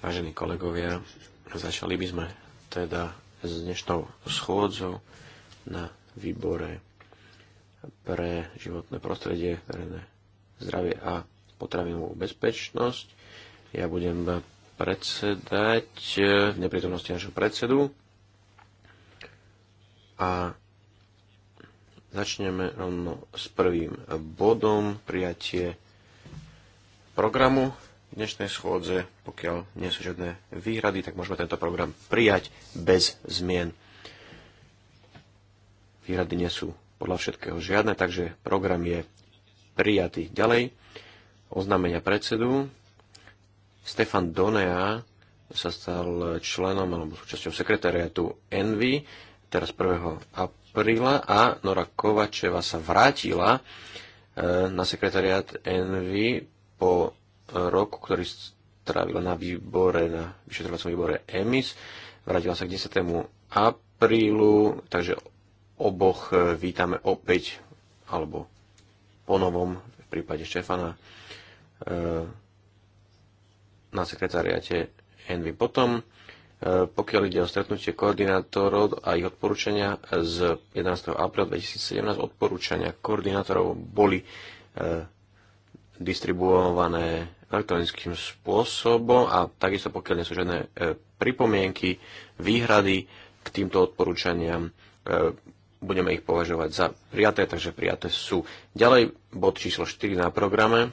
Vážení kolegovia, začali by sme teda s dnešnou schôdzou na výbore pre životné prostredie, verejné zdravie a potravinovú bezpečnosť. Ja budem predsedať e, v neprítomnosti našho predsedu a začneme rovno s prvým bodom prijatie programu dnešnej schôdze. Pokiaľ nie sú žiadne výhrady, tak môžeme tento program prijať bez zmien. Výhrady nie sú podľa všetkého žiadne, takže program je prijatý. Ďalej, oznámenia predsedu. Stefan Donea sa stal členom alebo súčasťou sekretariatu Envy teraz 1. apríla a Nora Kovačeva sa vrátila eh, na sekretariat Envy po roku, ktorý strávila na výbore, na vyšetrovacom výbore EMIS. Vrátila sa k 10. aprílu, takže oboch vítame opäť, alebo ponovom, v prípade Štefana, e, na sekretariate Envy. Potom, e, pokiaľ ide o stretnutie koordinátorov a ich odporúčania z 11. apríla 2017, odporúčania koordinátorov boli e, distribuované elektronickým spôsobom a takisto pokiaľ nie sú žiadne e, pripomienky, výhrady k týmto odporúčaniam, e, budeme ich považovať za prijaté, takže prijaté sú. Ďalej bod číslo 4 na programe,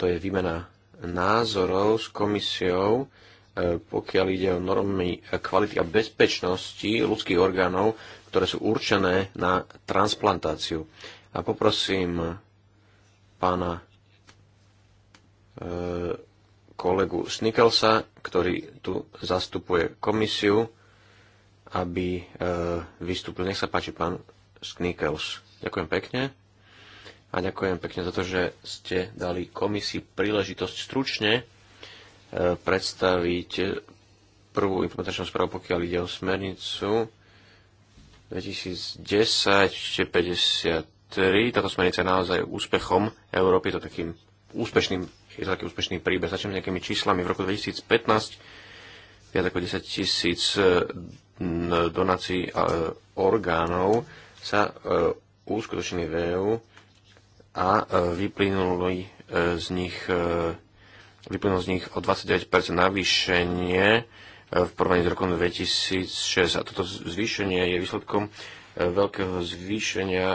to je výmena názorov s komisiou, e, pokiaľ ide o normy kvality a bezpečnosti ľudských orgánov, ktoré sú určené na transplantáciu. A poprosím pána E, kolegu Snikelsa, ktorý tu zastupuje komisiu, aby e, vystúpil. Nech sa páči, pán Snikels. Ďakujem pekne. A ďakujem pekne za to, že ste dali komisii príležitosť stručne e, predstaviť prvú implementačnú správu, pokiaľ ide o smernicu 2010-53. Táto smernica je naozaj úspechom Európy, to takým úspešným je to taký úspešný príbeh. Začnem nejakými číslami. V roku 2015 viac ako 10 tisíc e, donácií e, orgánov sa e, uskutočnili v EU a vyplynuli z nich vyplynulo z nich o 29% navýšenie v porovnaní s rokom 2006. A toto zvýšenie je výsledkom veľkého zvýšenia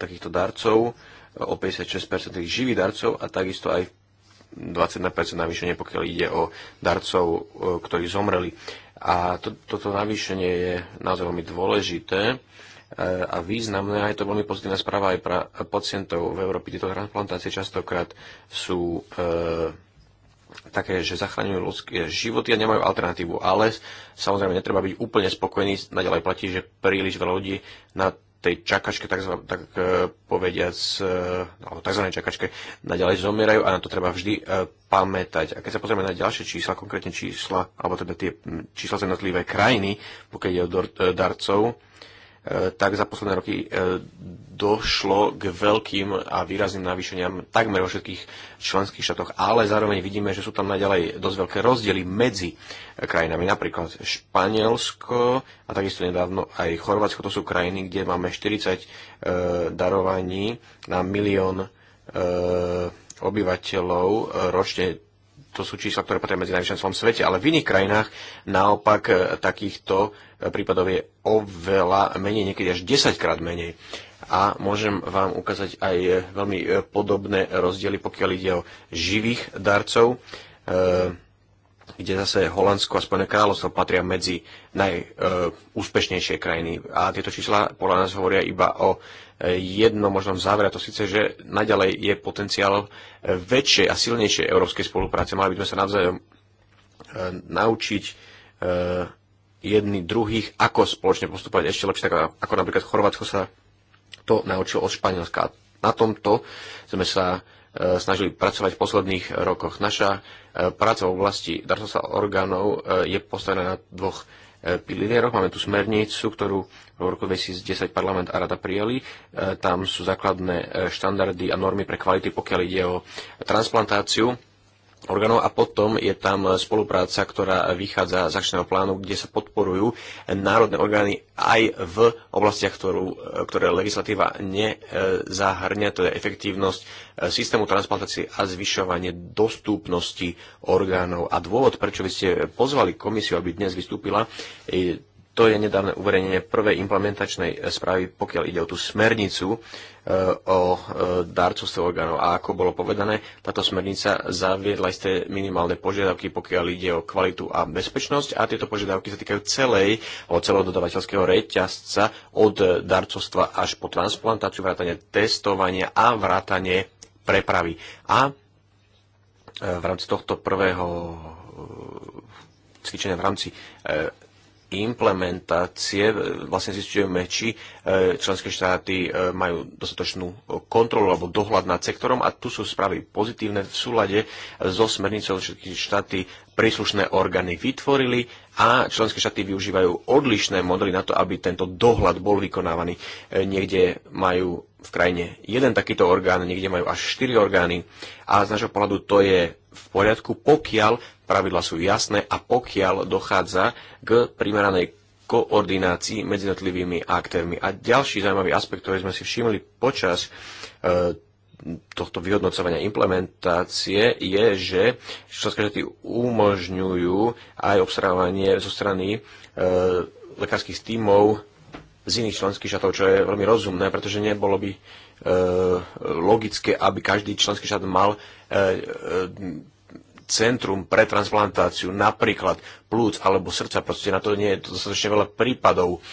takýchto darcov o 56% živých darcov a takisto aj 21% navýšenie, pokiaľ ide o darcov, e, ktorí zomreli. A to, toto navýšenie je naozaj veľmi dôležité e, a významné a je to veľmi pozitívna správa aj pre pacientov v Európe. Tieto transplantácie častokrát sú e, také, že zachraňujú ľudské životy a nemajú alternatívu. Ale samozrejme netreba byť úplne spokojný, naďalej platí, že príliš veľa ľudí na tej čakačke, tak, tak e, povediac, e, alebo tzv. čakačke, naďalej zomierajú a na to treba vždy e, pamätať. A keď sa pozrieme na ďalšie čísla, konkrétne čísla, alebo teda tie čísla z jednotlivé krajiny, pokiaľ ide o darcov, E, tak za posledné roky e, došlo k veľkým a výrazným navýšeniam takmer vo všetkých členských štátoch, ale zároveň vidíme, že sú tam naďalej dosť veľké rozdiely medzi krajinami. Napríklad Španielsko a takisto nedávno aj Chorvátsko, to sú krajiny, kde máme 40 e, darovaní na milión obyvateľov ročne to sú čísla, ktoré patria medzi najvyšším celom svete, ale v iných krajinách naopak e, takýchto e, prípadov je oveľa menej, niekedy až 10 krát menej. A môžem vám ukázať aj e, veľmi podobné rozdiely, pokiaľ ide o živých darcov, kde zase Holandsko a Spojené kráľovstvo patria medzi najúspešnejšie krajiny. A tieto čísla podľa nás hovoria iba o možno v závere, to síce, že naďalej je potenciál väčšej a silnejšej európskej spolupráce. Mali by sme sa navzájom e, naučiť e, jedných druhých, ako spoločne postupovať ešte lepšie, tak ako napríklad Chorvátsko sa to naučilo od Španielska. Na tomto sme sa e, snažili pracovať v posledných rokoch. Naša práca v oblasti darcovstva orgánov je postavená na dvoch E, pilieroch. Máme tu smernicu, ktorú v roku 2010 parlament a rada prijali. E, tam sú základné e, štandardy a normy pre kvality, pokiaľ ide o transplantáciu orgánov a potom je tam spolupráca, ktorá vychádza z akčného plánu, kde sa podporujú národné orgány aj v oblastiach, ktorú, ktoré legislatíva nezahrňa, to je efektívnosť systému transplantácie a zvyšovanie dostupnosti orgánov. A dôvod, prečo by ste pozvali komisiu, aby dnes vystúpila, to je nedávne uverejnenie prvej implementačnej e, správy, pokiaľ ide o tú smernicu e, o e, darcovstve orgánov. A ako bolo povedané, táto smernica zaviedla isté minimálne požiadavky, pokiaľ ide o kvalitu a bezpečnosť a tieto požiadavky sa týkajú celej, o celého dodavateľského reťazca od darcovstva až po transplantáciu, vrátanie testovania a vrátanie prepravy. A v rámci tohto prvého cvičenia v rámci implementácie e, vlastne zistujeme, či e, členské štáty e, majú dostatočnú kontrolu alebo dohľad nad sektorom a tu sú správy pozitívne v súlade so smernicou všetky štáty príslušné orgány vytvorili a členské štáty využívajú odlišné modely na to, aby tento dohľad bol vykonávaný. Niekde majú v krajine jeden takýto orgán, niekde majú až štyri orgány a z nášho pohľadu to je v poriadku, pokiaľ pravidla sú jasné a pokiaľ dochádza k primeranej koordinácii medzi jednotlivými aktérmi. A ďalší zaujímavý aspekt, ktorý sme si všimli počas e, tohto vyhodnocovania implementácie je, že členské štáty umožňujú aj obstarávanie zo strany e, lekárskych tímov z iných členských štátov, čo je veľmi rozumné, pretože nebolo by E, logické, aby každý členský štát mal e, e, centrum pre transplantáciu, napríklad plúc alebo srdca, proste na to nie je dostatočne veľa prípadov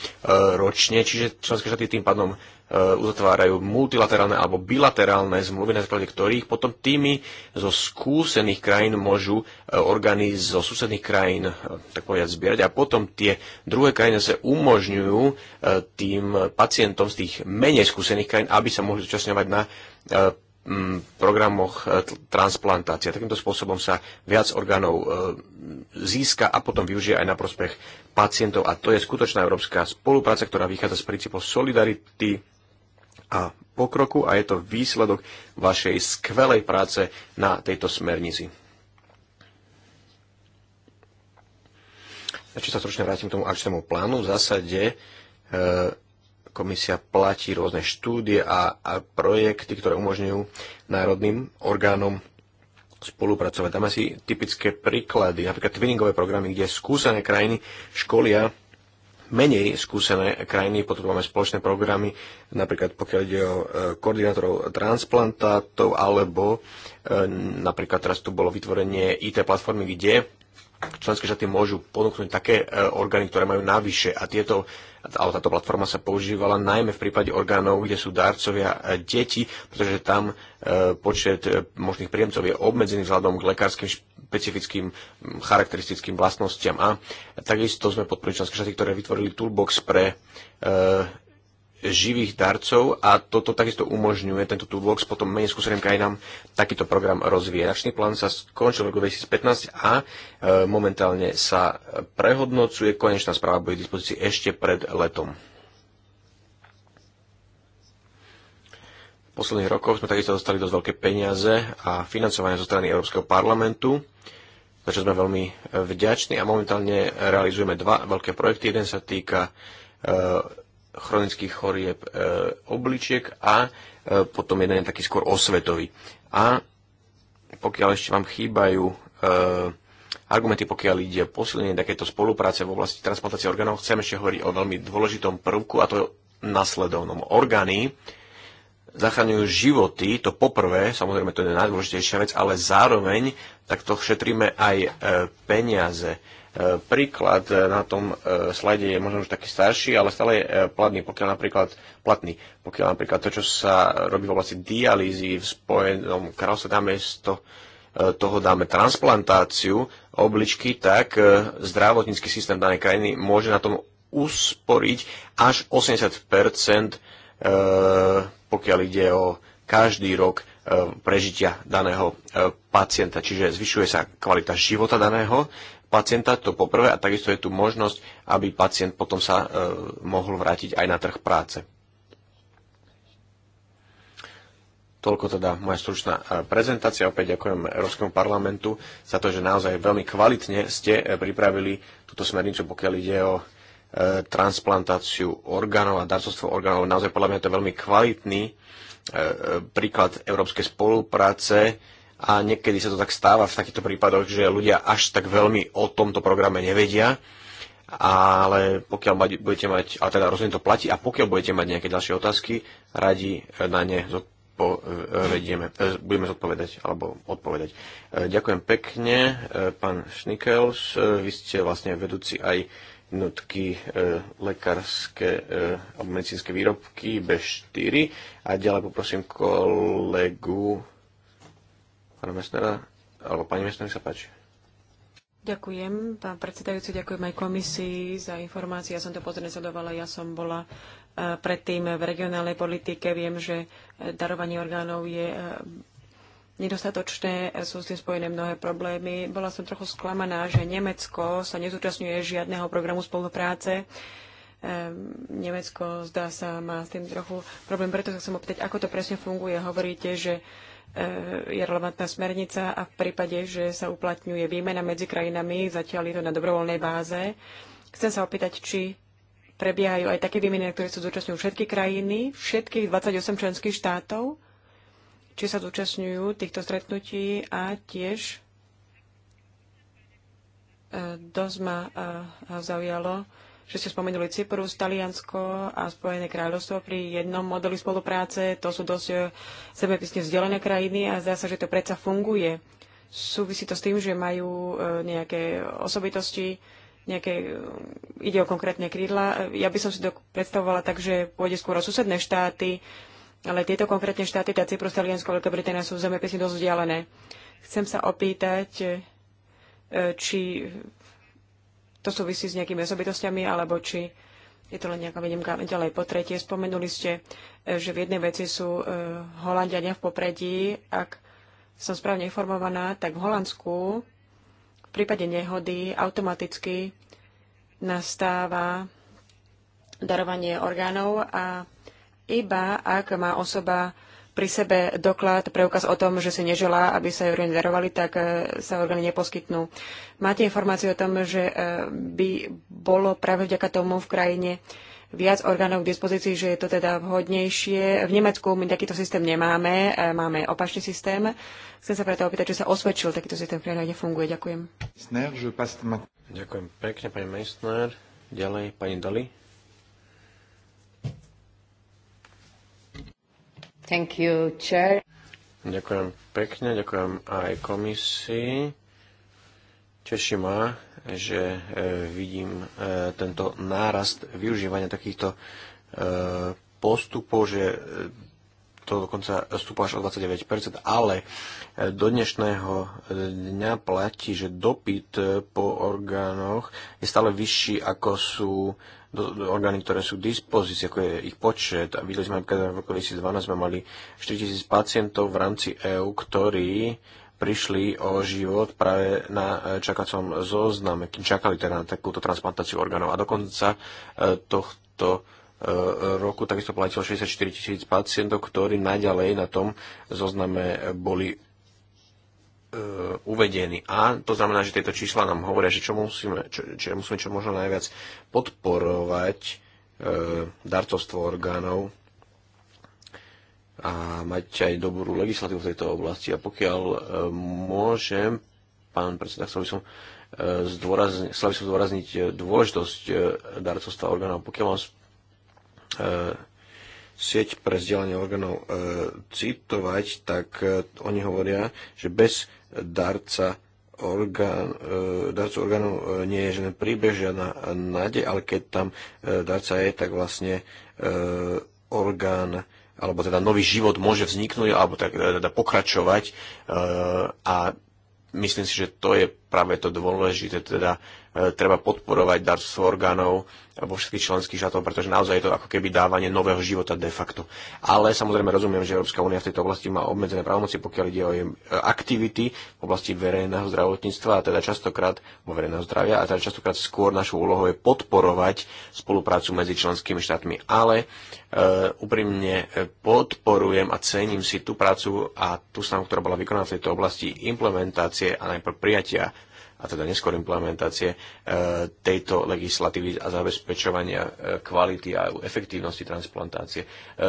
ročne, čiže členské štáty tým pádom E, uzatvárajú multilaterálne alebo bilaterálne zmluvy, na základe ktorých potom týmy zo skúsených krajín môžu e, orgány zo susedných krajín e, tak povedať zbierať a potom tie druhé krajiny sa umožňujú tým pacientom z tých menej skúsených krajín, aby sa mohli zúčastňovať na programoch transplantácie. Takýmto spôsobom sa viac orgánov získa a potom využije aj na prospech pacientov. A to je skutočná európska spolupráca, ktorá vychádza z princípov solidarity, a pokroku a je to výsledok vašej skvelej práce na tejto smernici. Ešte sa stručne vrátim k tomu akčnému plánu. V zásade e, komisia platí rôzne štúdie a, a projekty, ktoré umožňujú národným orgánom spolupracovať. Dáme si typické príklady, napríklad twinningové programy, kde skúsené krajiny školia menej skúsené krajiny, potrebujeme spoločné programy, napríklad pokiaľ ide o e, koordinátorov transplantátov, alebo e, napríklad teraz tu bolo vytvorenie IT platformy, kde členské štáty môžu ponúknuť také e, orgány, ktoré majú navyše a tieto ale táto platforma sa používala najmä v prípade orgánov, kde sú dárcovia deti, pretože tam počet možných príjemcov je obmedzený vzhľadom k lekárskym špecifickým mm, charakteristickým vlastnostiam. A takisto sme podporili členské štáty, ktoré vytvorili toolbox pre e, živých darcov a toto takisto umožňuje tento toolbox potom menej skúseným krajinám takýto program rozvíjať. Akčný plán sa skončil v roku 2015 a e, momentálne sa prehodnocuje. Konečná správa bude k dispozícii ešte pred letom. posledných rokoch sme takisto dostali dosť veľké peniaze a financovanie zo strany Európskeho parlamentu, za čo sme veľmi e, vďační a momentálne realizujeme dva veľké projekty. Jeden sa týka e, chronických chorieb e, obličiek a potom jeden je taký skôr osvetový. A pokiaľ ešte vám chýbajú argumenty, pokiaľ ide o posilnenie takéto spolupráce v oblasti transplantácie orgánov, chcem ešte hovoriť o veľmi dôležitom prvku a to je nasledovnom. Orgány, zachraňujú životy, to poprvé, samozrejme to je najdôležitejšia vec, ale zároveň takto šetríme aj e, peniaze. E, príklad e, na tom e, slajde je možno už taký starší, ale stále je e, platný, pokiaľ napríklad platný. Pokiaľ napríklad to, čo sa robí v oblasti dialýzy v Spojenom kráľovstve, dáme to e, toho dáme transplantáciu obličky, tak zdravotnícky systém danej krajiny môže na tom usporiť až 80 E, pokiaľ ide o každý rok e, prežitia daného e, pacienta. Čiže zvyšuje sa kvalita života daného pacienta, to poprvé, a takisto je tu možnosť, aby pacient potom sa mohol vrátiť aj na trh práce. Toľko teda moja stručná prezentácia. Opäť ďakujem Európskemu parlamentu za to, že naozaj veľmi kvalitne ste pripravili túto smernicu, pokiaľ ide o E, transplantáciu orgánov a darcovstvo orgánov. Naozaj podľa mňa to je veľmi kvalitný e, e, príklad európskej spolupráce a niekedy sa to tak stáva v takýchto prípadoch, že ľudia až tak veľmi o tomto programe nevedia, ale pokiaľ budete mať, a teda rozhodne to platí, a pokiaľ budete mať nejaké ďalšie otázky, radi na ne zodpovedieme, budeme zodpovedať alebo odpovedať. Ďakujem pekne, pán Schnickels, vy ste vlastne vedúci aj jednotky e, lekárske alebo e, medicínske výrobky B4 a ďalej poprosím kolegu pána Mestnera, alebo pani Mestner, sa páči. Ďakujem, pán predsedajúci, ďakujem aj komisii za informácie. Ja som to pozorne sledovala, ja som bola e, predtým v regionálnej politike. Viem, že darovanie orgánov je e, nedostatočné, sú s tým spojené mnohé problémy. Bola som trochu sklamaná, že Nemecko sa nezúčastňuje žiadneho programu spolupráce. Ehm, Nemecko, zdá sa, má s tým trochu problém. Preto sa chcem opýtať, ako to presne funguje. Hovoríte, že eh, je relevantná smernica a v prípade, že sa uplatňuje výmena medzi krajinami, zatiaľ je to na dobrovoľnej báze. Chcem sa opýtať, či prebiehajú aj také výmeny, na ktoré sú zúčastňujú všetky krajiny, všetkých 28 členských štátov či sa zúčastňujú týchto stretnutí a tiež e, dosť ma e, zaujalo, že ste spomenuli Cyprus, Taliansko a Spojené kráľovstvo pri jednom modeli spolupráce. To sú dosť sebepisne vzdelené krajiny a zdá sa, že to predsa funguje. Súvisí to s tým, že majú e, nejaké osobitosti, nejaké, ide o konkrétne krídla. Ja by som si to predstavovala tak, že pôjde skôr o susedné štáty, ale tieto konkrétne štáty, tá teda Cyprus, Taliansko, Veľká Británia sú zemepisne dosť vzdialené. Chcem sa opýtať, e, či to súvisí s nejakými osobitostiami, alebo či je to len nejaká výnimka. Ďalej po tretie, spomenuli ste, e, že v jednej veci sú e, Holandiania v popredí. Ak som správne informovaná, tak v Holandsku v prípade nehody automaticky nastáva darovanie orgánov a iba ak má osoba pri sebe doklad, preukaz o tom, že si neželá, aby sa orgány darovali, tak e, sa orgány neposkytnú. Máte informáciu o tom, že e, by bolo práve vďaka tomu v krajine viac orgánov k dispozícii, že je to teda vhodnejšie. V Nemecku my takýto systém nemáme, e, máme opačný systém. Chcem sa preto opýtať, či sa osvedčil takýto systém, ktorý nefunguje. Ďakujem. Ďakujem pekne, pani Meissner. Ďalej, pani Dali. Thank you, chair. Ďakujem pekne, ďakujem aj komisii. Teší ma, že e, vidím e, tento nárast využívania takýchto e, postupov, že to dokonca stúplo až o 29%, ale e, do dnešného e, dňa platí, že dopyt e, po orgánoch je stále vyšší, ako sú orgány, ktoré sú k dispozícii, ako je ich počet. A videli sme napríklad v roku 2012 sme mali 4000 pacientov v rámci EÚ, ktorí prišli o život práve na čakacom zozname, kým čakali teda na takúto transplantáciu orgánov. A dokonca tohto Eh, roku takisto platilo 64 tisíc pacientov, ktorí naďalej na tom zozname boli eh, uvedení. A to znamená, že tieto čísla nám hovoria, že čo musíme čo, čo, musíme čo možno najviac podporovať eh, darcovstvo orgánov a mať aj dobrú legislatívu v tejto oblasti. A pokiaľ môžem, pán predseda, chcel by som, zdôrazniť, chcel by som zdôrazniť dôležitosť darcovstva orgánov. Pokiaľ mám E, sieť pre vzdelanie orgánov e, citovať, tak e, oni hovoria, že bez darca orgán, darcu orgánov nie je žiadny príbeh, žiadna nádej, ale keď tam darca je, tak vlastne orgán alebo teda nový život môže vzniknúť alebo tak, teda pokračovať a myslím si, že to je práve to dôležité, teda E, treba podporovať darstvo orgánov vo všetkých členských štátov, pretože naozaj je to ako keby dávanie nového života de facto. Ale samozrejme rozumiem, že Európska únia v tejto oblasti má obmedzené právomoci, pokiaľ ide o jej e, aktivity v oblasti verejného zdravotníctva a teda častokrát vo verejného zdravia a teda častokrát skôr našou úlohou je podporovať spoluprácu medzi členskými štátmi. Ale Uh, úprimne podporujem a cením si tú prácu a tú snahu, ktorá bola vykonaná v tejto oblasti implementácie a najprv prijatia a teda neskôr implementácie e, tejto legislatívy a zabezpečovania e, kvality a efektívnosti transplantácie. E,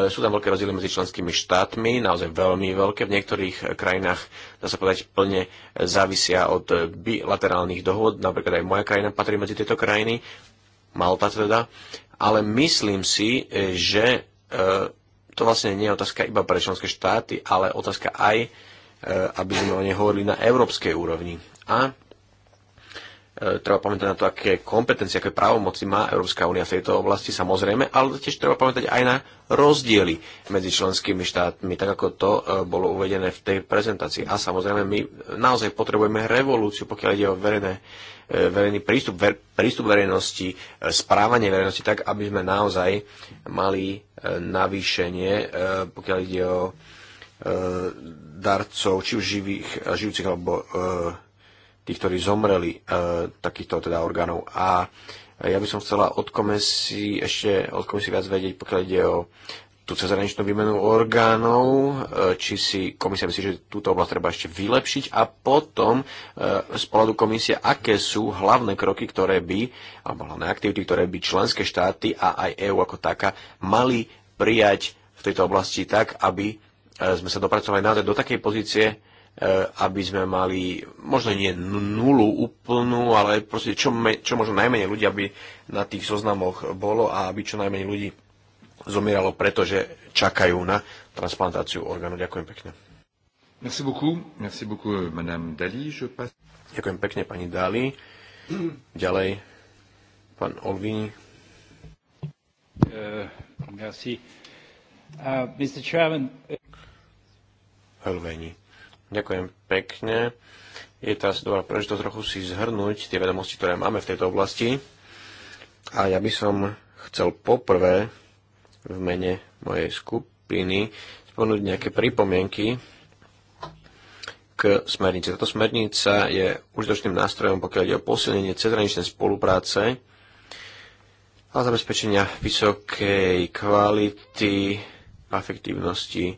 sú tam veľké rozdiely medzi členskými štátmi, naozaj veľmi veľké. V niektorých krajinách, dá sa povedať, plne závisia od bilaterálnych dohod. Napríklad aj moja krajina patrí medzi tieto krajiny, Malta teda. Ale myslím si, že to vlastne nie je otázka iba pre členské štáty, ale otázka aj, aby sme o nej hovorili na európskej úrovni. A E, treba pamätať na to, aké kompetencie, aké právomoci má Európska únia v tejto oblasti, samozrejme, ale tiež treba pamätať aj na rozdiely medzi členskými štátmi, tak ako to e, bolo uvedené v tej prezentácii. A samozrejme, my naozaj potrebujeme revolúciu, pokiaľ ide o verejné, e, verejný prístup, ver, prístup verejnosti, správanie verejnosti, tak aby sme naozaj mali navýšenie, pokiaľ ide o darcov, či už živých, živúcich alebo tých, ktorí zomreli, e, takýchto teda orgánov. A ja by som chcela od komisí ešte od komisí viac vedieť, pokiaľ ide o tú cezhraničnú výmenu orgánov, e, či si komisia myslí, že túto oblasť treba ešte vylepšiť a potom e, z pohľadu komisie, aké sú hlavné kroky, ktoré by, alebo hlavné aktivity, ktoré by členské štáty a aj EÚ ako taká mali prijať v tejto oblasti tak, aby sme sa dopracovali naozaj do takej pozície, Eh, aby sme mali možno nie nulu úplnú, ale proste čo, čo možno najmenej ľudí, aby na tých zoznamoch bolo a aby čo najmenej ľudí zomieralo, pretože čakajú na transplantáciu orgánu. Ďakujem pekne. Merci beaucoup. Merci beaucoup, euh, madame Dali. Je pas... Ďakujem pekne, pani Dali. Ďalej, pán Olvini. Uh, merci. Uh, Mr. Chairman... Helveni. Eh- Ďakujem pekne. Je teraz dobrá príležitosť trochu si zhrnúť tie vedomosti, ktoré máme v tejto oblasti. A ja by som chcel poprvé v mene mojej skupiny spomenúť nejaké pripomienky k smernici. Táto smernica je užitočným nástrojom, pokiaľ ide o posilnenie cezhraničnej spolupráce a zabezpečenia vysokej kvality a efektívnosti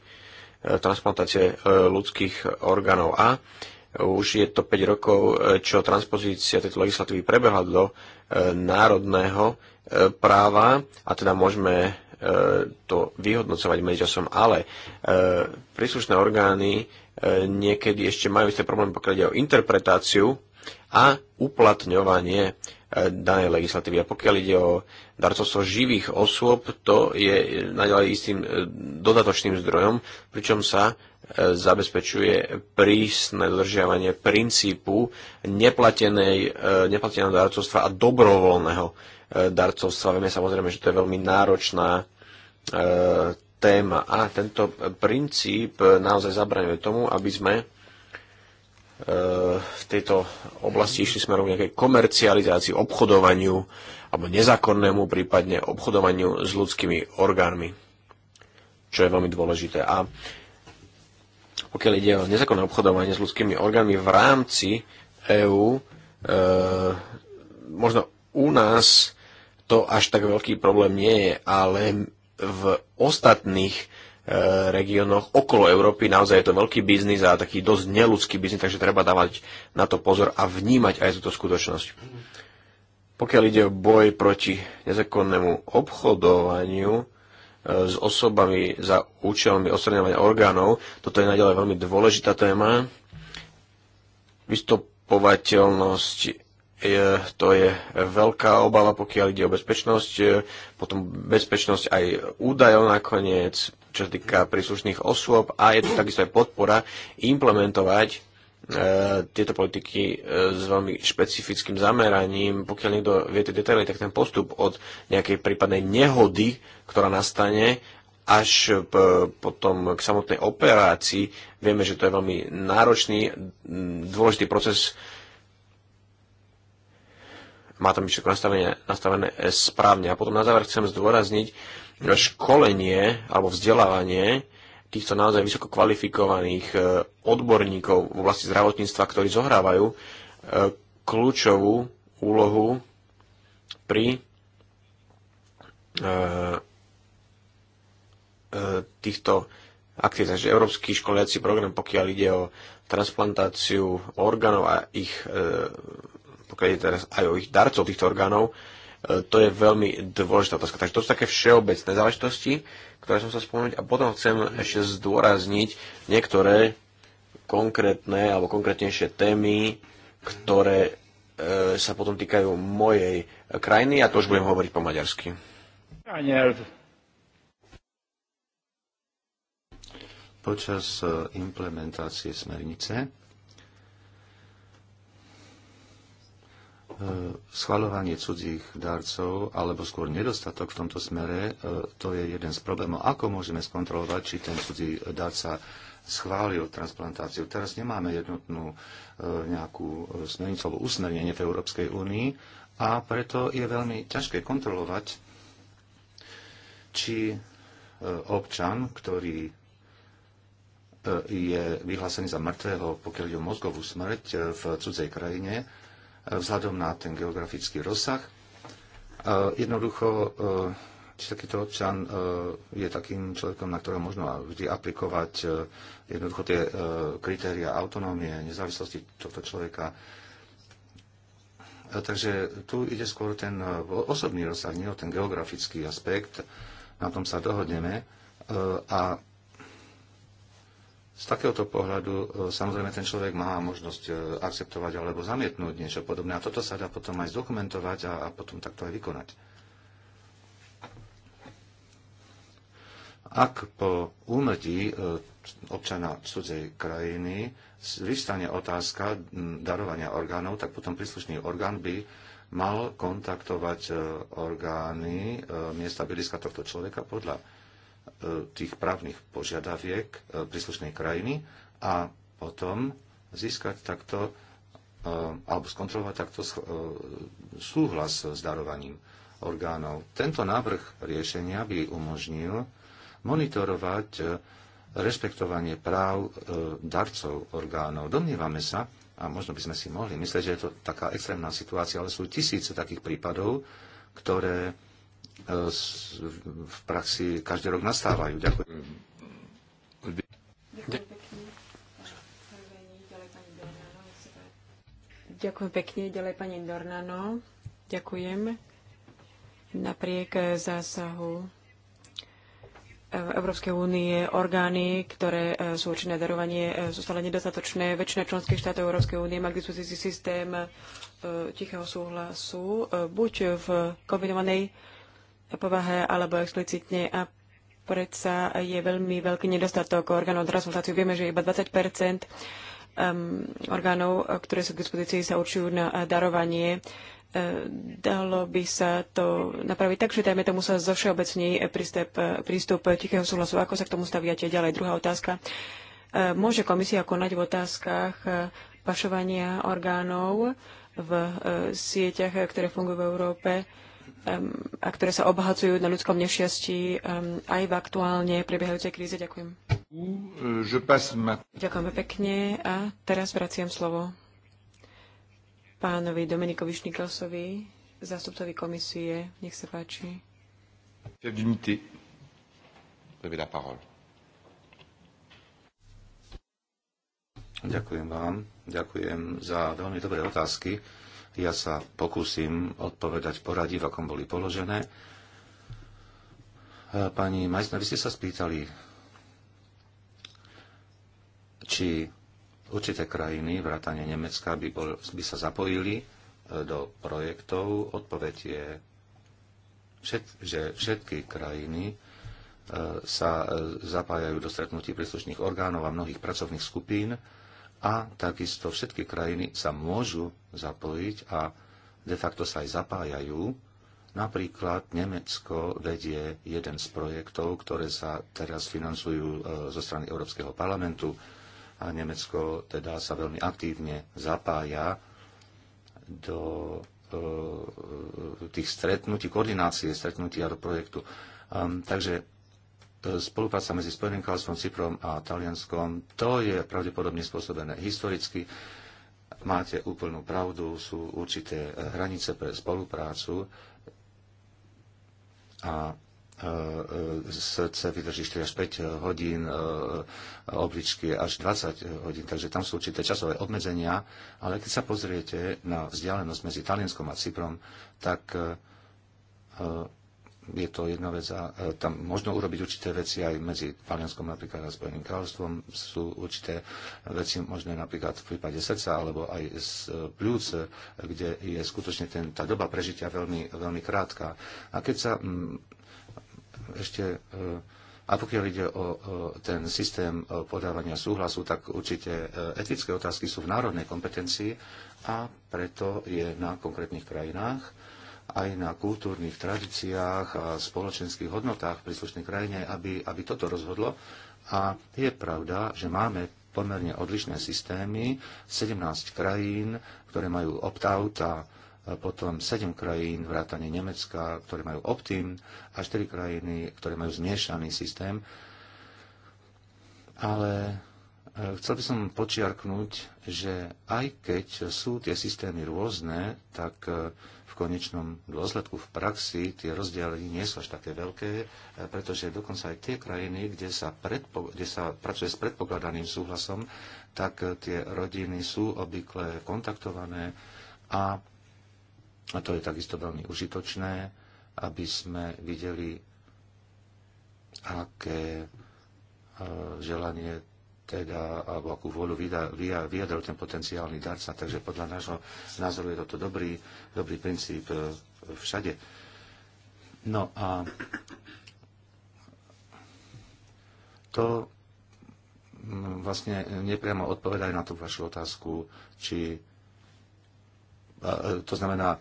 transplantácie e, ľudských orgánov. A už je to 5 rokov, e, čo transpozícia tejto legislatívy prebehla do e, národného práva a teda môžeme to vyhodnocovať medzičasom, ale príslušné orgány niekedy ešte majú isté problémy, pokiaľ ide o interpretáciu a uplatňovanie E, danej legislatívy. A pokiaľ ide o darcovstvo živých osôb, to je naďalej istým e, dodatočným zdrojom, pričom sa e, zabezpečuje prísne dodržiavanie princípu neplatenej, neplateného darcovstva a dobrovoľného darcovstva. Vieme samozrejme, že to je veľmi náročná téma a tento princíp naozaj zabraňuje tomu, aby sme v tejto oblasti išli smerom k nejakej komercializácii, obchodovaniu alebo nezákonnému prípadne obchodovaniu s ľudskými orgánmi, čo je veľmi dôležité. A pokiaľ ide o nezákonné obchodovanie s ľudskými orgánmi v rámci EÚ, e, možno u nás to až tak veľký problém nie je, ale v ostatných Eh, regiónoch okolo Európy. Naozaj je to veľký biznis a taký dosť neludský biznis, takže treba dávať na to pozor a vnímať aj túto skutočnosť. Pokiaľ ide o boj proti nezákonnému obchodovaniu eh, s osobami za účelmi odstraňovania orgánov, toto je naďalej veľmi dôležitá téma. Vystupovateľnosť to je veľká obava, pokiaľ ide o bezpečnosť, e, potom bezpečnosť aj údajov nakoniec, čo sa týka príslušných osôb a je to takisto aj podpora implementovať e, tieto politiky e, s veľmi špecifickým zameraním. Pokiaľ niekto vie tie detaily, tak ten postup od nejakej prípadnej nehody, ktorá nastane, až potom k samotnej operácii. Vieme, že to je veľmi náročný, dôležitý proces má to byť všetko nastavené, nastavené správne. A potom na záver chcem zdôrazniť školenie alebo vzdelávanie týchto naozaj vysoko kvalifikovaných e, odborníkov v oblasti zdravotníctva, ktorí zohrávajú e, kľúčovú úlohu pri e, týchto aktivitách. Takže Európsky školiaci program, pokiaľ ide o transplantáciu orgánov a ich pokiaľ je teraz aj o ich darcov týchto orgánov, e, to je veľmi dôležitá otázka. Takže to sú také všeobecné záležitosti, ktoré som sa spomenúť a potom chcem ešte zdôrazniť niektoré konkrétne alebo konkrétnejšie témy, ktoré e, sa potom týkajú mojej krajiny a to už budem hovoriť po maďarsky. Počas e, implementácie smernice E, schvaľovanie cudzích darcov, alebo skôr nedostatok v tomto smere, e, to je jeden z problémov. Ako môžeme skontrolovať, či ten cudzí darca schválil transplantáciu? Teraz nemáme jednotnú e, nejakú smernicu alebo usmernenie v Európskej únii a preto je veľmi ťažké kontrolovať, či občan, ktorý je vyhlásený za mŕtvého, pokiaľ ide o mozgovú smrť v cudzej krajine, vzhľadom na ten geografický rozsah. E, jednoducho, e, takýto občan e, je takým človekom, na ktorého možno vždy aplikovať jednoducho tie kritéria autonómie, nezávislosti tohto človeka. Takže tu ide skôr ten osobný rozsah, nie o ten geografický aspekt. Na tom sa dohodneme. A z takéhoto pohľadu e, samozrejme ten človek má možnosť e, akceptovať alebo zamietnúť niečo podobné. A toto sa dá potom aj zdokumentovať a, a potom takto aj vykonať. Ak po úmrtí e, občana cudzej krajiny vystane otázka darovania orgánov, tak potom príslušný orgán by mal kontaktovať orgány miesta bydliska tohto človeka podľa E, tých právnych požiadaviek e, príslušnej krajiny a potom získať takto e, alebo skontrolovať takto súhlas s darovaním orgánov. Tento návrh riešenia by umožnil monitorovať rešpektovanie práv darcov orgánov. Domnievame sa, a možno by sme si mohli myslieť, že je to taká extrémna situácia, ale sú tisíce takých prípadov, ktoré v praxi každý rok nastávajú. Ďakujem. Ďakujem pekne. Ďalej pani Dornano. Ďakujem. Napriek zásahu Európskej únie orgány, ktoré e, sú určené darovanie, e, sú stále nedostatočné. Väčšina členských štátov Európskej únie má k dispozícii systém e, tichého súhlasu, buď v kombinovanej povahe alebo explicitne a predsa je veľmi veľký nedostatok orgánov transplantáciu. Vieme, že iba 20 um, orgánov, ktoré sú k dispozícii, sa určujú na darovanie. E, dalo by sa to napraviť tak, že dajme tomu sa zo všeobecný prístup, prístup tichého súhlasu. Ako sa k tomu staviate ďalej? Druhá otázka. E, môže komisia konať v otázkach e, pašovania orgánov v sieťach, ktoré fungujú v Európe? a ktoré sa obhacujú na ľudskom nešťastí aj v aktuálne prebiehajúcej kríze. Ďakujem. Ďakujem pekne a teraz vraciam slovo pánovi Dominikovi Šnikelsovi, zástupcovi komisie. Nech sa páči. Ďakujem vám. Ďakujem za veľmi dobré otázky. Ja sa pokúsim odpovedať poradí, v akom boli položené. E, pani Majsna, vy ste sa spýtali, či určité krajiny, vrátane Nemecka, by, bol, by sa zapojili e, do projektov. Odpoveď je, že všetky krajiny e, sa zapájajú do stretnutí príslušných orgánov a mnohých pracovných skupín a takisto všetky krajiny sa môžu zapojiť a de facto sa aj zapájajú. Napríklad Nemecko vedie jeden z projektov, ktoré sa teraz financujú e, zo strany Európskeho parlamentu a Nemecko teda sa veľmi aktívne zapája do e, e, tých stretnutí, koordinácie stretnutia do projektu. Um, takže spolupráca medzi Spojeným kráľovstvom, Cyprom a Talianskom, to je pravdepodobne spôsobené historicky. Máte úplnú pravdu, sú určité eh, hranice pre spoluprácu a eh, eh, srdce vydrží 4 až 5 hodín, obličky až 20 hodín, takže tam sú určité časové obmedzenia, ale keď sa pozriete na vzdialenosť medzi Talianskom a Cyprom, tak je to jedna vec a e, tam možno urobiť určité veci aj medzi Talianskom napríklad a Spojeným kráľovstvom. Sú určité veci možné napríklad v prípade srdca alebo aj z e, pľúc, e, kde je skutočne ten, tá doba prežitia veľmi, veľmi krátka. A keď sa m, mm, ešte a pokiaľ ide o, o ten systém podávania súhlasu, tak určite etické otázky sú v národnej kompetencii a preto je na konkrétnych krajinách aj na kultúrnych tradíciách a spoločenských hodnotách v príslušnej krajine, aby, aby toto rozhodlo. A je pravda, že máme pomerne odlišné systémy, 17 krajín, ktoré majú opt-out a potom 7 krajín, vrátane Nemecka, ktoré majú opt-in a 4 krajiny, ktoré majú zmiešaný systém. Ale Chcel by som počiarknúť, že aj keď sú tie systémy rôzne, tak e, v konečnom dôsledku v praxi tie rozdiely nie sú až také veľké, e, pretože dokonca aj tie krajiny, kde sa, predpo, kde sa pracuje s predpokladaným súhlasom, tak e, tie rodiny sú obvykle kontaktované a, a to je takisto veľmi užitočné, aby sme videli, aké želanie teda, alebo akú vôľu vyjadril ten potenciálny darca. Takže podľa nášho názoru je toto dobrý, dobrý princíp e, všade. No a to vlastne nepriamo odpovedaj na tú vašu otázku, či e, to znamená,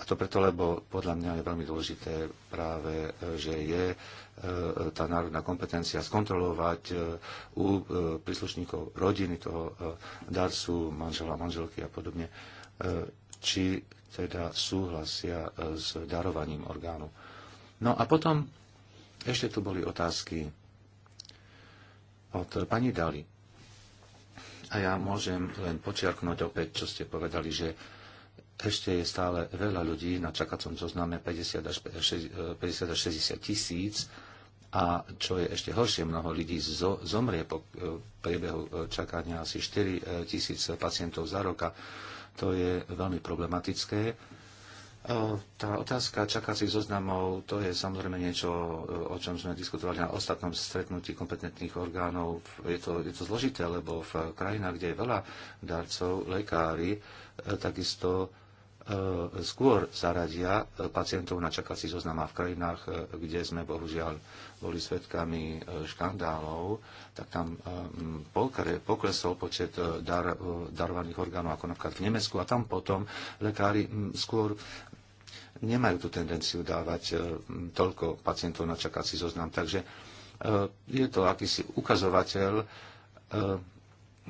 a to preto, lebo podľa mňa je veľmi dôležité práve, že je e, tá národná kompetencia skontrolovať e, u e, príslušníkov rodiny toho darcu, manžela, manželky a podobne, či teda súhlasia s darovaním orgánu. No a potom ešte tu boli otázky od pani Dali. A ja môžem len počiarknúť opäť, čo ste povedali, že ešte je stále veľa ľudí na čakacom zozname 50 až, 60 e, tisíc a čo je ešte horšie, mnoho ľudí zo, zomrie po e, priebehu e, čakania asi 4 tisíc pacientov za roka. To je veľmi problematické. Tá otázka čakacích zoznamov, to je samozrejme niečo, o čom sme diskutovali na ostatnom stretnutí kompetentných orgánov. Je to, je to zložité, lebo v krajinách, kde je veľa darcov, lekári, takisto E, skôr zaradia e, pacientov na čakací zoznam a v krajinách, e, kde sme bohužiaľ boli svetkami škandálov, tak tam poklesol počet dar, darovaných orgánov, ako napríklad v Nemecku a tam potom lekári skôr nemajú tú tendenciu dávať toľko pacientov na čakací zoznam. Takže je to akýsi ukazovateľ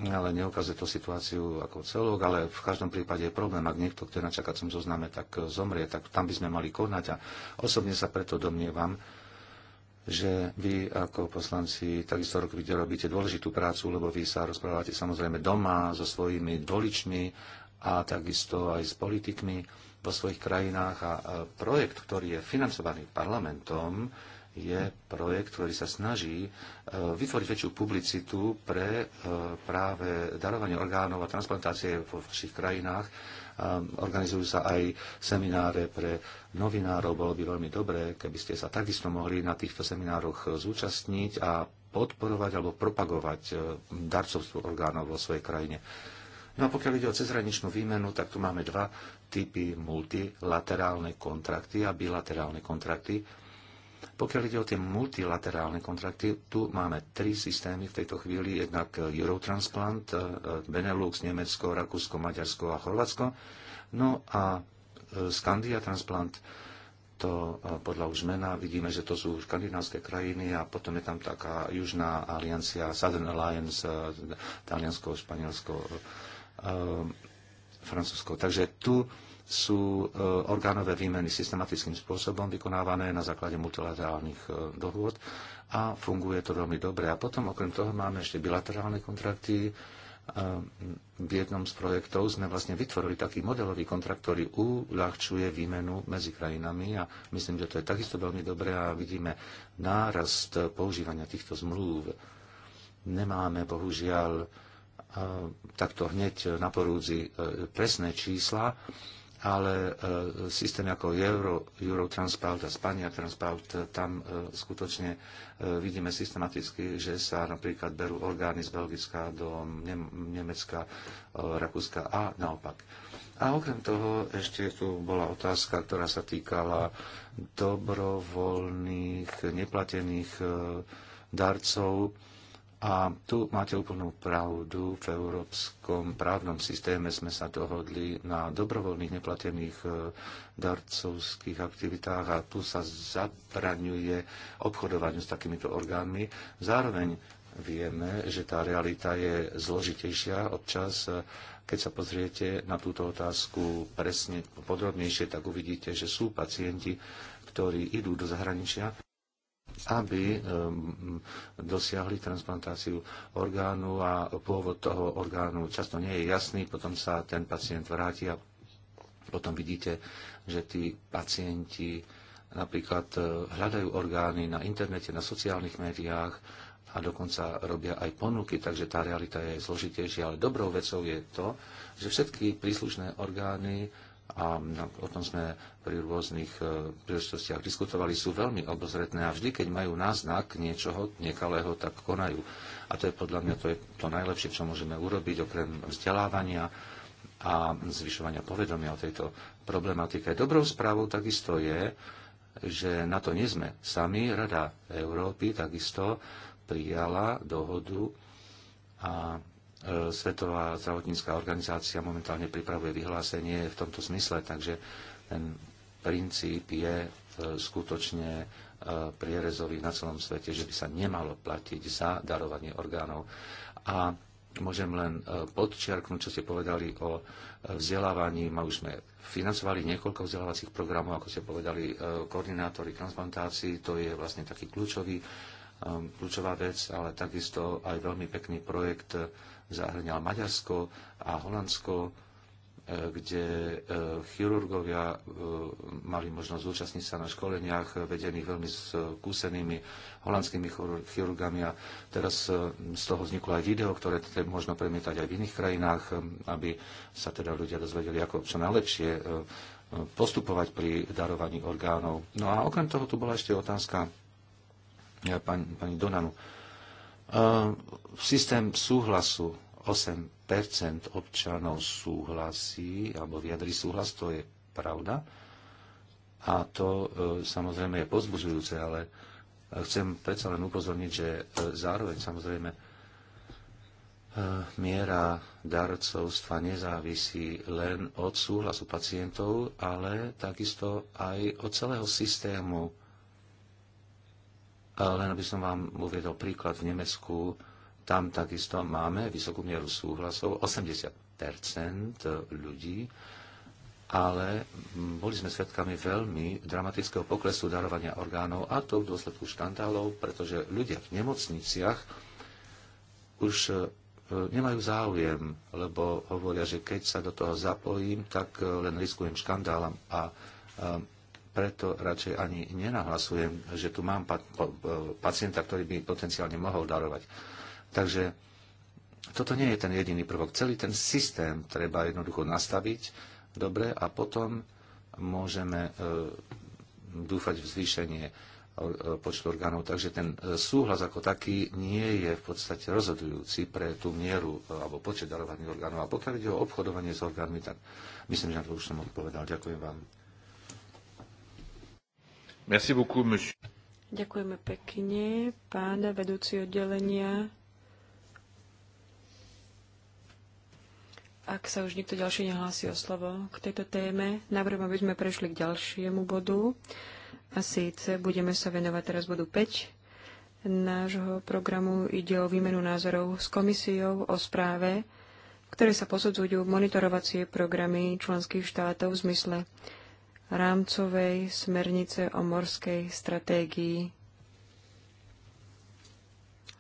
ale neukazuje to situáciu ako celok, ale v každom prípade je problém, ak niekto, kto je na čakacom zozname, tak eh, zomrie, tak tam by sme mali konať a osobne sa preto domnievam, že vy ako poslanci takisto rok robíte, robíte dôležitú prácu, lebo vy sa rozprávate samozrejme doma so svojimi voličmi a takisto aj s politikmi vo svojich krajinách a eh, projekt, ktorý je financovaný parlamentom, je projekt, ktorý sa snaží e, vytvoriť väčšiu publicitu pre e, práve darovanie orgánov a transplantácie vo vašich krajinách. E, organizujú sa aj semináre pre novinárov. Bolo by veľmi dobré, keby ste sa takisto mohli na týchto seminároch zúčastniť a podporovať alebo propagovať darcovstvo orgánov vo svojej krajine. No a pokiaľ ide o cezhraničnú výmenu, tak tu máme dva typy multilaterálne kontrakty a bilaterálne kontrakty. Pokiaľ ide o tie multilaterálne kontrakty, tu máme tri systémy v tejto chvíli, jednak Eurotransplant, e, Benelux, Nemecko, Rakúsko, Maďarsko a Chorvátsko. No a e, Skandia Transplant, to e, podľa už mena vidíme, že to sú škandinávské krajiny a potom je tam taká južná aliancia, Southern Alliance, Taliansko, Španielsko, Francúzsko. Takže tu sú e, orgánové výmeny systematickým spôsobom vykonávané na základe multilaterálnych e, dohôd a funguje to veľmi dobre. A potom okrem toho máme ešte bilaterálne kontrakty. E, v jednom z projektov sme vlastne vytvorili taký modelový kontrakt, ktorý uľahčuje výmenu medzi krajinami a myslím, že to je takisto veľmi dobré a vidíme nárast používania týchto zmluv. Nemáme bohužiaľ takto hneď na porúdzi presné čísla, ale e, systém ako Euro, Eurotranspault a Spania Transport, e, tam e, skutočne vidíme systematicky, že sa napríklad berú orgány z Belgická do Nemecka, Rakúska a naopak. A okrem toho ešte tu bola otázka, ktorá sa týkala dobrovoľných, neplatených darcov a tu máte úplnú pravdu, v európskom právnom systéme sme sa dohodli na dobrovoľných neplatených e, darcovských aktivitách a tu sa zabraňuje obchodovaniu s takýmito orgánmi. Zároveň vieme, že tá realita je zložitejšia občas. E, keď sa pozriete na túto otázku presne podrobnejšie, tak uvidíte, že sú pacienti, ktorí idú do zahraničia aby dosiahli transplantáciu orgánu a pôvod toho orgánu často nie je jasný, potom sa ten pacient vráti a potom vidíte, že tí pacienti napríklad eh, hľadajú orgány na internete, na sociálnych médiách a dokonca robia aj ponuky, takže tá realita je zložitejšia. Ale dobrou vecou je to, že všetky príslušné orgány a no, o tom sme pri rôznych e, príležitostiach diskutovali, sú veľmi obozretné a vždy, keď majú náznak niečoho nekalého, tak konajú. A to je podľa mňa to, je to najlepšie, čo môžeme urobiť, okrem vzdelávania a zvyšovania povedomia o tejto problematike. Dobrou správou takisto je, že na to nie sme sami. Rada Európy takisto prijala dohodu a E, Svetová zdravotnícká organizácia momentálne pripravuje vyhlásenie v tomto zmysle, takže ten princíp je e, skutočne e, prierezový na celom svete, že by sa nemalo platiť za darovanie orgánov. A môžem len podčiarknúť, čo ste povedali o vzdelávaní. My už sme financovali niekoľko vzdelávacích programov, ako ste povedali, koordinátory transplantácií, to je vlastne taký kľúčový, kľúčová vec, ale takisto aj veľmi pekný projekt zahrňal Maďarsko a Holandsko, e, kde e, chirurgovia e, mali možnosť zúčastniť sa na školeniach vedených veľmi skúsenými holandskými chirurgami a teraz z toho vzniklo aj video, ktoré možno premietať aj v iných krajinách, aby sa teda ľudia dozvedeli, ako čo najlepšie postupovať pri darovaní orgánov. No a okrem toho tu bola ešte otázka pani, pani Donanu Eh, systém súhlasu 8% občanov súhlasí alebo vyjadri súhlas, to je pravda. A to eh, samozrejme je pozbuzujúce, ale eh, chcem predsa len upozorniť, že zároveň samozrejme miera darcovstva nezávisí len od súhlasu pacientov, ale takisto aj od celého systému len aby som vám uviedol príklad v Nemecku, tam takisto máme vysokú mieru súhlasov, 80 ľudí, ale boli sme svedkami veľmi dramatického poklesu darovania orgánov a to v dôsledku škandálov, pretože ľudia v nemocniciach už e, nemajú záujem, lebo hovoria, že keď sa do toho zapojím, tak e, len riskujem škandálom a e, preto radšej ani nenahlasujem, že tu mám pacienta, ktorý by potenciálne mohol darovať. Takže toto nie je ten jediný prvok. Celý ten systém treba jednoducho nastaviť dobre a potom môžeme e, dúfať v zvýšenie e, počtu orgánov. Takže ten e, súhlas ako taký nie je v podstate rozhodujúci pre tú mieru alebo počet darovaných orgánov. A pokiaľ ide o obchodovanie s orgánmi, tak myslím, že na to už som odpovedal. Ďakujem vám. Merci beaucoup, monsieur. Ďakujeme pekne. Pán vedúci oddelenia. Ak sa už nikto ďalší nehlási o slovo k tejto téme, navrhujem, aby sme prešli k ďalšiemu bodu. A síce budeme sa venovať teraz bodu 5 nášho programu. Ide o výmenu názorov s komisiou o správe, ktoré sa posudzujú monitorovacie programy členských štátov v zmysle rámcovej smernice o morskej stratégii.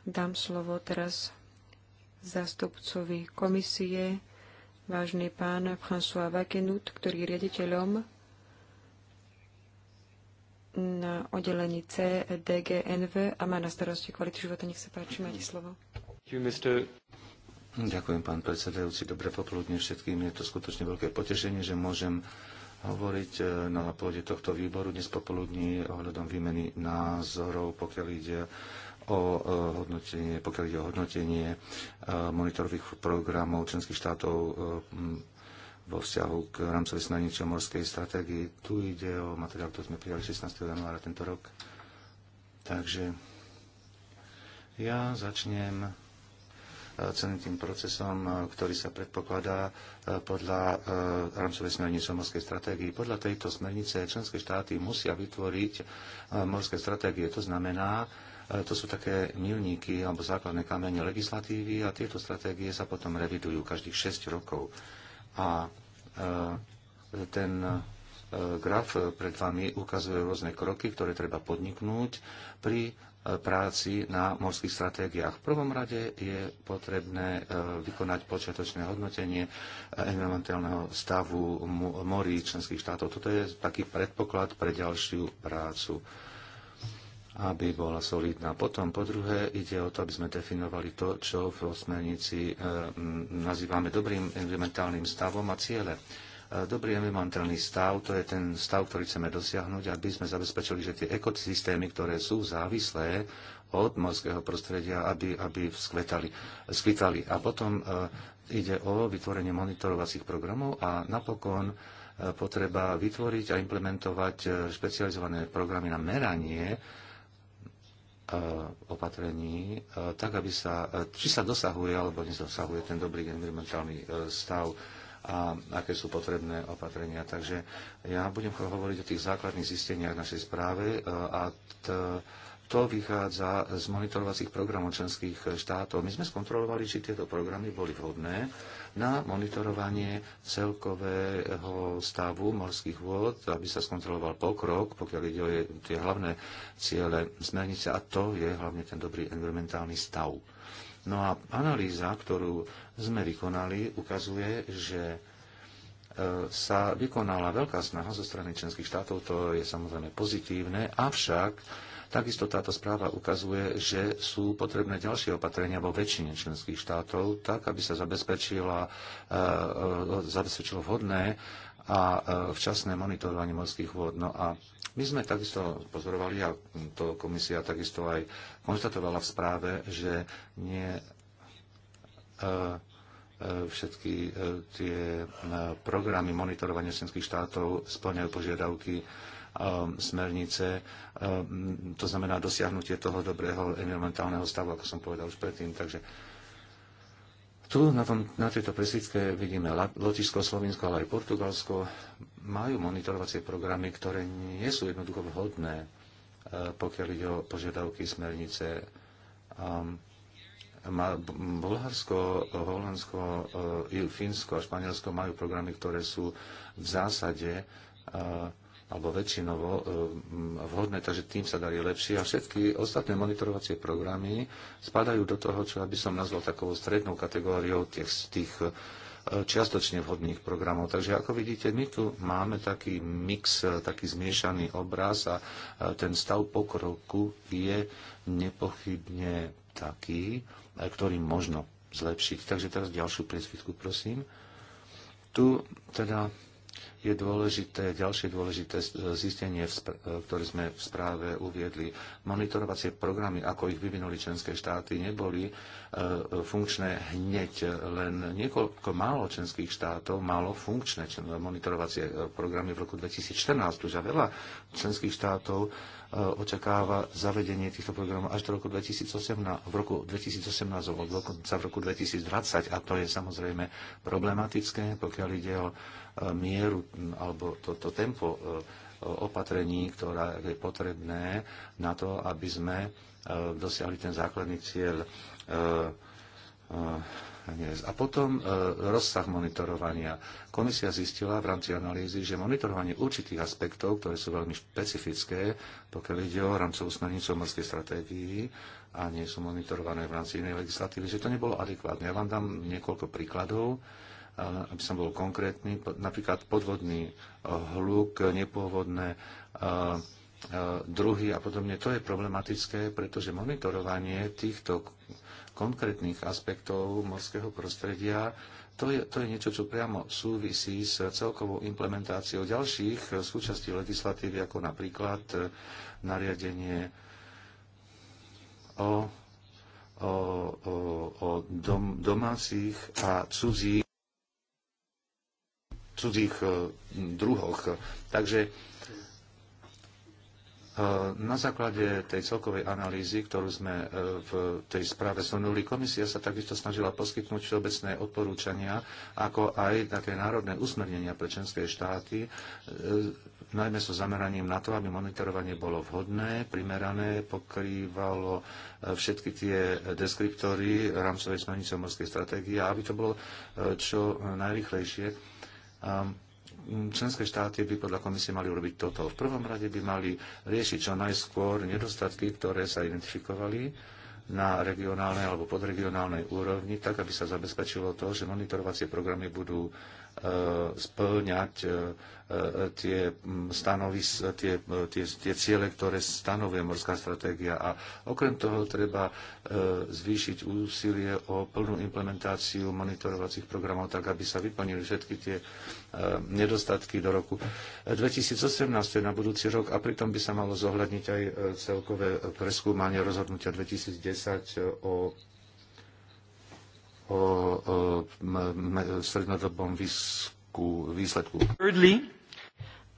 Dám slovo teraz zástupcovi komisie, vážny pán François Vakenut, ktorý je riaditeľom na oddelení CDGNV a má na starosti kvality života. Nech sa páči, máte slovo. Ďakujem, pán predsedajúci. Dobré popoludne všetkým. Je to skutočne veľké potešenie, že môžem hovoriť e, na pôde tohto výboru dnes popoludní ohľadom výmeny názorov, pokiaľ ide o e, hodnotenie, pokiaľ ide o hodnotenie e, monitorových programov členských štátov vo vzťahu k rámcovej smernici morskej stratégii. Tu ide o materiál, ktorý sme prijali 16. januára tento rok. Takže ja začnem celým tým procesom, e, ktorý sa predpokladá e, podľa e, rámcovej smernice o morskej stratégii. Podľa tejto smernice členské štáty musia vytvoriť morské stratégie. To znamená, to sú také milníky alebo základné kamene legislatívy a tieto stratégie sa potom revidujú každých 6 rokov. A ten graf pred vami ukazuje rôzne kroky, ktoré treba podniknúť pri práci na morských stratégiách. V prvom rade je potrebné e, vykonať počiatočné hodnotenie e, environmentálneho stavu morí členských štátov. Toto je taký predpoklad pre ďalšiu prácu aby bola solidná. Potom, po druhé, ide o to, aby sme definovali to, čo v osmernici e, nazývame dobrým environmentálnym stavom a ciele Dobrý environmentálny stav, to je ten stav, ktorý chceme dosiahnuť, aby sme zabezpečili, že tie ekosystémy, ktoré sú závislé od morského prostredia, aby, aby skvetali, skvitali. A potom e, ide o vytvorenie monitorovacích programov a napokon e, potreba vytvoriť a implementovať e, špecializované programy na meranie opatrení, tak aby sa, či sa dosahuje alebo nedosahuje ten dobrý environmentálny stav a aké sú potrebné opatrenia. Takže ja budem hovoriť o tých základných zisteniach našej správy e, a to vychádza z monitorovacích programov členských štátov. My sme skontrolovali, či tieto programy boli vhodné na monitorovanie celkového stavu morských vôd, aby sa skontroloval pokrok, pokiaľ ide o tie hlavné ciele smernice, a to je hlavne ten dobrý environmentálny stav. No a analýza, ktorú sme vykonali, ukazuje, že e, sa vykonala veľká snaha zo strany členských štátov, to je samozrejme pozitívne, avšak takisto táto správa ukazuje, že sú potrebné ďalšie opatrenia vo väčšine členských štátov, tak aby sa zabezpečila, e, e, zabezpečilo vhodné a e, včasné monitorovanie morských vôd. No a my sme takisto pozorovali, a to komisia takisto aj konštatovala v správe, že nie e, e, všetky tie programy monitorovania členských štátov splňajú požiadavky smernice, to znamená dosiahnutie toho dobrého environmentálneho stavu, ako som povedal už predtým. Takže tu na, tom, na tejto presvítke vidíme Lotišsko, Slovinsko, ale aj Portugalsko majú monitorovacie programy, ktoré nie sú jednoducho vhodné, e, pokiaľ ide o požiadavky smernice. Bulharsko, Holandsko, e, Fínsko a Španielsko majú programy, ktoré sú v zásade e, alebo väčšinovo e, vhodné, takže tým sa darí lepšie. A všetky ostatné monitorovacie programy spadajú do toho, čo by som nazval takou strednou kategóriou tých, tých e, čiastočne vhodných programov. Takže ako vidíte, my tu máme taký mix, e, taký zmiešaný obraz a ten stav pokroku je nepochybne taký, ktorý možno zlepšiť. Takže teraz ďalšiu priesvitku, prosím. Tu teda je dôležité, ďalšie dôležité zistenie, e, ktoré sme v správe uviedli. Monitorovacie programy, ako ich vyvinuli členské štáty, neboli e, e, funkčné hneď. Len niekoľko málo členských štátov malo funkčné monitorovacie programy v roku 2014. Už a veľa členských štátov očakáva zavedenie týchto programov až do roku 2018, v roku 2018 alebo dokonca v roku 2020 a to je samozrejme problematické, pokiaľ ide o e, mieru alebo toto to tempo e, opatrení, ktoré je potrebné na to, aby sme e, dosiahli ten základný cieľ NES. A potom e, rozsah monitorovania. Komisia zistila v rámci analýzy, že monitorovanie určitých aspektov, ktoré sú veľmi špecifické, pokiaľ ide o rámcovú smernicu morskej stratégii a nie sú monitorované v rámci inej legislatívy, že to nebolo adekvátne. Ja vám dám niekoľko príkladov e, aby som bol konkrétny, napríklad podvodný e, hluk, nepôvodné e, druhy a podobne. To je problematické, pretože monitorovanie týchto konkrétnych aspektov morského prostredia, to je, to je niečo, čo priamo súvisí s celkovou implementáciou ďalších súčastí legislatívy, ako napríklad e, nariadenie o, o, o, o dom, domácich a cudzích cudzích e, druhoch. Takže E, na základe tej celkovej analýzy, ktorú sme e, v tej správe slnuli, komisia sa takisto snažila poskytnúť všeobecné odporúčania, ako aj také národné usmernenia pre členské štáty, e, najmä so zameraním na to, aby monitorovanie bolo vhodné, primerané, pokrývalo všetky tie deskriptory rámcovej smernice morskej stratégie a aby to bolo čo najrychlejšie členské štáty by podľa komisie mali urobiť toto. V prvom rade by mali riešiť čo najskôr nedostatky, ktoré sa identifikovali na regionálnej alebo podregionálnej úrovni, tak aby sa zabezpečilo to, že monitorovacie programy budú E, splňať e, e, tie, stanovis, tie, tie, tie ciele, ktoré stanovuje morská stratégia. A okrem toho treba zvýšiť úsilie o plnú implementáciu monitorovacích programov, tak aby sa vyplnili všetky tie nedostatky do roku 2018, na budúci rok, a pritom by sa malo zohľadniť aj celkové preskúmanie rozhodnutia 2010 o o srednodobom výsku, výsledku.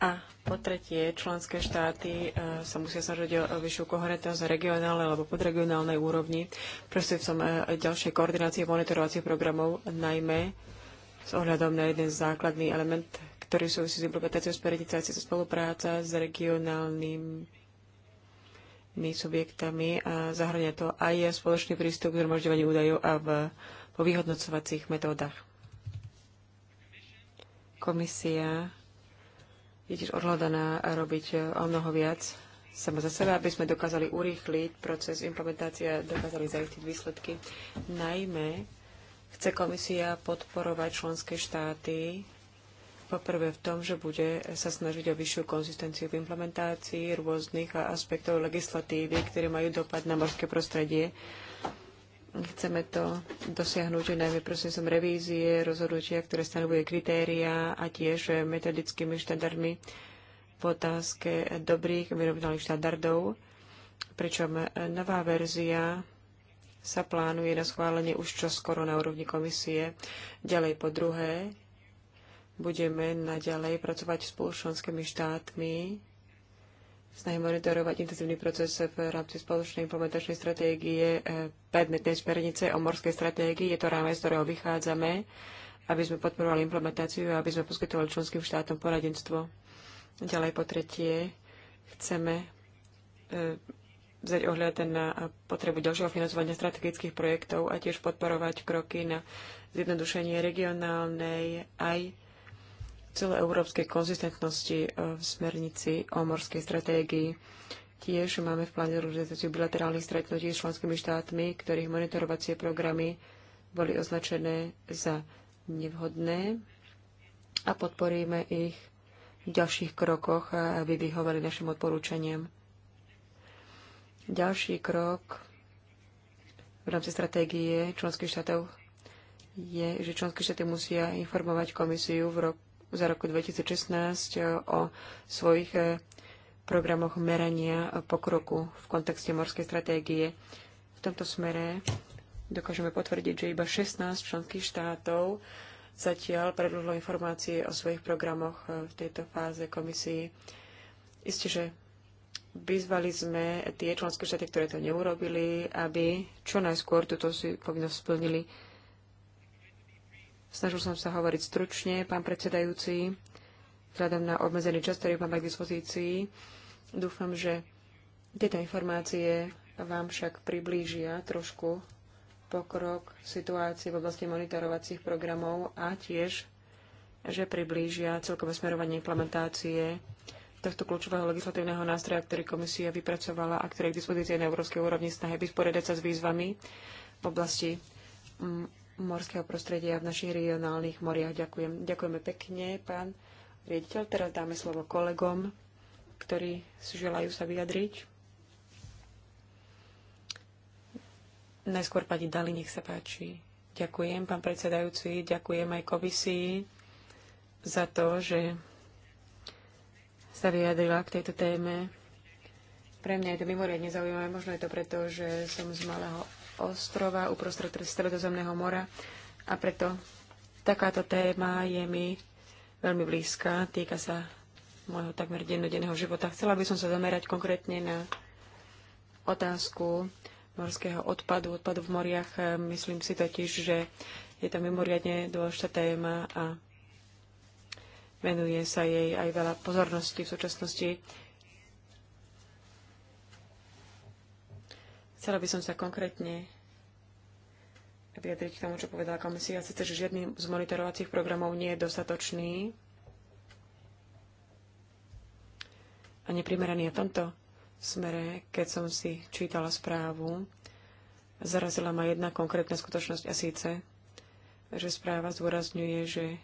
A po tretie, členské štáty e, sa musia snažiť o vyššiu koherentnosť regionálnej alebo podregionálnej úrovni prostredstvom e, ďalšej koordinácie monitorovacie programov, najmä s ohľadom na jeden základný element, ktorý súvisí s implementáciou smernice so spolupráca s regionálnymi subjektami a zahrania to aj spoločný prístup k zhromažďovaniu údajov a v po vyhodnocovacích metódach. Komisia je tiež odhľadaná robiť e, o mnoho viac sama za seba, aby sme dokázali urýchliť proces implementácie a dokázali zajistiť výsledky. Najmä chce komisia podporovať členské štáty poprvé v tom, že bude sa snažiť o vyššiu konzistenciu v implementácii rôznych aspektov legislatívy, ktoré majú dopad na morské prostredie Chceme to dosiahnuť najmä prosím som revízie, rozhodnutia, ktoré stanovuje kritéria a tiež metodickými štandardmi v otázke dobrých environmentálnych štandardov, pričom nová verzia sa plánuje na schválenie už čoskoro na úrovni komisie. Ďalej po druhé, budeme naďalej pracovať s spoločenskými štátmi snahy monitorovať intenzívny proces v rámci spoločnej implementačnej stratégie eh, predmetnej smernice o morskej stratégii. Je to rámec, z ktorého vychádzame, aby sme podporovali implementáciu a aby sme poskytovali členským štátom poradenstvo. Ďalej po tretie, chceme eh, vzať ohľad na potrebu ďalšieho financovania strategických projektov a tiež podporovať kroky na zjednodušenie regionálnej aj celoeurópskej konzistentnosti e, v smernici o morskej stratégii. Tiež máme v pláne realizáciu bilaterálnych stretnutí s členskými štátmi, ktorých monitorovacie programy boli označené za nevhodné a podporíme ich v ďalších krokoch, e, aby vyhovali našim odporúčaniam. Ďalší krok v rámci stratégie členských štátov je, že členské štáty musia informovať komisiu v roku za roku 2016 eh, o svojich eh, programoch merania eh, pokroku v kontexte morskej stratégie. V tomto smere dokážeme potvrdiť, že iba 16 členských štátov zatiaľ predložilo informácie o svojich programoch v tejto fáze komisii. Isté, že vyzvali sme tie členské štáty, ktoré to neurobili, aby čo najskôr túto si povinnosť splnili. Snažil som sa hovoriť stručne, pán predsedajúci, vzhľadom na obmedzený čas, ktorý mám k dispozícii. Dúfam, že tieto informácie vám však priblížia trošku pokrok situácie v oblasti monitorovacích programov a tiež, že priblížia celkové smerovanie implementácie tohto kľúčového legislatívneho nástroja, ktorý komisia vypracovala a ktorý je k dispozícii na európskej úrovni snahe vysporiadať sa s výzvami v oblasti mm, morského prostredia v našich regionálnych moriach. Ďakujem. Ďakujeme pekne, pán riaditeľ. Teraz dáme slovo kolegom, ktorí si želajú sa vyjadriť. Najskôr pani Dali, nech sa páči. Ďakujem, pán predsedajúci, ďakujem aj komisii za to, že sa vyjadrila k tejto téme. Pre mňa je to mimoriadne zaujímavé, možno je to preto, že som z malého ostrova uprostred Stredozemného mora a preto takáto téma je mi veľmi blízka, týka sa môjho takmer dennodenného života. Chcela by som sa zamerať konkrétne na otázku morského odpadu, odpadu v moriach. Myslím si totiž, že je to mimoriadne dôležitá téma a venuje sa jej aj veľa pozornosti v súčasnosti. Chcela by som sa konkrétne vyjadriť k tomu, čo povedala komisia, síce, že žiadny z monitorovacích programov nie je dostatočný a neprimeraný je v tomto smere, keď som si čítala správu, zarazila ma jedna konkrétna skutočnosť a síce, že správa zdôrazňuje, že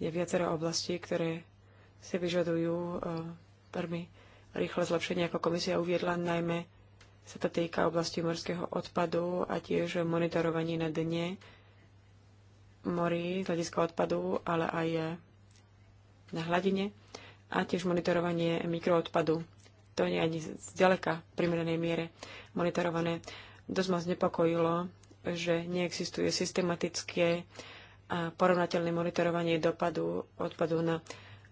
je viacero oblastí, ktoré si vyžadujú eh, veľmi rýchle zlepšenie, ako komisia uviedla, najmä sa to týka oblasti morského odpadu a tiež monitorovanie na dne morí z hľadiska odpadu, ale aj na hladine a tiež monitorovanie mikroodpadu. To nie je ani zďaleka v primeranej miere monitorované. Dosť ma znepokojilo, že neexistuje systematické a porovnateľné monitorovanie dopadu odpadu na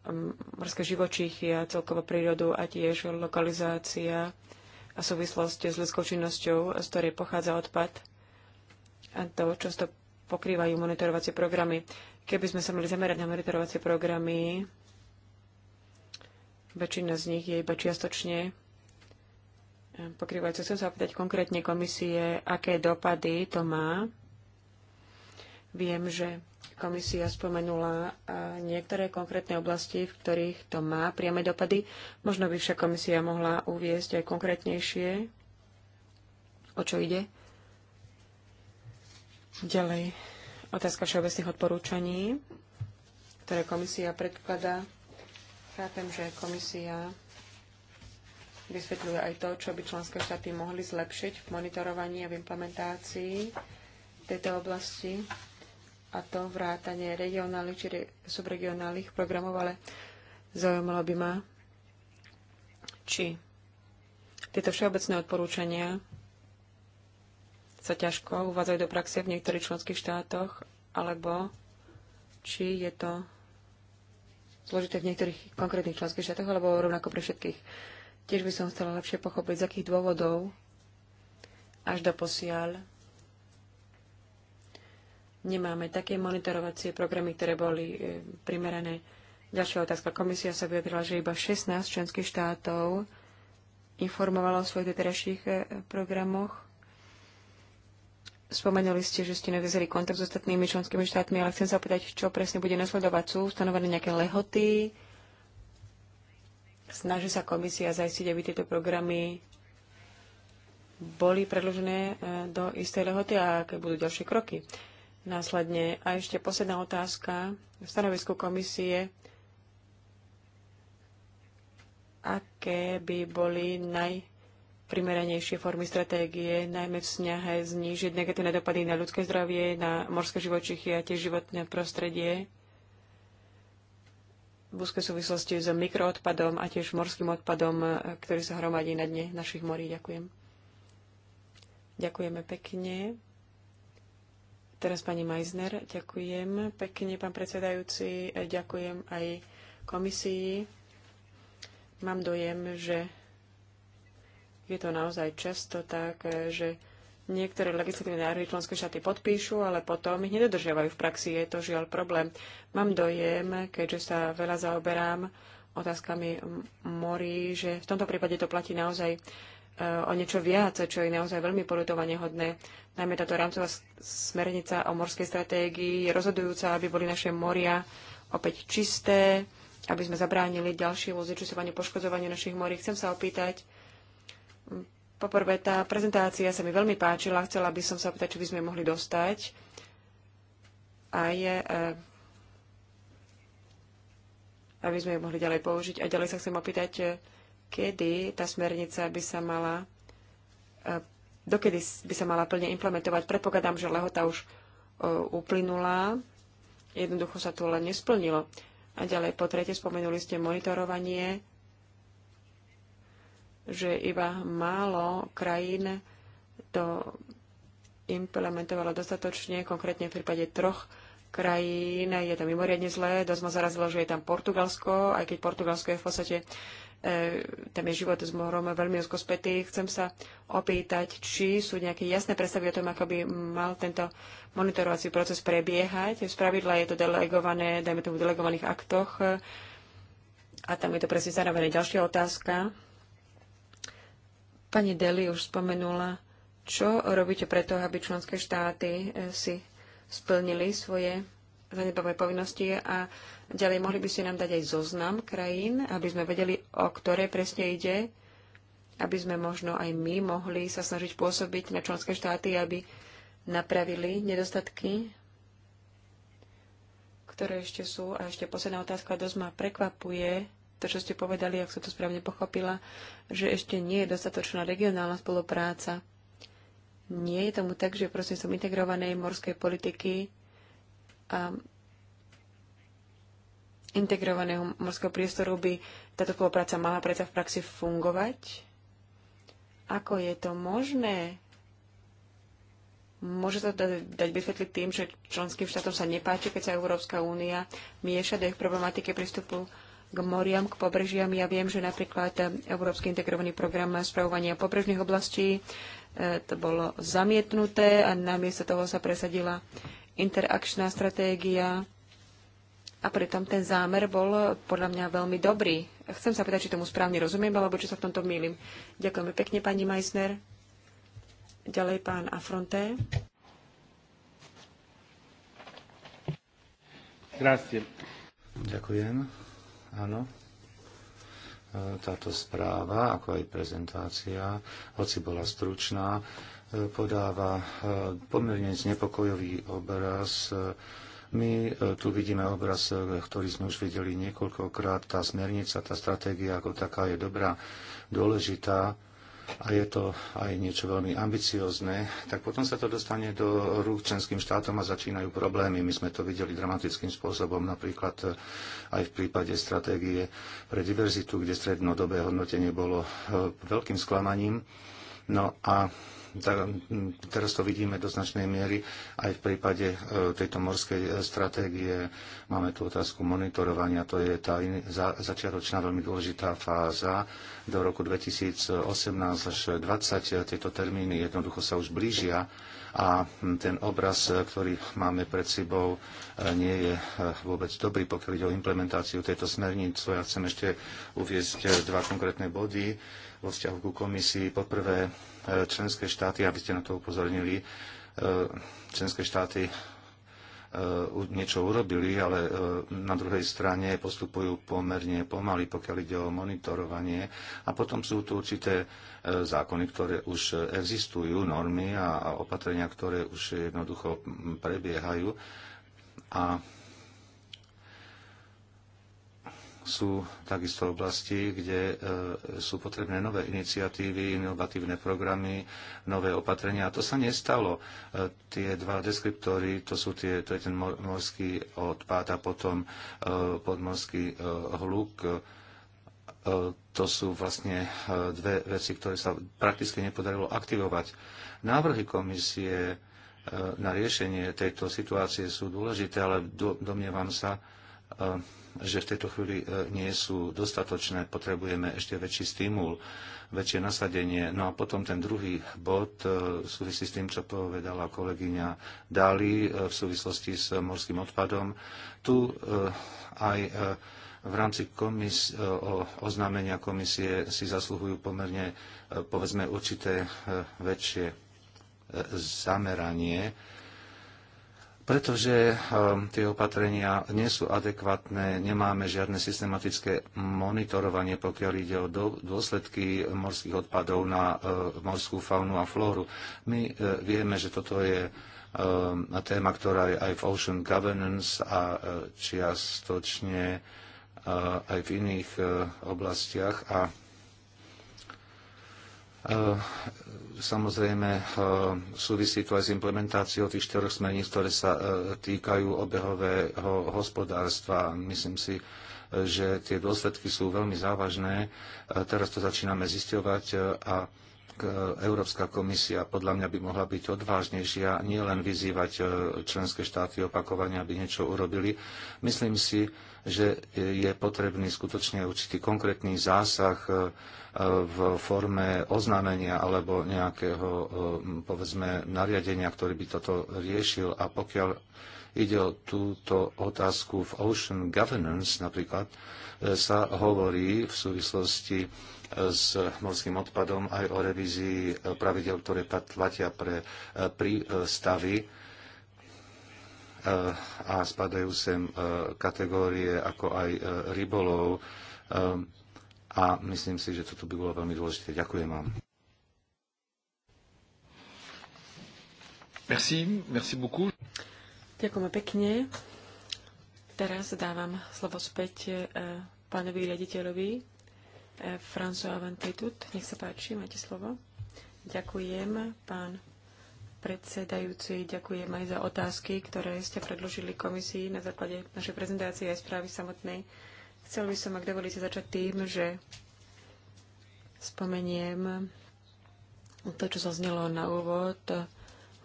mm, morské živočíchy a celkovo prírodu a tiež lokalizácia a súvislosti s ľudskou činnosťou, z ktorej pochádza odpad a to často pokrývajú monitorovacie programy. Keby sme sa mali zamerať na monitorovacie programy, väčšina z nich je iba čiastočne eh, pokrývajúce. Chcem sa opýtať konkrétne komisie, aké dopady to má Viem, že komisia spomenula e, niektoré konkrétne oblasti, v ktorých to má priame dopady. Možno by však komisia mohla uviesť aj konkrétnejšie, o čo ide. Ďalej, otázka všeobecných odporúčaní, ktoré komisia predkladá. Chápem, že komisia vysvetľuje aj to, čo by členské štáty mohli zlepšiť v monitorovaní a v implementácii tejto oblasti a to vrátanie regionálnych či subregionálnych programov, ale zaujímalo by ma, či tieto všeobecné odporúčania sa ťažko uvádzajú do praxe v niektorých členských štátoch, alebo či je to zložité v niektorých konkrétnych členských štátoch, alebo rovnako pre všetkých. Tiež by som chcela lepšie pochopiť, z akých dôvodov až do posiaľ nemáme také monitorovacie programy, ktoré boli e, primerané. Ďalšia otázka. Komisia sa vyjadrila, že iba 16 členských štátov informovala o svojich doterajších e, programoch. Spomenuli ste, že ste nevyzeli kontakt s ostatnými členskými štátmi, ale chcem sa opýtať, čo presne bude nasledovať. Sú stanovené nejaké lehoty? Snaží sa komisia zajistiť, aby tieto programy boli predložené e, do istej lehoty a aké budú ďalšie kroky? následne. A ešte posledná otázka. V stanovisku komisie, aké by boli najprimeranejšie formy stratégie, najmä v snahe znížiť negatívne dopady na ľudské zdravie, na morské živočichy a tiež životné prostredie v úzkej súvislosti s mikroodpadom a tiež morským odpadom, ktorý sa hromadí na dne našich morí. Ďakujem. Ďakujeme pekne. Teraz pani Meisner, ďakujem pekne, pán predsedajúci, e, ďakujem aj komisii. Mám dojem, že je to naozaj často tak, e, že niektoré legislatívne národy členské štáty podpíšu, ale potom ich nedodržiavajú v praxi. Je to žiaľ problém. Mám dojem, keďže sa veľa zaoberám otázkami morí, že v tomto prípade to platí naozaj E, o niečo viac, čo je naozaj veľmi porutovanie hodné. Najmä táto rámcová smernica o morskej stratégii je rozhodujúca, aby boli naše moria opäť čisté, aby sme zabránili ďalšiemu zečisovaniu, poškodzovaniu našich morí. Chcem sa opýtať, poprvé tá prezentácia sa mi veľmi páčila, chcela by som sa opýtať, či by sme mohli dostať aj e, aby sme ju mohli ďalej použiť. A ďalej sa chcem opýtať, e, kedy tá smernica by sa mala e, dokedy by sa mala plne implementovať. Predpokladám, že lehota už e, uplynula. Jednoducho sa to len nesplnilo. A ďalej po tretie spomenuli ste monitorovanie, že iba málo krajín to implementovalo dostatočne, konkrétne v prípade troch krajín je to mimoriadne zlé. Dosť ma zarazilo, že je tam Portugalsko, aj keď Portugalsko je v podstate E, tam je život s morom veľmi úzko spätý. Chcem sa opýtať, či sú nejaké jasné predstavy o tom, ako by mal tento monitorovací proces prebiehať. Z pravidla je to delegované, dajme to v delegovaných aktoch a tam je to presne zároveň ďalšia otázka. Pani Deli už spomenula, čo robíte preto, aby členské štáty e, si splnili svoje zanedbavé povinnosti a ďalej mohli by ste nám dať aj zoznam krajín, aby sme vedeli, o ktoré presne ide, aby sme možno aj my mohli sa snažiť pôsobiť na členské štáty, aby napravili nedostatky, ktoré ešte sú. A ešte posledná otázka dosť ma prekvapuje, to, čo ste povedali, ak som to správne pochopila, že ešte nie je dostatočná regionálna spolupráca. Nie je tomu tak, že prosím som integrovanej morskej politiky integrovaného morského priestoru by táto spolupráca mala predsa v praxi fungovať? Ako je to možné? Môže sa to dať vysvetliť tým, že členským štátom sa nepáči, keď sa Európska únia mieša do ich problematiky prístupu k moriam, k pobrežiam. Ja viem, že napríklad Európsky integrovaný program spravovania pobrežných oblastí e, to bolo zamietnuté a namiesto toho sa presadila interakčná stratégia a pritom ten zámer bol podľa mňa veľmi dobrý. Chcem sa pýtať, či tomu správne rozumiem, alebo či sa v tomto mýlim. Ďakujeme pekne, pani Meissner. Ďalej pán Afronté. Grazie. Ďakujem. Áno. E, táto správa, ako aj prezentácia, hoci bola stručná, podáva eh, pomerne znepokojový obraz. My eh, tu vidíme obraz, eh, ktorý sme už videli niekoľkokrát. Tá smernica, tá stratégia ako taká je dobrá, dôležitá a je to aj niečo veľmi ambiciozne, tak potom sa to dostane do rúk členským štátom a začínajú problémy. My sme to videli dramatickým spôsobom, napríklad aj v prípade stratégie pre diverzitu, kde strednodobé hodnotenie bolo veľkým sklamaním. No a teraz to vidíme do značnej miery aj v prípade e, tejto morskej e, stratégie. Máme tu otázku monitorovania, to je tá začiatočná veľmi dôležitá fáza do roku 2018 až 2020. E, tieto termíny jednoducho sa už blížia a hm, ten obraz, ktorý máme pred sebou, nie je vôbec dobrý, pokiaľ ide o implementáciu tejto smernice. Ja chcem ešte uviezť dva konkrétne body vo vzťahu ku komisii. Poprvé, E, členské štáty, aby ste na to upozornili, e, členské štáty e, niečo urobili, ale na druhej strane postupujú pomerne pomaly, pokiaľ ide o monitorovanie. A potom sú tu určité zákony, ktoré už existujú, normy a opatrenia, ktoré už jednoducho prebiehajú. A sú takisto oblasti, kde e, sú potrebné nové iniciatívy, inovatívne programy, nové opatrenia. A to sa nestalo. E, tie dva deskriptory, to, sú tie, to je ten morský odpad a potom e, podmorský hluk. To sú vlastne dve veci, ktoré sa prakticky nepodarilo aktivovať. Návrhy komisie na riešenie tejto situácie sú dôležité, ale domnievam sa, že v tejto chvíli e, nie sú dostatočné, potrebujeme ešte väčší stimul, väčšie nasadenie. No a potom ten druhý bod v e, súvisí s tým, čo povedala kolegyňa Dali e, v súvislosti s morským odpadom. Tu aj v rámci komis- o oznámenia komisie si zasluhujú pomerne, povedzme, určité väčšie zameranie pretože ehm, tie opatrenia nie sú adekvátne, nemáme žiadne systematické monitorovanie, pokiaľ ide o dôsledky morských odpadov na ehm, morskú faunu a flóru. My e, vieme, že toto je ehm, téma, ktorá je aj v Ocean Governance a e, čiastočne e, aj v iných oblastiach a samozrejme e, súvisí to aj s implementáciou tých štyroch smerníc, ktoré sa e, týkajú obehového hospodárstva. Myslím si, že tie dôsledky sú veľmi závažné. Teraz to začíname zisťovať e, a Európska komisia podľa mňa by mohla byť odvážnejšia, nielen vyzývať členské štáty opakovania, aby niečo urobili. Myslím si, že je potrebný skutočne určitý konkrétny zásah v forme oznámenia alebo nejakého, eh, povedzme, nariadenia, ktorý by toto riešil. A pokiaľ ide o túto otázku v Ocean Governance napríklad, eh, sa hovorí v súvislosti eh, s morským odpadom aj o revízii pravidel, ktoré platia pre prístavy a spadajú sem kategórie ako aj rybolov ehm, a myslím si, že toto by bolo veľmi dôležité. Ďakujem vám. Merci, merci beaucoup. Ďakujeme pekne. Teraz dávam slovo späť e, pánovi riaditeľovi e, François Avantitut. Nech sa páči, máte slovo. Ďakujem, pán predsedajúci, ďakujem aj za otázky, ktoré ste predložili komisii na základe našej prezentácie aj správy samotnej. Chcel by som, ak dovolíte, začať tým, že spomeniem to, čo sa znelo na úvod.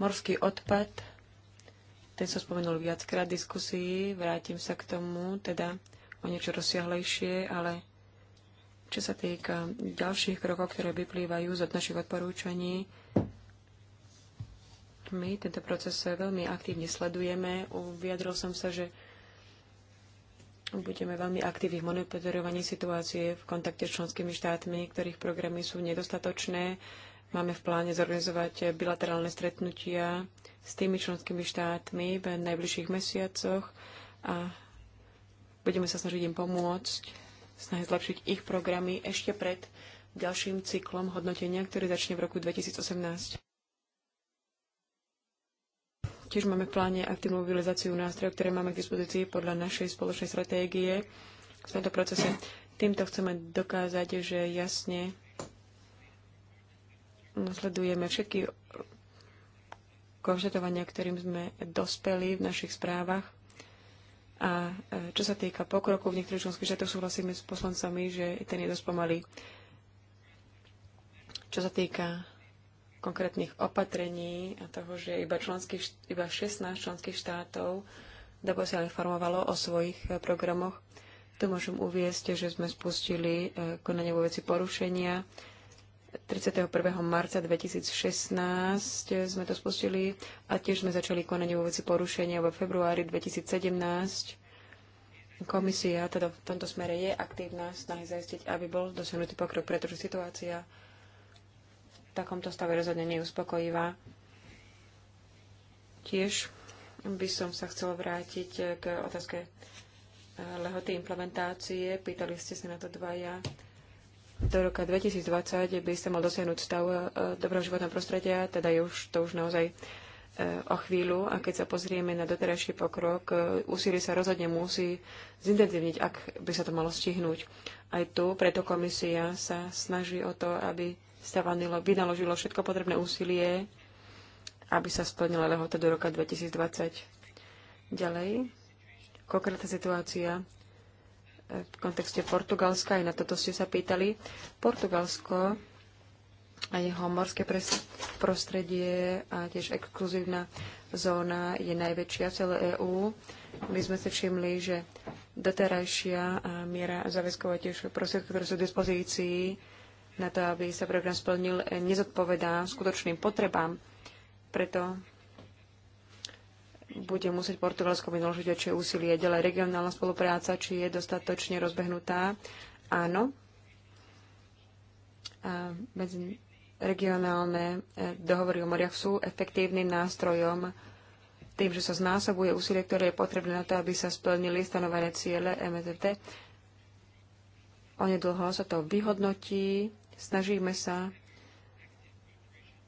Morský odpad, ten som spomenul viackrát v diskusii, vrátim sa k tomu, teda o niečo rozsiahlejšie, ale čo sa týka ďalších krokov, ktoré vyplývajú z od našich odporúčaní, my tento proces veľmi aktívne sledujeme. Uviadril som sa, že Budeme veľmi aktívni v monitorovaní situácie v kontakte s členskými štátmi, ktorých programy sú nedostatočné. Máme v pláne zorganizovať bilaterálne stretnutia s tými členskými štátmi v najbližších mesiacoch a budeme sa snažiť im pomôcť, snažiť zlepšiť ich programy ešte pred ďalším cyklom hodnotenia, ktorý začne v roku 2018. Tiež máme v pláne aktívnu mobilizáciu nástrojov, ktoré máme k dispozícii podľa našej spoločnej stratégie v tomto procese. Týmto chceme dokázať, že jasne nasledujeme všetky konštatovania, ktorým sme dospeli v našich správach. A e, čo sa týka pokroku, v niektorých členských štátoch súhlasíme s poslancami, že ten je dosť pomalý. Čo sa týka konkrétnych opatrení a toho, že iba, členských, iba 16 členských štátov doposiaľ informovalo o svojich e, programoch. Tu môžem uviesť, že sme spustili e, konanie vo veci porušenia. 31. marca 2016 sme to spustili a tiež sme začali konanie vo veci porušenia vo februári 2017. Komisia teda v tomto smere je aktívna, snahy zaistiť, aby bol dosiahnutý pokrok, pretože situácia takomto stave rozhodne neuspokojivá. Tiež by som sa chcela vrátiť k otázke eh, lehoty implementácie. Pýtali ste sa na to dvaja. Do roka 2020 by ste mal dosiahnuť stav eh, dobrého životného prostredia, teda je už, to už naozaj eh, o chvíľu a keď sa pozrieme na doterajší pokrok, úsilie sa rozhodne musí zintenzívniť, ak by sa to malo stihnúť. Aj tu preto komisia sa snaží o to, aby Stavanilo vynaložilo všetko potrebné úsilie, aby sa splnila lehota do roka 2020. Ďalej, konkrétna situácia e, v kontexte Portugalska, aj na toto ste sa pýtali. Portugalsko a jeho morské prostredie a tiež exkluzívna zóna je najväčšia v celé EÚ. My sme si všimli, že doterajšia e, miera záväzkov a prostriedky, ktoré sú v dispozícii, na to, aby sa program splnil, eh, nezodpovedá skutočným potrebám. Preto bude musieť Portugalsko vynaložiť väčšie úsilie. Ďalej regionálna spolupráca, či je dostatočne rozbehnutá. Áno. A medzi regionálne eh, dohovory o moriach sú efektívnym nástrojom tým, že sa znásobuje úsilie, ktoré je potrebné na to, aby sa splnili stanovené ciele MZT. E Onedlho sa to vyhodnotí Snažíme sa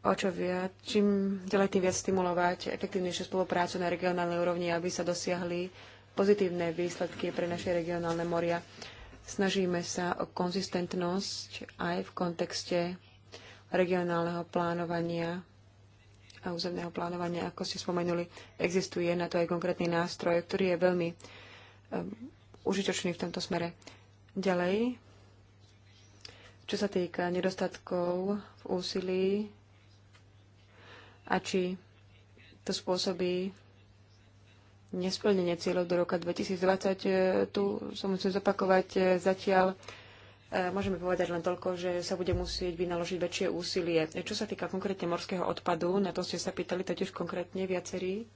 o čo viac, čím ďalej tým viac stimulovať efektívnejšiu spoluprácu na regionálnej úrovni, aby sa dosiahli pozitívne výsledky pre naše regionálne moria. Snažíme sa o konzistentnosť aj v kontexte regionálneho plánovania a územného plánovania, ako ste spomenuli, existuje na to aj konkrétny nástroj, ktorý je veľmi um, užitočný v tomto smere. Ďalej, čo sa týka nedostatkov v úsilí a či to spôsobí nesplnenie cieľov do roka 2020, tu som musím zopakovať zatiaľ e, Môžeme povedať len toľko, že sa bude musieť vynaložiť väčšie úsilie. Čo sa týka konkrétne morského odpadu, na to ste sa pýtali totiž konkrétne viacerí.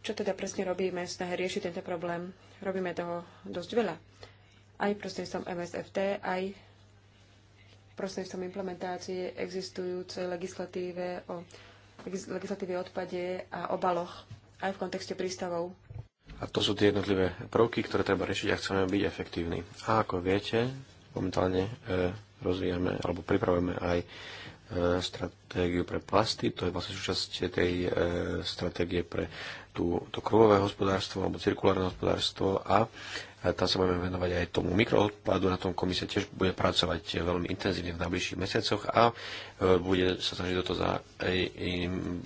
Čo teda presne robíme snahe riešiť tento problém? Robíme toho dosť veľa aj prostredstvom MSFT, aj prostredstvom implementácie existujúcej legislatíve o legislatíve odpade a obaloch aj v kontexte prístavov. A to sú tie jednotlivé prvky, ktoré treba riešiť ak chceme byť efektívni. A ako viete, momentálne e, rozvíjame alebo pripravujeme aj E, stratégiu pre plasty, to je vlastne súčasť tej e, stratégie pre tú, to kruhové hospodárstvo alebo cirkulárne hospodárstvo a tam sa budeme venovať aj tomu mikroodpadu, na tom komisia tiež bude pracovať veľmi intenzívne v najbližších mesiacoch a e, bude sa snažiť do toho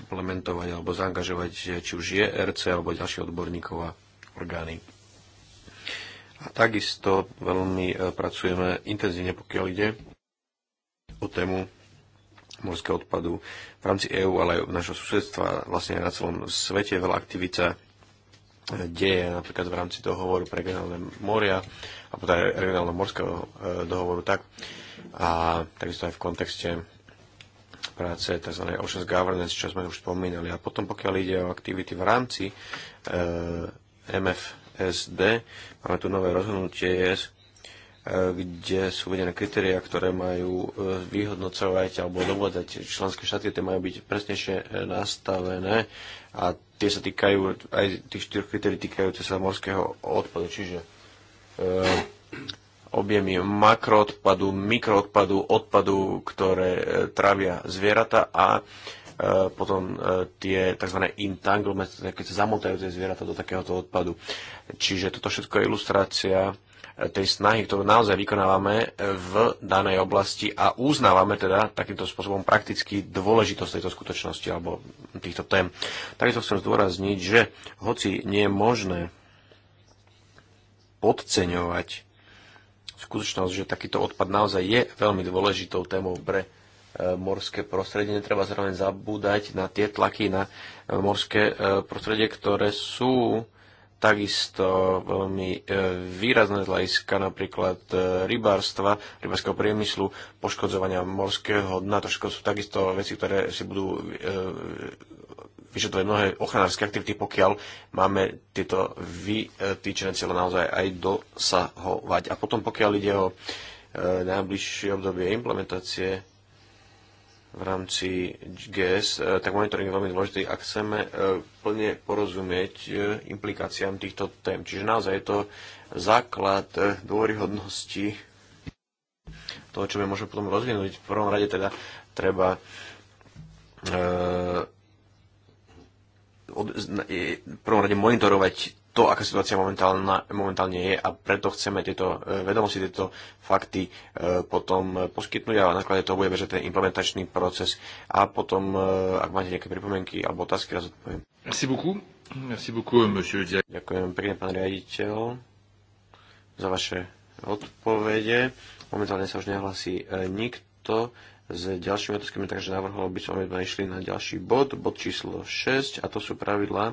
implementovať alebo zaangažovať či už je RC alebo ďalších odborníkov a orgány. A takisto veľmi e, pracujeme intenzívne, pokiaľ ide o tému morského odpadu v rámci EÚ, ale aj našho susedstva, vlastne aj na celom svete veľa aktivít sa eh, deje napríklad v rámci dohovoru pre regionálne moria a potom aj regionálne morského eh, dohovoru tak a takisto aj v kontexte práce tzv. Ocean Governance, čo sme už spomínali. A potom pokiaľ ide o aktivity v rámci e, eh, MFSD, máme tu nové rozhodnutie e kde sú uvedené kritéria, ktoré majú e, vyhodnocovať alebo dovodať členské štáty, tie majú byť presnejšie e, nastavené a tie sa týkajú aj tých štyroch kritérií týkajúce sa morského odpadu, čiže e, objemy makroodpadu, mikroodpadu, odpadu, ktoré e, travia zvieratá a e, potom e, tie tzv. entanglement, keď sa zamotajú tie zvieratá do takéhoto odpadu. Čiže toto všetko je ilustrácia tej snahy, ktorú naozaj vykonávame v danej oblasti a uznávame teda takýmto spôsobom prakticky dôležitosť tejto skutočnosti alebo týchto tém. Takisto chcem zdôrazniť, že hoci nie je možné podceňovať skutočnosť, že takýto odpad naozaj je veľmi dôležitou témou pre e, morské prostredie. Netreba zároveň zabúdať na tie tlaky na morské e, prostredie, ktoré sú takisto veľmi e, výrazné z napríklad e, rybárstva, rybárskeho priemyslu, poškodzovania morského dna. To všetko sú takisto veci, ktoré si budú e, vyšetrovať mnohé ochranárske aktivity, pokiaľ máme tieto vytýčené cieľe naozaj aj dosahovať. A potom pokiaľ ide o najbližšie obdobie implementácie v rámci GS, e, tak monitoring je veľmi dôležitý, ak chceme e, plne porozumieť e, implikáciám týchto tém. Čiže naozaj je to základ dôryhodnosti toho, čo my môžeme potom rozvinúť. V prvom rade teda treba v prvom rade monitorovať to, aká situácia momentálna, momentálne je a preto chceme tieto e, vedomosti, tieto fakty e, potom poskytnúť a na základe toho bude bežať ten implementačný proces a potom, e, ak máte nejaké pripomienky alebo otázky, raz odpoviem. Merci beaucoup. Merci beaucoup, monsieur Ďakujem pekne, pán riaditeľ, za vaše odpovede. Momentálne sa už nehlasí nikto s ďalšími otázkami, takže navrhol by som, aby sme išli na ďalší bod, bod číslo 6, a to sú pravidlá,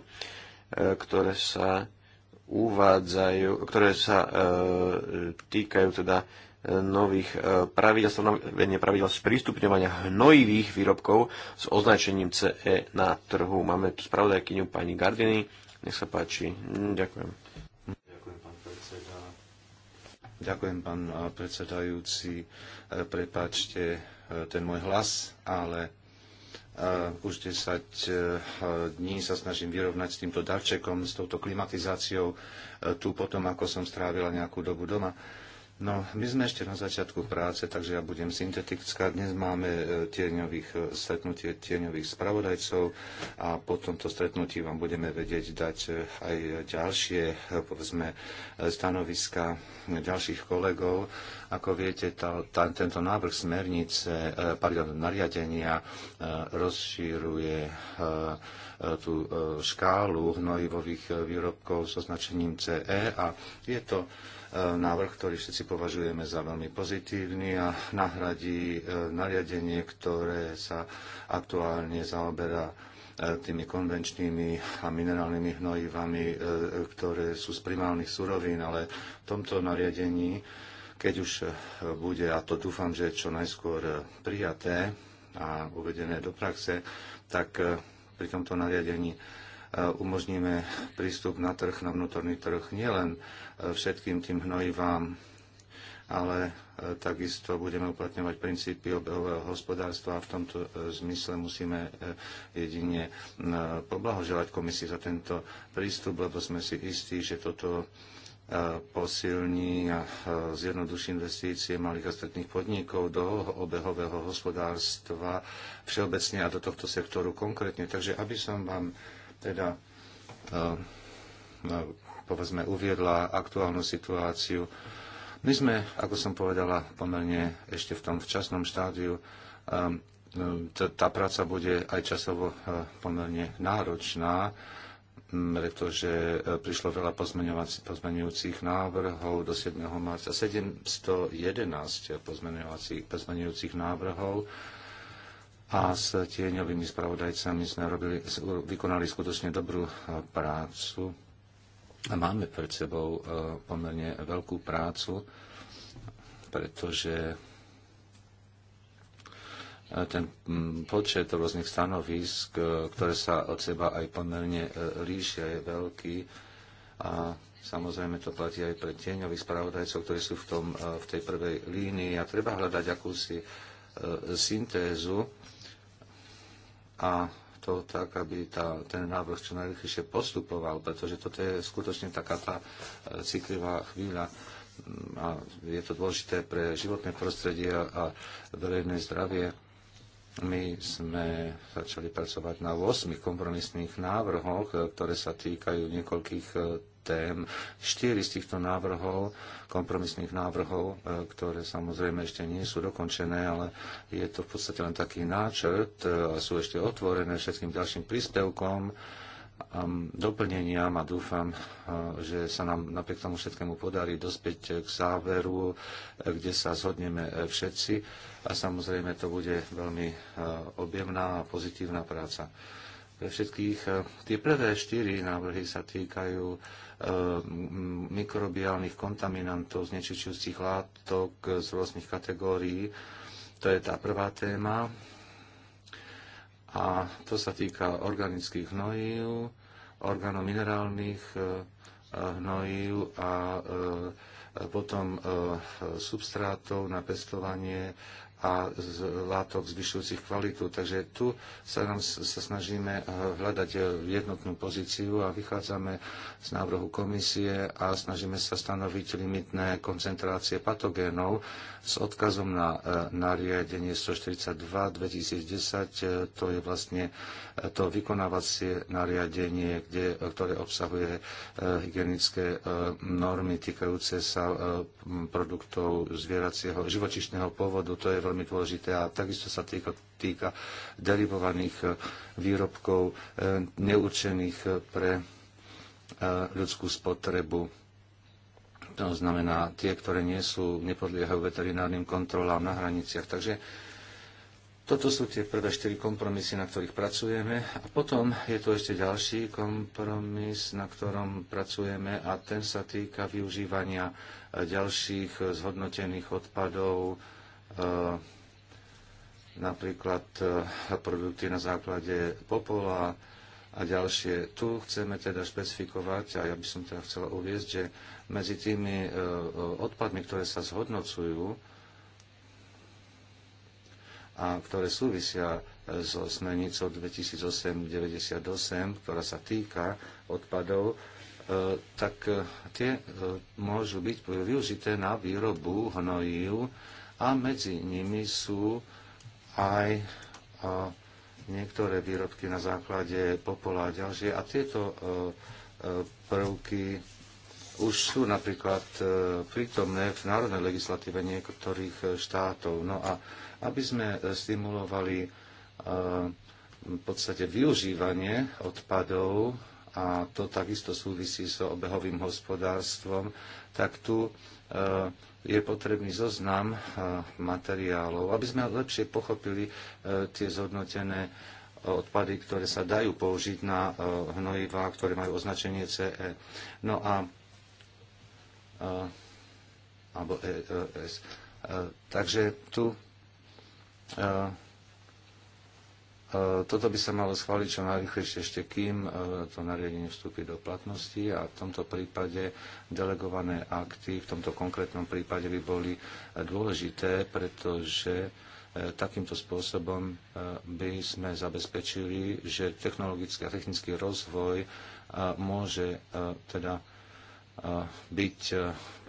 ktoré sa uvádzajú, ktoré sa e, týkajú teda e, nových e, pravidel, stanovenie pravidel sprístupňovania hnojivých výrobkov s označením CE na trhu. Máme tu spravodajkyňu pani Gardiny. Nech sa páči. Mm, ďakujem. Ďakujem, pán predseda. Ďakujem, pán predsedajúci. E, Prepačte ten môj hlas, ale už 10 e, dní sa snažím vyrovnať s týmto darčekom, s touto klimatizáciou e, tu potom, ako som strávila nejakú dobu doma. No, my sme ešte na začiatku práce, takže ja budem syntetická. Dnes máme e, tieňových, e, stretnutie tieňových spravodajcov a po tomto stretnutí vám budeme vedieť dať e, aj ďalšie, povedzme, stanoviska ďalších kolegov. Ako viete, tá, tá, tento návrh smernice, pardon, nariadenia rozšíruje tú škálu hnojivových výrobkov s označením CE a je to návrh, ktorý všetci považujeme za veľmi pozitívny a nahradí e, nariadenie, ktoré sa aktuálne zaoberá e, tými konvenčnými a minerálnymi hnojivami, e, ktoré sú z primálnych surovín, ale v tomto nariadení, keď už bude, a to dúfam, že čo najskôr prijaté a uvedené do praxe, tak pri tomto nariadení E, umožníme prístup na trh, na vnútorný trh nielen e, všetkým tým hnojivám, ale e, takisto budeme uplatňovať princípy obehového hospodárstva a v tomto zmysle musíme jedine poblahoželať komisii za tento prístup, lebo sme si istí, že toto posilní a zjednoduší investície malých a stredných podnikov do obehového hospodárstva všeobecne a do tohto sektoru konkrétne. Takže aby som vám teda eh, povedzme uviedla aktuálnu situáciu. My sme, ako som povedala, pomerne ešte v tom včasnom štádiu. Eh, tá práca bude aj časovo eh, pomerne náročná, pretože mm, prišlo veľa pozmenujúcich návrhov do 7. marca. 711 pozmenujúcich návrhov a s tieňovými spravodajcami sme robili, vykonali skutočne dobrú e, prácu. A máme pred sebou e, pomerne veľkú prácu, pretože e, ten počet rôznych stanovisk, ktoré sa od seba aj pomerne líšia, je veľký. A Samozrejme to platí aj pre tieňových spravodajcov, ktorí sú v, tom, v tej prvej línii a treba hľadať akúsi syntézu a to tak, aby tá, ten návrh čo najrychlejšie postupoval, pretože toto je skutočne taká tá e, citlivá chvíľa mm, a je to dôležité pre životné prostredie a verejné zdravie. My sme začali pracovať na 8 kompromisných návrhoch, e, ktoré sa týkajú niekoľkých e, tém. Štyri z týchto návrhov, kompromisných návrhov, e, ktoré samozrejme ešte nie sú dokončené, ale je to v podstate len taký náčrt e, a sú ešte otvorené všetkým ďalším príspevkom doplneniam a dúfam, e, že sa nám napriek tomu všetkému podarí dospieť k záveru, kde sa zhodneme všetci a samozrejme to bude veľmi objemná a pozitívna práca všetkých. E, tie prvé štyri návrhy sa týkajú e, mikrobiálnych kontaminantov, znečistujúcich látok z rôznych kategórií. To je tá prvá téma. A to sa týka organických hnojív, organominerálnych e, hnojív a potom substrátov na pestovanie a látok zvyšujúcich kvalitu. Takže tu sa, nám, sa snažíme eh, hľadať eh, jednotnú pozíciu a vychádzame z návrhu komisie a snažíme sa stanoviť limitné koncentrácie patogénov s odkazom na eh, nariadenie 142 2010. To je vlastne to vykonávacie nariadenie, kde, ktoré obsahuje hygienické normy týkajúce sa produktov zvieracieho živočišného pôvodu. To je veľmi dôležité a takisto sa týka, týka derivovaných e, výrobkov e, neurčených e, pre ľudskú spotrebu. To znamená tie, ktoré nie sú, nepodliehajú veterinárnym kontrolám na hraniciach. Takže toto sú tie prvé štyri kompromisy, na ktorých pracujeme. A potom je tu ešte ďalší kompromis, na ktorom pracujeme a ten sa týka využívania ďalších zhodnotených odpadov, E, napríklad e, produkty na základe popola a ďalšie. Tu chceme teda špecifikovať, a ja by som teda chcela uviezť, že medzi tými e, odpadmi, ktoré sa zhodnocujú a ktoré súvisia so smernicou 2008-98, ktorá sa týka odpadov, tak tie môžu byť využité na výrobu hnojív, a medzi nimi sú aj niektoré výrobky na základe popola a ďalšie. A tieto e, e, prvky už sú napríklad e, prítomné v národnej legislatíve niektorých štátov. No a aby sme stimulovali v podstate využívanie odpadov, a to takisto súvisí s so obehovým hospodárstvom, tak tu je potrebný zoznam eh, materiálov, aby sme lepšie pochopili eh, tie zhodnotené eh, odpady, ktoré sa dajú použiť na hnojivá, ktoré majú označenie CE. No a alebo ES. E takže tu E, toto by sa malo schváliť čo najrychlejšie ešte kým e, to nariadenie vstúpi do platnosti a v tomto prípade delegované akty v tomto konkrétnom prípade by boli e, dôležité, pretože takýmto spôsobom by sme zabezpečili, že technologický a technický rozvoj môže teda byť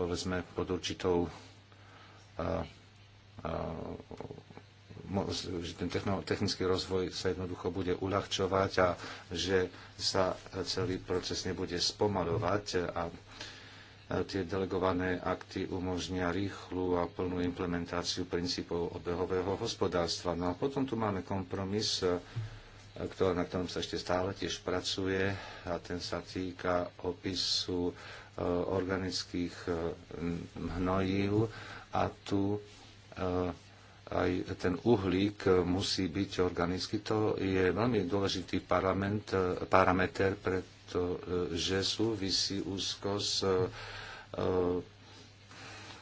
povedzme pod určitou že ten technický rozvoj sa jednoducho bude uľahčovať a že sa celý proces nebude spomalovať a tie delegované akty umožnia rýchlu a plnú implementáciu princípov obehového hospodárstva. No a potom tu máme kompromis, e, na ktorom sa ešte stále tiež pracuje a ten sa týka opisu e, organických e, hnojív a tu aj ten uhlík musí byť organický. To je veľmi dôležitý e, parameter, pretože súvisí úzko s, e,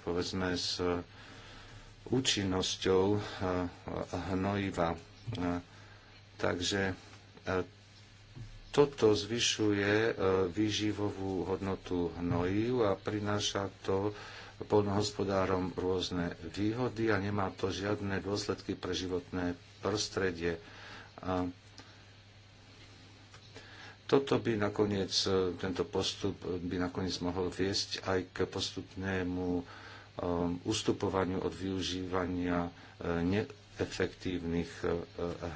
povedzme, s účinnosťou e, hnojiva. Takže toto zvyšuje výživovú hodnotu hnojiv a prináša to poľnohospodárom rôzne výhody a nemá to žiadne dôsledky pre životné prostredie. A toto by nakoniec, tento postup by nakoniec mohol viesť aj k postupnému um, ustupovaniu od využívania uh, neefektívnych uh,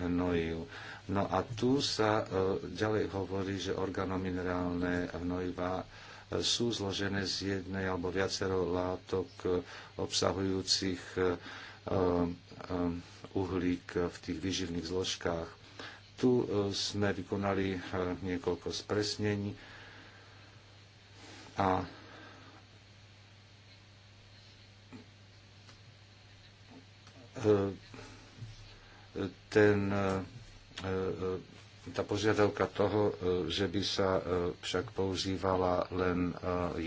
hnojív. No a tu sa uh, ďalej hovorí, že organominerálne hnojivá sú zložené z jednej alebo viacero látok eh, obsahujúcich eh, eh, uhlík v tých výživných zložkách. Tu sme vykonali niekoľko spresnení a ten tá požiadavka toho, e, že by sa e, však používala len e,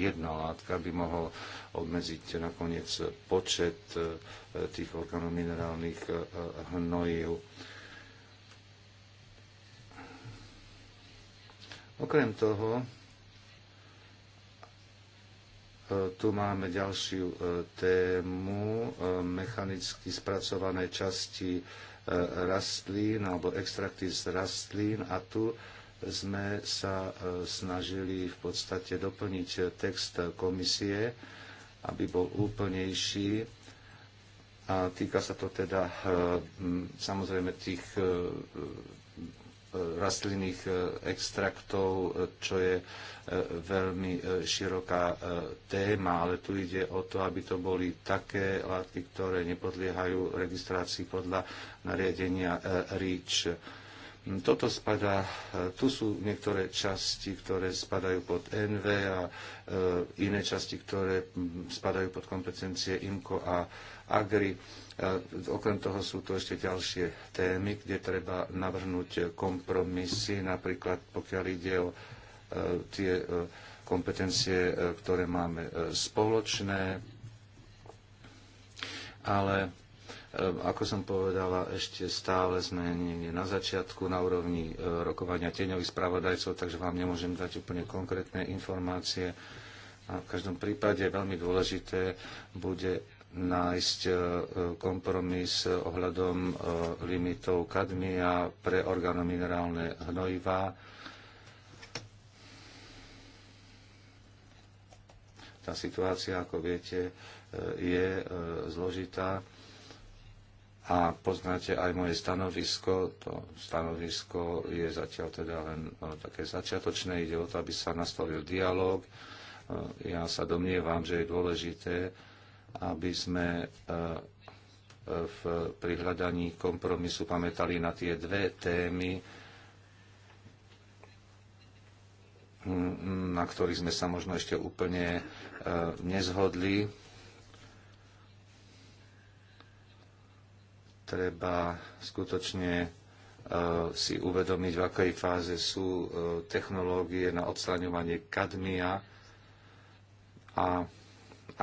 jedna látka, by mohol obmedziť nakoniec počet tých organominerálnych hnojív. Okrem toho, tu máme ďalšiu tému, mechanicky spracované časti rastlín alebo extrakty z rastlín a tu sme sa e, snažili v podstate doplniť e, text komisie, aby bol úplnejší. A týka sa to teda e, samozrejme tých rastlinných e, extraktov, e, čo je e, veľmi široká téma, ale tu ide o to, aby to boli také látky, ktoré nepodliehajú registrácii podľa nariadenia REACH. Mm, toto spadá, tu sú niektoré časti, ktoré spadajú pod NV a iné časti, ktoré mm, spadajú pod kompetencie IMCO a AGRI Okrem toho sú tu ešte ďalšie témy, kde treba navrhnúť kompromisy, napríklad pokiaľ ide o e, tie e, kompetencie, e, ktoré máme spoločné. Ale ako som povedala, ešte stále sme na začiatku na úrovni rokovania tieňových spravodajcov, takže vám nemôžem dať úplne konkrétne informácie. A v každom prípade veľmi dôležité bude nájsť e, e, kompromis e, ohľadom limitov kadmia pre organominerálne hnojivá. Tá situácia, ako viete, je zložitá a poznáte aj moje stanovisko. To stanovisko je zatiaľ teda len také začiatočné. Ide o to, aby sa nastavil dialog. Ja sa domnievam, že je dôležité, aby sme e, e, v, prihľadaní kompromisu pamätali na tie dve témy, na ktorých sme sa možno ešte úplne e, nezhodli. Treba skutočne si uvedomiť, v akej fáze sú technológie na odstraňovanie kadmia a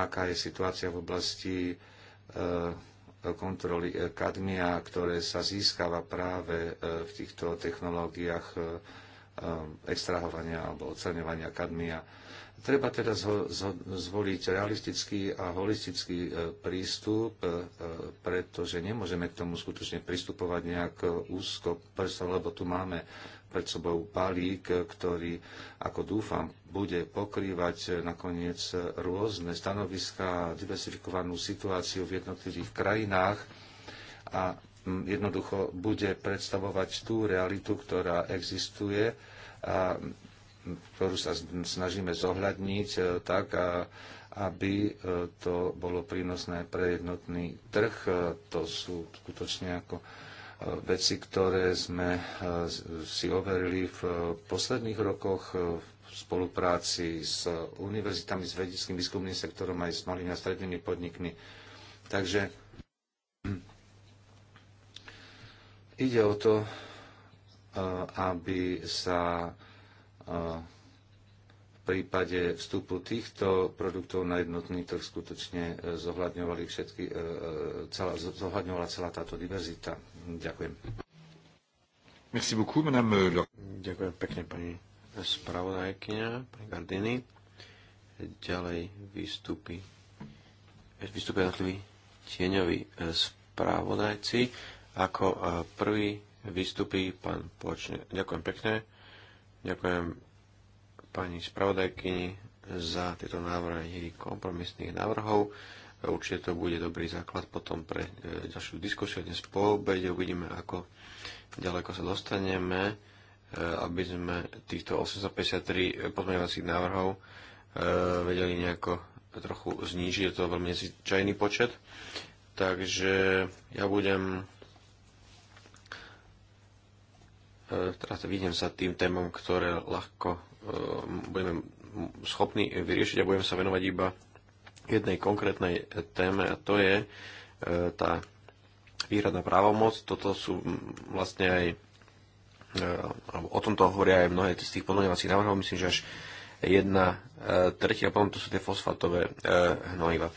aká je situácia v oblasti eh, kontroly eh, kadmia, ktoré sa získava práve eh, v týchto technológiách extrahovania alebo oceňovania kadmia. Treba teda zvoliť realistický a holistický prístup, pretože nemôžeme k tomu skutočne pristupovať nejak úzko lebo tu máme pred sebou balík, ktorý, ako dúfam, bude pokrývať nakoniec rôzne stanoviská, diversifikovanú situáciu v jednotlivých krajinách a mm, jednoducho bude predstavovať tú realitu, ktorá existuje a mm, ktorú sa snažíme zohľadniť e, tak, aby e, to bolo prínosné pre jednotný trh. E, to sú skutočne ako veci, ktoré sme e, si overili v e, posledných rokoch e, v spolupráci s univerzitami, s vedeckým výskumným sektorom aj s malými a strednými podnikmi. Takže hm, ide o to, aby sa v prípade vstupu týchto produktov na jednotný trh skutočne všetky, zohľadňovala celá táto diverzita. Ďakujem. Merci beaucoup, madame. Euh, Ďakujem pekne, pani spravodajkyňa, pani Gardini. Ďalej vystúpi vystúpia jednotliví tieňoví e, spravodajci. Ako e, prvý vystupí pán Počne. Ďakujem pekne. Ďakujem pani spravodajkyni za tieto návrhy kompromisných návrhov. Určite to bude dobrý základ potom pre e, ďalšiu diskusiu dnes po obede. Uvidíme, ako ďaleko sa dostaneme, e, aby sme týchto 853 e, pozmeňovacích návrhov vedeli nejako trochu znížiť. Je to veľmi nezvyčajný počet. Takže ja budem teraz vidím sa tým témom, ktoré ľahko budeme schopní vyriešiť a budeme sa venovať iba jednej konkrétnej e, téme a to je e, tá výhradná právomoc. Toto sú vlastne aj e, o tomto hovoria aj mnohé z tých podľaňovacích návrhov, myslím, že až jedna tretia, potom to sú tie fosfátové hnojiva.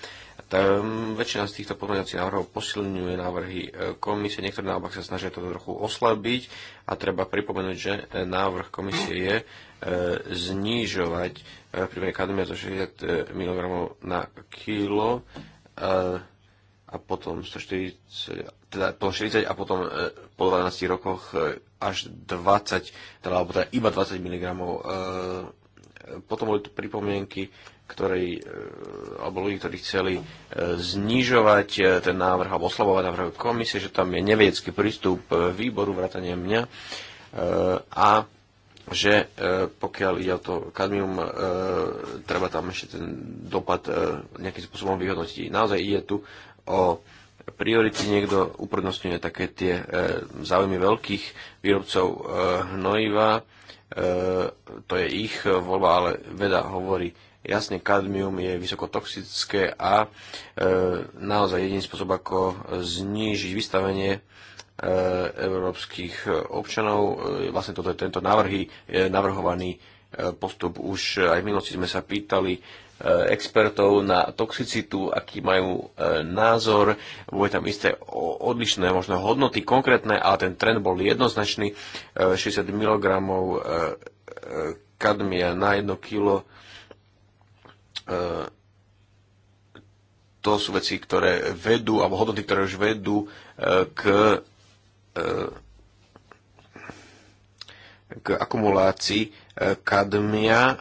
Um, väčšina z týchto pozmeňovacích návrhov posilňuje návrhy e, komisie, niektoré naopak sa snažia to trochu oslabiť a treba pripomenúť, že návrh komisie je e, znižovať e, prípadne kadmia zo 60 e, mg na kilo e, a potom 140, teda po 40 a potom e, po 12 rokoch e, až 20, teda, alebo teda iba 20 mg. E, e, potom boli tu pripomienky ktorí, e, alebo ľudí, ktorí chceli e, znižovať e, ten návrh alebo oslabovať návrh komisie, že tam je neviecký prístup výboru, vrátanie mňa a že pokiaľ ide o to kadmium, treba tam ešte ten dopad nejakým spôsobom vyhodnotiť. Naozaj ide tu o priority, niekto uprednostňuje také tie záujmy veľkých výrobcov hnojiva, to je ich voľba, ale veda hovorí Jasne, kadmium je vysokotoxické a e, naozaj jediný spôsob, ako znížiť vystavenie e, európskych občanov. E, vlastne toto je tento návrhy, e, navrhovaný postup. Už aj v minulosti sme sa pýtali expertov na toxicitu, aký majú názor. bude tam isté odlišné možno hodnoty konkrétne, ale ten trend bol jednoznačný. 60 mg kadmia na 1 kilo E, to sú veci, ktoré vedú, alebo hodnoty, ktoré už vedú e, k, e, k akumulácii kadmia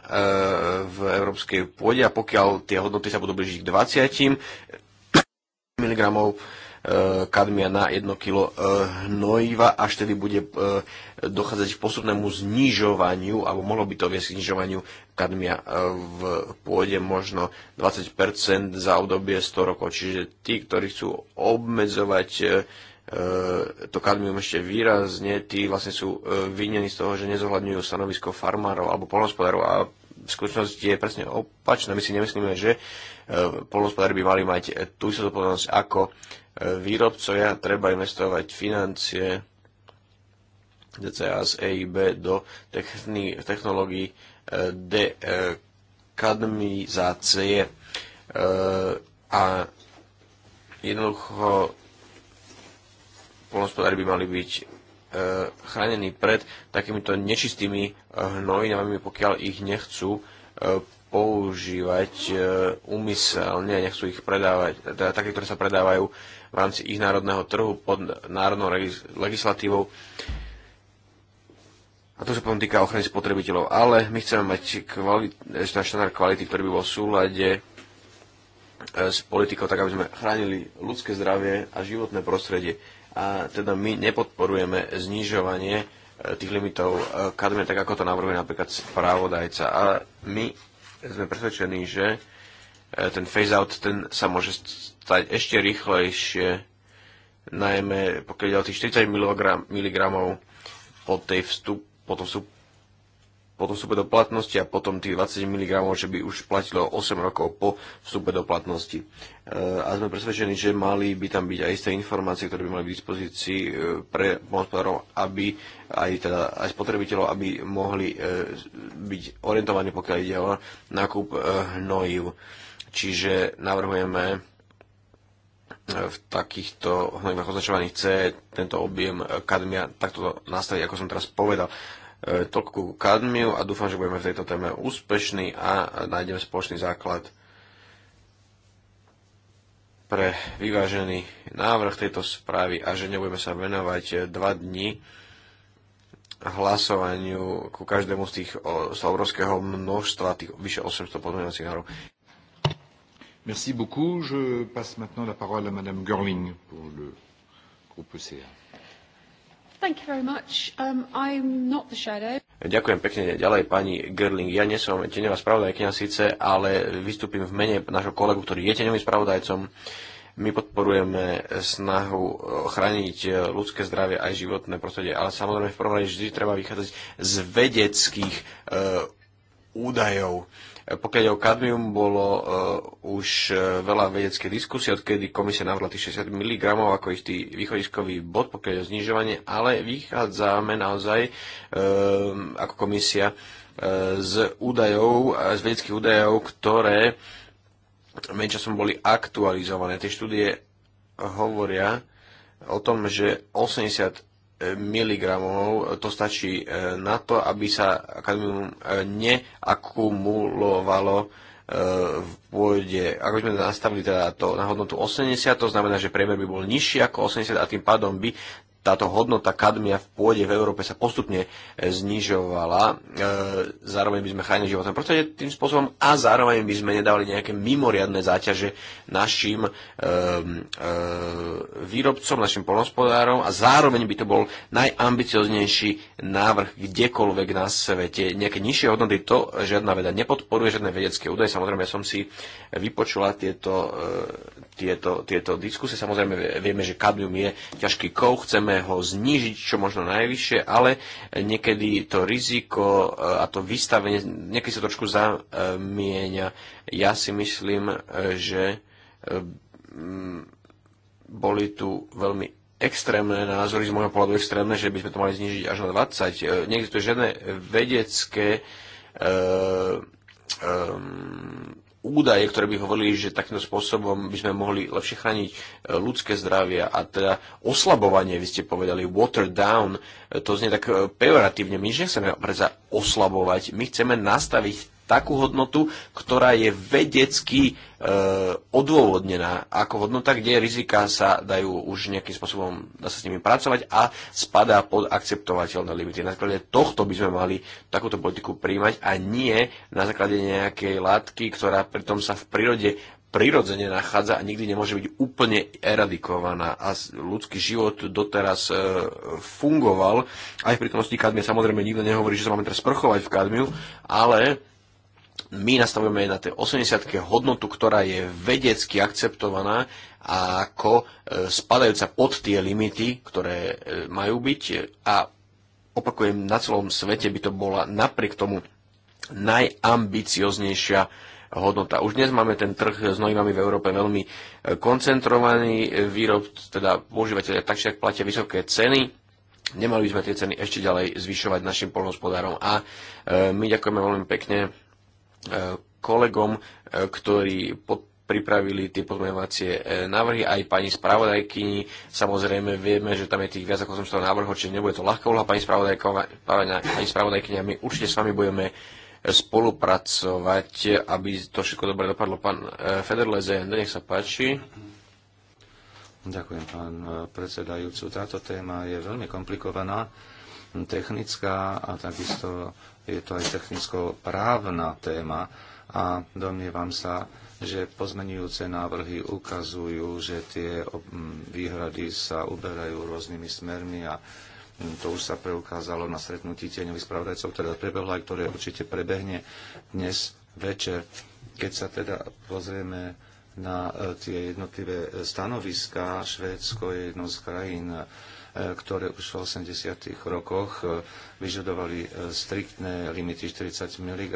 v európskej pôde a pokiaľ tie hodnoty sa budú blížiť k 20 mg kadmia na 1 kg e, hnojiva, až tedy bude e, dochádzať k postupnému znižovaniu, alebo mohlo by to viesť k znižovaniu kadmia e, v pôde možno 20% za obdobie 100 rokov. Čiže tí, ktorí chcú obmedzovať to kadmium ešte výrazne, tí vlastne sú vynení z toho, že nezohľadňujú stanovisko farmárov alebo polnospodárov a v skutočnosti je presne opačné. My si nemyslíme, že polnospodári by mali mať tú istú ako výrobcovia, treba investovať financie DCA z EIB do technológií e, dekadmizácie e, a jednoducho polnospodári by mali byť e, chránení pred takýmito nečistými hnovinami, pokiaľ ich nechcú používať umyselne, nechcú ich predávať, teda také, ktoré sa predávajú v rámci ich národného trhu pod národnou legislatívou. A to sa potom týka ochrany spotrebiteľov. Ale my chceme mať kvalit- e, štandard kvality, ktorý by bol v súlade e, s politikou, tak aby sme chránili ľudské zdravie a životné prostredie. A teda my nepodporujeme znižovanie e, tých limitov kadmia, tak ako to navrhuje napríklad správodajca. A my sme presvedčení, že ten phase-out ten sa môže stať ešte rýchlejšie, najmä pokiaľ ide o tých 40 mg, po, tej vstup, po sú potom vstupe do platnosti a potom tých 20 mg, že by už platilo 8 rokov po vstupe do platnosti. E, a sme presvedčení, že mali by tam byť aj isté informácie, ktoré by mali v dispozícii e, pre pomospodárov, aby aj, teda, aj spotrebiteľov, aby mohli e, byť orientovaní, pokiaľ ide o nákup hnojiv. Čiže navrhujeme v takýchto hnojivách označovaných C tento objem kadmia takto nastaviť, ako som teraz povedal. E, toľko kadmiu a dúfam, že budeme v tejto téme úspešní a nájdeme spoločný základ pre vyvážený návrh tejto správy a že nebudeme sa venovať dva dni hlasovaniu ku každému z, tých, obrovského množstva, tých vyše 800 podmienacích návrhov. Merci beaucoup. Je passe maintenant la parole à Madame Görling pour le groupe ECA. Thank you very much. Um, I'm not the shadow. Ďakujem pekne. Ďalej pani Gerling. Ja nie som teňová spravodajkňa síce, ale vystúpim v mene nášho kolegu, ktorý je teňovým spravodajcom. My podporujeme snahu chrániť ľudské zdravie aj životné prostredie, ale samozrejme v prvom rade vždy treba vychádzať z vedeckých e, údajov. Pokiaľ o kadmium, bolo uh, už uh, veľa vedeckej diskusie, odkedy komisia navrhla tých 60 mg ako istý východiskový bod, pokiaľ o znižovanie, ale vychádzame naozaj uh, ako komisia uh, z údajov, z vedeckých údajov, ktoré medzičasom boli aktualizované. Tie štúdie hovoria o tom, že 80 mg. To stačí e, na to, aby sa kadmium e, neakumulovalo e, v pôde, ako sme nastavili teda to na hodnotu 80, to znamená, že priemer by bol nižší ako 80 a tým pádom by táto hodnota kadmia v pôde v Európe sa postupne e, znižovala. E, zároveň by sme chránili životné prostredie tým spôsobom a zároveň by sme nedávali nejaké mimoriadne záťaže našim e, výrobcom, našim polnospodárom a zároveň by to bol najambicioznejší návrh kdekoľvek na svete. Nejaké nižšie hodnoty to žiadna veda nepodporuje, žiadne vedecké údaje. Samozrejme, ja som si vypočula tieto, tieto, tieto diskusie. Samozrejme, vieme, že kadmium je ťažký kov, chceme ho znížiť čo možno najvyššie, ale niekedy to riziko e, a to vystavenie, niekedy sa trošku zamieňa. Ja si myslím, e, že e, boli tu veľmi extrémne názory, z môjho pohľadu extrémne, že by sme to mali znižiť až na 20. Neexistuje žiadne vedecké e, údaje, ktoré by hovorili, že takýmto spôsobom by sme mohli lepšie chrániť e, ľudské zdravie a teda oslabovanie, vy ste povedali, water down, e, to znie tak e, pejoratívne. My nechceme preza oslabovať, my chceme nastaviť takú hodnotu, ktorá je vedecky e, odôvodnená ako hodnota, kde rizika sa dajú už nejakým spôsobom, dá sa s nimi pracovať a spadá pod akceptovateľné limity. Na základe tohto by sme mali takúto politiku príjmať a nie na základe nejakej látky, ktorá pritom sa v prírode prirodzene nachádza a nikdy nemôže byť úplne eradikovaná. A ľudský život doteraz e, fungoval, aj v prítomnosti kadmia. Samozrejme, nikto nehovorí, že sa máme teraz sprchovať v kadmiu, ale my nastavujeme na tej 80 hodnotu, ktorá je vedecky akceptovaná a ako e, spadajúca pod tie limity, ktoré e, majú byť a opakujem, na celom svete by to bola napriek tomu najambicioznejšia hodnota. Už dnes máme ten trh s novými v Európe veľmi e, koncentrovaný, výrob, teda používateľe tak však platia vysoké ceny, nemali by sme tie ceny ešte ďalej zvyšovať našim polnospodárom. A my ďakujeme veľmi pekne E, kolegom, e, ktorí pod pripravili tie pozmeňovacie e, návrhy, aj pani spravodajkyni. Samozrejme, vieme, že tam je tých viac ako 800 návrhov, čiže nebude to ľahká úloha. Pani, pani a my určite s vami budeme spolupracovať, aby to všetko dobre dopadlo. Pán Federle ZND, no, nech sa páči. Ďakujem, pán predsedajúcu. Táto téma je veľmi komplikovaná technická a takisto je to aj technicko-právna téma a domnievam sa, že pozmenujúce návrhy ukazujú, že tie výhrady sa uberajú rôznymi smermi a to už sa preukázalo na stretnutí tieňových spravodajcov, ktoré teda prebehlo aj ktoré určite prebehne dnes večer. Keď sa teda pozrieme na e, tie jednotlivé stanoviská, Švédsko je jednou z krajín, E, ktoré už v 80. rokoch e, vyžadovali e, striktné limity 40 mg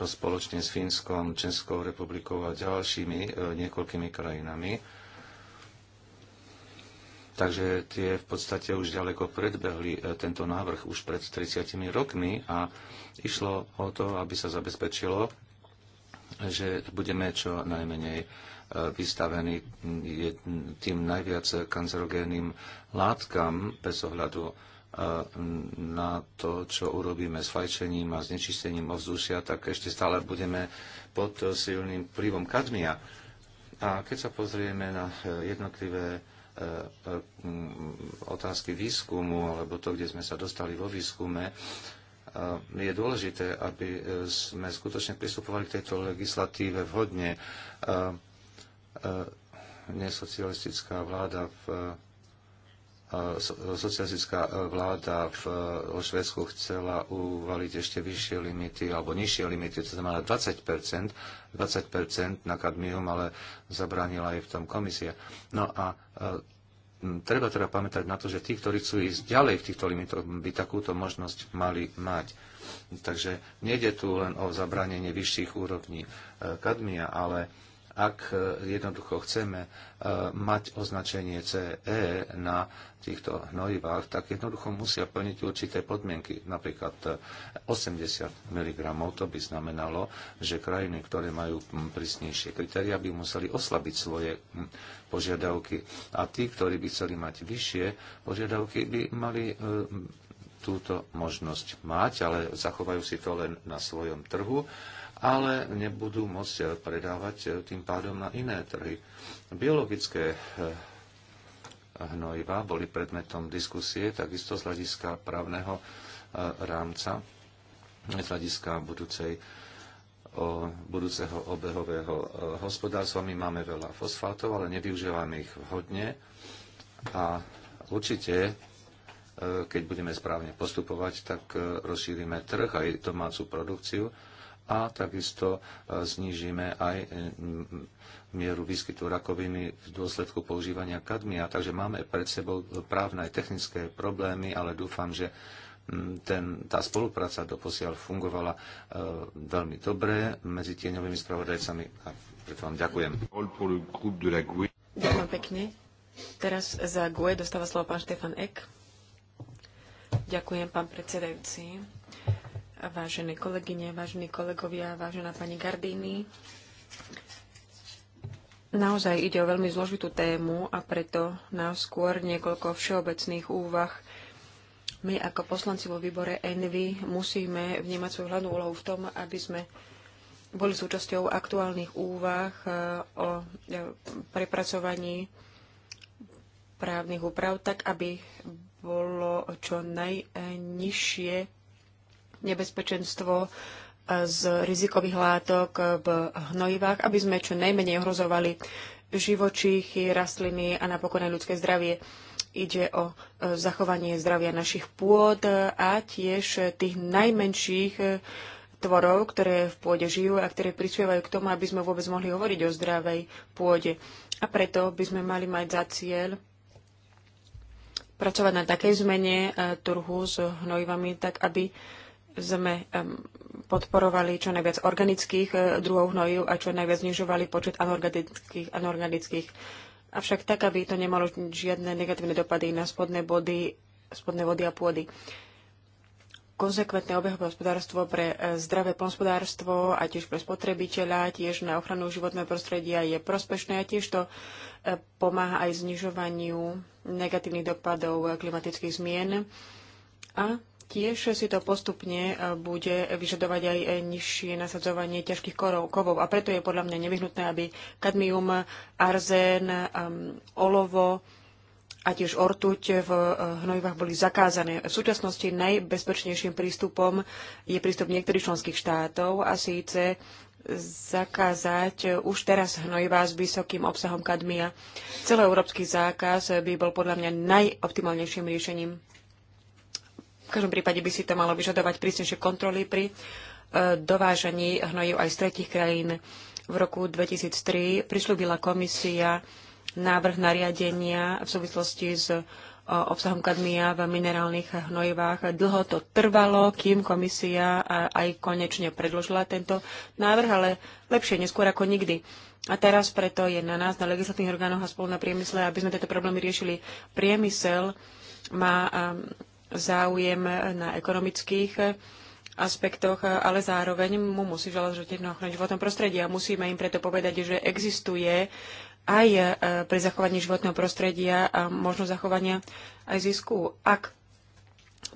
spoločne s Fínskom, Českou republikou a ďalšími niekoľkými krajinami. Takže tie v podstate už ďaleko predbehli tento návrh už pred 30 rokmi a išlo o to, aby sa zabezpečilo, že budeme čo najmenej vystavený tým najviac kancerogénnym látkam bez ohľadu e, na to, čo urobíme s fajčením a znečistením ovzdušia, tak ešte stále budeme pod silným vplyvom kadmia. A keď sa pozrieme na e, jednotlivé e, otázky výskumu, alebo to, kde sme sa dostali vo výskume, je dôležité, aby sme skutočne pristupovali k tejto legislatíve vhodne. E, nesocialistická vláda v e, socialistická e, vláda v Švedsku chcela uvaliť ešte vyššie limity alebo nižšie limity, to znamená 20%, 20% na kadmium, ale zabránila aj v tom komisia. No a treba teda pamätať na to, že tí, ktorí chcú ísť ďalej v týchto limitoch, by takúto možnosť mali mať. Takže nejde tu len o zabránenie vyšších úrovní kadmia, ale ak e, jednoducho chceme e, mať označenie CE na týchto hnojivách, tak jednoducho musia plniť určité podmienky. Napríklad 80 e, mg to by znamenalo, že krajiny, ktoré majú prísnejšie kritéria, by museli oslabiť svoje požiadavky. A tí, ktorí by chceli mať vyššie požiadavky, by mali túto možnosť mať, ale zachovajú si to len na svojom trhu ale nebudú môcť eh, predávať eh, tým pádom na iné trhy. Biologické eh, hnojiva boli predmetom diskusie, takisto z hľadiska právneho rámca, z hľadiska budúcej o budúceho obehového hospodárstva. My máme veľa fosfátov, ale nevyužívame ich vhodne a určite keď budeme správne postupovať, tak rozšírime trh aj domácu produkciu a takisto e, znižíme aj e, mieru výskytu rakoviny v dôsledku používania kadmia. Takže máme pred sebou právne aj technické problémy, ale dúfam, že ten, tá spolupráca doposiaľ fungovala e, veľmi dobre medzi tieňovými spravodajcami a preto vám ďakujem. Ďakujem pekne. Teraz za GUE dostáva slovo pán Štefan Ek. Ďakujem, pán predsedajúci vážené kolegyne, vážení kolegovia, vážená pani Gardini. Naozaj ide o veľmi zložitú tému a preto nám skôr niekoľko všeobecných úvah. My ako poslanci vo výbore ENVY musíme vnímať svoju hlavnú úlohu v tom, aby sme boli súčasťou aktuálnych úvah e, o e, prepracovaní právnych úprav tak, aby bolo čo najnižšie nebezpečenstvo e, z rizikových látok v hnojivách, aby sme čo najmenej ohrozovali živočíchy, rastliny a napokon aj ľudské zdravie. Ide o e, zachovanie zdravia našich pôd a tiež tých najmenších e, tvorov, ktoré v pôde žijú a ktoré prispievajú k tomu, aby sme vôbec mohli hovoriť o zdravej pôde. A preto by sme mali mať za cieľ pracovať na takej zmene trhu s hnojivami, tak aby sme podporovali čo najviac organických e, druhov hnojív a čo najviac znižovali počet anorganických, anorganických. Avšak tak, aby to nemalo žiadne negatívne dopady na spodné, body, spodné vody a pôdy. Konzekventné obehové hospodárstvo pre e, zdravé hospodárstvo a tiež pre spotrebiteľa, tiež na ochranu životného prostredia je prospešné a tiež to e, pomáha aj znižovaniu negatívnych dopadov klimatických zmien a Tiež si to postupne e, bude vyžadovať aj e, nižšie nasadzovanie ťažkých korov, kovov a preto je podľa mňa nevyhnutné, aby kadmium, arzén, e, olovo a tiež ortuť v hnojivách boli zakázané. V súčasnosti najbezpečnejším prístupom je prístup niektorých členských štátov a síce zakázať už teraz hnojivá s vysokým obsahom kadmia. Celoeurópsky zákaz by bol podľa mňa najoptimálnejším riešením. V každom prípade by si to malo vyžadovať prísnejšie kontroly pri e, dovážaní hnojiv aj z tretich krajín. V roku 2003 prislúbila komisia návrh nariadenia v súvislosti s e, obsahom kadmia v minerálnych hnojivách. Dlho to trvalo, kým komisia aj konečne predložila tento návrh, ale lepšie neskôr ako nikdy. A teraz preto je na nás, na legislatívnych orgánoch a spolu na priemysle, aby sme tieto problémy riešili. Priemysel má záujem na ekonomických aspektoch, ale zároveň mu musí záležať na ochrane životného prostredia. Musíme im preto povedať, že existuje aj e, pri zachovaní životného prostredia a možno zachovania aj zisku. Ak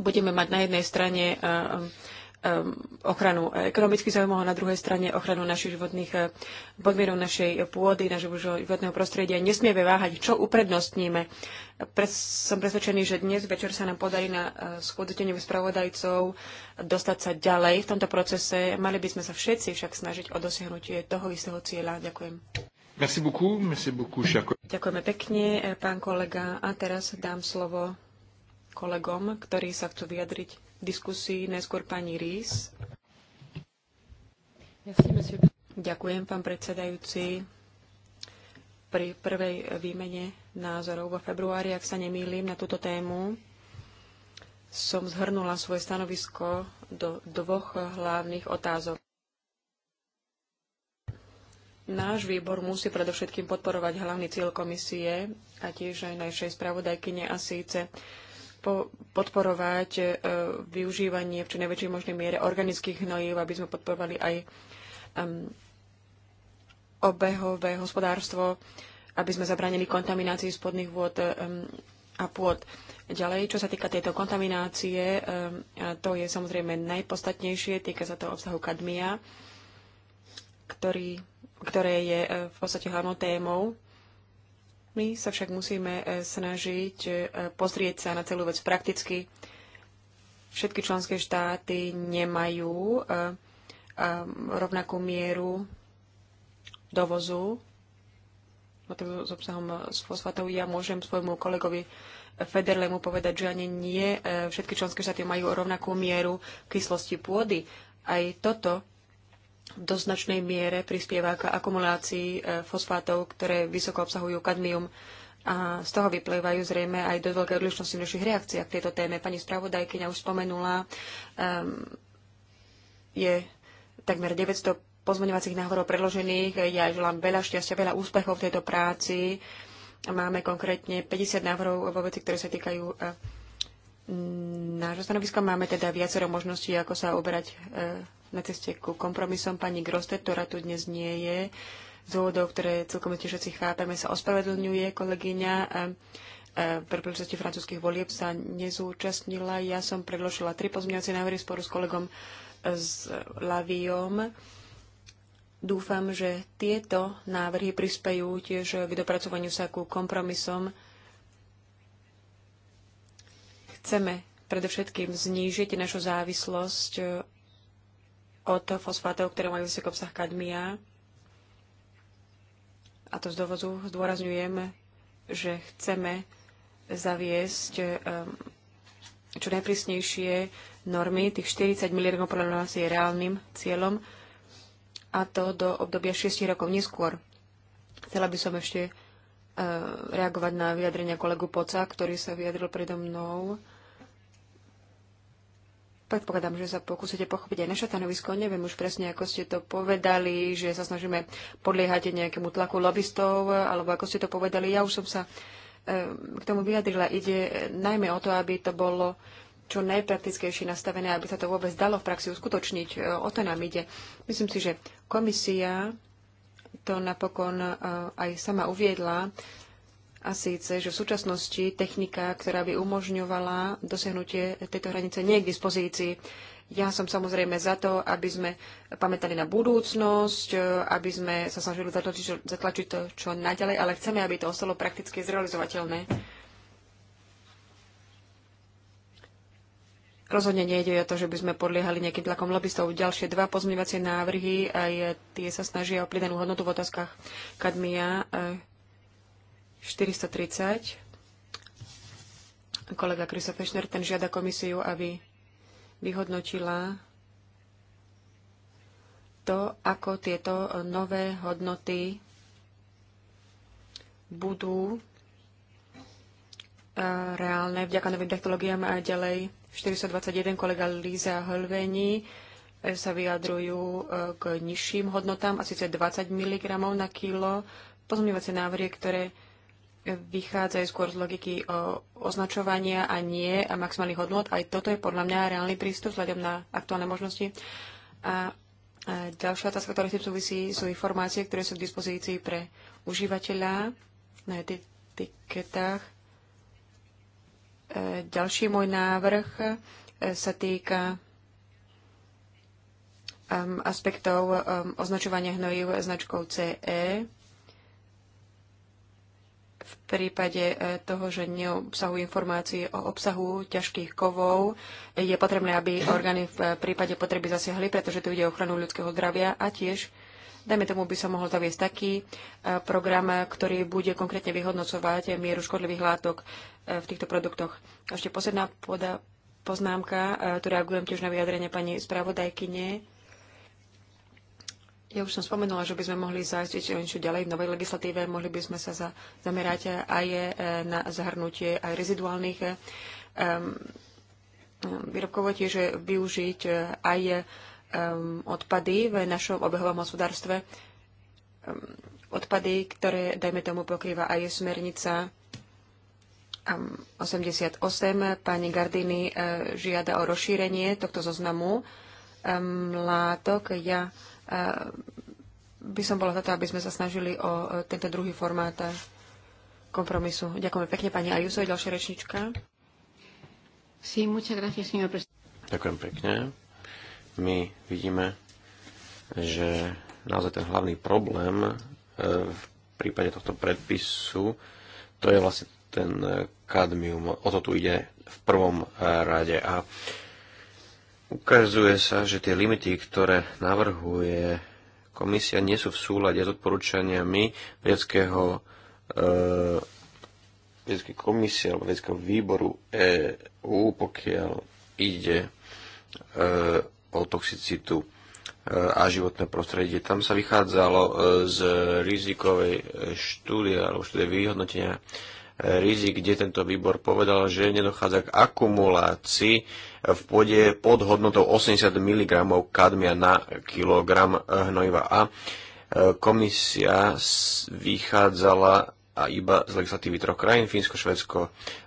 budeme mať na jednej strane e, Um, ochranu ekonomických záujmov a na druhej strane ochranu našich životných eh, podmienov, našej pôdy, našho životného prostredia. Nesmieme váhať, čo uprednostníme. Pre, som presvedčený, že dnes večer sa nám podarí na eh, schôdzeteňov spravodajcov dostať sa ďalej v tomto procese. Mali by sme sa všetci však snažiť o dosiahnutie toho istého cieľa. Ďakujem. Merci beaucoup, merci beaucoup, Ďakujeme pekne, eh, pán kolega. A teraz dám slovo kolegom, ktorí sa chcú vyjadriť diskusii. Najskôr pani Rís. Ďakujem, pán predsedajúci. Pri prvej výmene názorov vo februári, ak sa nemýlim, na túto tému som zhrnula svoje stanovisko do dvoch hlavných otázok. Náš výbor musí predovšetkým podporovať hlavný cieľ komisie a tiež aj našej spravodajkyne a síce podporovať e, využívanie v čo najväčšej možnej miere organických hnojív, aby sme podporovali aj obehové hospodárstvo, aby sme zabránili kontaminácii spodných vôd a pôd. Ďalej, čo sa týka tejto kontaminácie, to je samozrejme najpodstatnejšie, týka sa to obsahu kadmia, ktorý, ktoré je e, v podstate hlavnou témou my sa však musíme e, snažiť e, pozrieť sa na celú vec prakticky. Všetky členské štáty nemajú e, rovnakú mieru dovozu no s obsahom s fosfátov. Ja môžem svojmu kolegovi Federlemu povedať, že ani nie všetky členské štáty majú rovnakú mieru kyslosti pôdy. Aj toto do značnej miere prispieva k akumulácii e, fosfátov, ktoré vysoko obsahujú kadmium a z toho vyplývajú zrejme aj do veľkej odlišnosti v našich reakciách k tejto téme. Pani spravodajkyňa už spomenula, um, je takmer 900 pozmeňovacích návrhov predložených. Ja želám veľa šťastia, veľa úspechov v tejto práci. Máme konkrétne 50 návrhov vo veci, ktoré sa týkajú uh, nášho stanoviska. Máme teda viacero možností, ako sa oberať uh, e, na ceste ku kompromisom. Pani Groste, ktorá tu dnes nie je, z dôvodov, ktoré celkom tiež všetci chápeme, sa ospravedlňuje kolegyňa. Eh, eh, Pre príležitosti francúzských volieb sa nezúčastnila. Ja som predložila tri pozmeňovacie návrhy sporu s kolegom s eh, Laviom. Dúfam, že tieto návrhy prispejú tiež k dopracovaniu sa ku kompromisom. Chceme predovšetkým znížiť našu závislosť od fosfátov, ktoré majú vysoký obsah kadmia. A to z dovozu zdôrazňujem, že chceme zaviesť um, čo najprísnejšie normy. Tých 40 mg podľa nás je reálnym cieľom a to do obdobia 6 rokov neskôr. Chcela by som ešte uh, reagovať na vyjadrenia kolegu Poca, ktorý sa vyjadril predo mnou. Predpokladám, že sa pokúsite pochopiť aj naše stanovisko. Neviem už presne, ako ste to povedali, že sa snažíme podliehať nejakému tlaku lobbystov, alebo ako ste to povedali. Ja už som sa eh, k tomu vyjadrila. Ide najmä o to, aby to bolo čo najpraktickejšie nastavené, aby sa to vôbec dalo v praxi uskutočniť. O to nám ide. Myslím si, že komisia to napokon eh, aj sama uviedla a síce, že v súčasnosti technika, ktorá by umožňovala dosiahnutie tejto hranice, nie je k dispozícii. Ja som samozrejme za to, aby sme pamätali na budúcnosť, aby sme sa snažili zatlačiť, zatlačiť to čo naďalej, ale chceme, aby to ostalo prakticky zrealizovateľné. Rozhodne nejde o to, že by sme podliehali nejakým tlakom lobbystov. Ďalšie dva pozmeňovacie návrhy, aj tie sa snažia o pridanú hodnotu v otázkach kadmia. Eh, 430. Kolega Krisa Fešner, ten žiada komisiu, aby vyhodnotila to, ako tieto nové hodnoty budú eh, reálne vďaka novým technológiám a ďalej 421 kolega Líza Hlvení eh, sa vyjadrujú eh, k nižším hodnotám, a síce 20 mg na kilo. Pozmývacie návrhy, ktoré vychádzajú skôr z logiky e, označovania a nie a maximálnych hodnot. Aj toto je podľa mňa reálny prístup vzhľadom na aktuálne možnosti. A, a ďalšia otázka, ktorá s tým súvisí, sú informácie, ktoré sú k dispozícii pre užívateľa na etiketách. E, ďalší môj návrh e, sa týka um, aspektov um, označovania hnojív značkou CE v prípade e, toho, že neobsahujú informácie o obsahu ťažkých kovov, je potrebné, aby orgány v e, prípade potreby zasiahli, pretože tu ide o ochranu ľudského zdravia a tiež, dajme tomu, by sa mohol zaviesť taký e, program, ktorý bude konkrétne vyhodnocovať mieru škodlivých látok v týchto produktoch. ešte posledná poda- poznámka, tu reagujem tiež na vyjadrenie pani spravodajkyne ja už som spomenula, že by sme mohli zájsť niečo ďalej v novej legislatíve, mohli by sme sa za, zamerať aj e, na zahrnutie aj reziduálnych um, výrobkov, tiež využiť e, aj um, odpady v našom obehovom hospodárstve. Um, odpady, ktoré, dajme tomu, pokrýva aj smernica 88. Pani Gardini žiada o rozšírenie tohto zoznamu um, látok. Ja Ehm, by som bola za to, aby sme sa snažili o e, tento druhý formát e, kompromisu. Ďakujem pekne, pani Ajuso, je ďalšia rečnička. Sí, muchas gracias, señor Ďakujem pekne. My vidíme, že naozaj ten hlavný problém e, v prípade tohto predpisu to je vlastne ten kadmium. O to tu ide v prvom rade. A Ukazuje sa, že tie limity, ktoré navrhuje komisia, nie sú v súlade s odporúčaniami vedeckého e, vedecké komisie alebo vedeckého výboru EU, pokiaľ ide e, o toxicitu e, a životné prostredie. Tam sa vychádzalo e, z rizikovej e, štúdie alebo štúdie vyhodnotenia e, rizik, kde tento výbor povedal, že nedochádza k akumulácii v pôde pod hodnotou 80 mg kadmia na kilogram hnojiva. A e, komisia vychádzala a iba z legislatívy troch krajín, Fínsko, Švedsko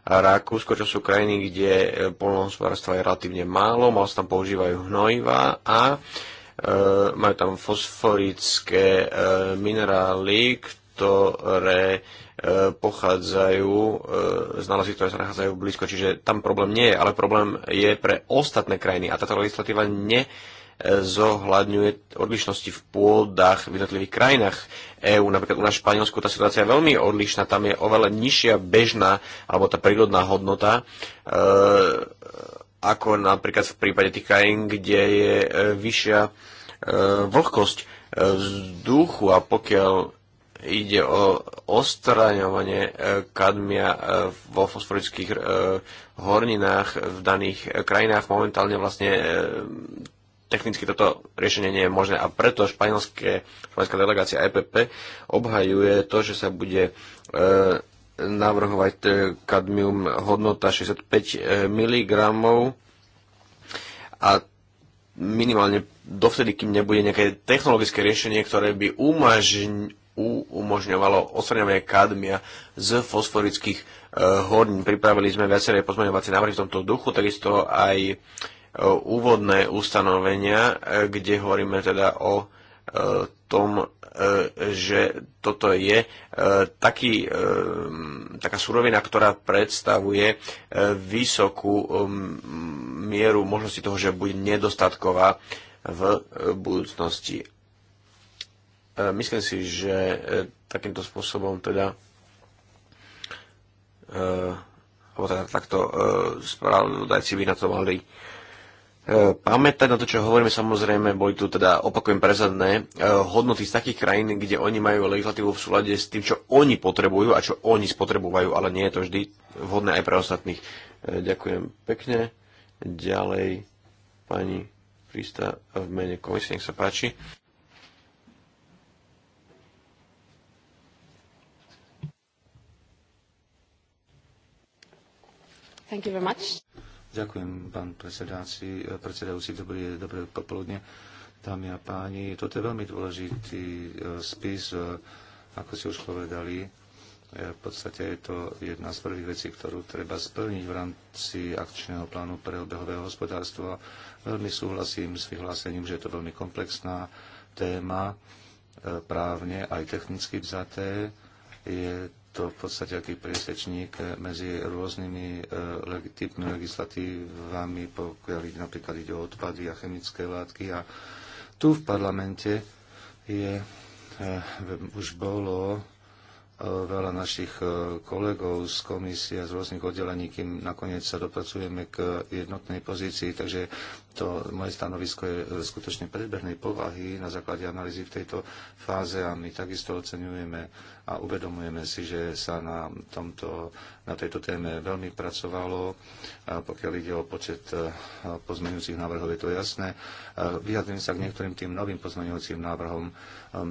a Rakúsko, čo sú krajiny, kde e, polnohospodárstva je relatívne málo, malo sa tam používajú hnojiva a e, majú tam fosforické e, minerály, ktoré e, pochádzajú e, z nálezí, ktoré sa nachádzajú blízko. Čiže tam problém nie je, ale problém je pre ostatné krajiny. A táto legislatíva ne zohľadňuje odlišnosti v pôdach v jednotlivých krajinách EÚ. Napríklad u nás v Španielsku tá situácia je veľmi odlišná, tam je oveľa nižšia bežná alebo tá prírodná hodnota e, ako napríklad v prípade tých krajín, kde je e, vyššia e, vlhkosť e, vzduchu a pokiaľ ide o ostraňovanie e, kadmia e, vo fosforických e, horninách v daných krajinách. Momentálne vlastne technicky toto riešenie nie je možné a preto španielské, španielská delegácia EPP obhajuje to, že sa bude navrhovať kadmium hodnota 65 mg a minimálne dovtedy, kým nebude nejaké technologické riešenie, ktoré by umožň, umožňovalo odstraňovanie kadmia z fosforických e, horní. Pripravili sme viaceré pozmeňovacie návrhy v tomto duchu, takisto aj e, úvodné ustanovenia, e, kde hovoríme teda o tom, že toto je taký, taká surovina, ktorá predstavuje vysokú mieru možnosti toho, že bude nedostatková v budúcnosti. E, myslím si, že e, takýmto spôsobom teda e, alebo teda takto správodajci by na to mali pamätať na to, čo hovoríme, samozrejme, boli tu teda, opakujem, prezadné hodnoty z takých krajín, kde oni majú legislatívu v súlade s tým, čo oni potrebujú a čo oni spotrebujú, ale nie je to vždy vhodné aj pre ostatných. Ďakujem pekne. Ďalej pani Prista v mene komisie, nech sa páči. Thank you very much. Ďakujem, pán predsedáci, predsedajúci, dobrý, dobré popoludne. Dámy a páni, toto je veľmi dôležitý e, spis, e, ako si už povedali. E, v podstate je to jedna z prvých vecí, ktorú treba splniť v rámci akčného plánu pre obehové hospodárstvo. Veľmi súhlasím s vyhlásením, že je to veľmi komplexná téma, právne aj technicky vzaté. Je to v podstate aký priesečník medzi rôznymi e, typmi legislatívami, pokiaľ ide, napríklad ide o odpady a chemické látky. A tu v parlamente je, e, už bolo e, veľa našich kolegov z komisie a z rôznych oddelení, kým nakoniec sa dopracujeme k jednotnej pozícii. Takže to moje stanovisko je skutočne predbernej povahy na základe analýzy v tejto fáze a my takisto oceňujeme a uvedomujeme si, že sa na, tomto, na tejto téme veľmi pracovalo. A pokiaľ ide o počet e, pozmeňujúcich návrhov, je to jasné. Vyjadrím sa k niektorým tým novým pozmeňujúcim návrhom. E,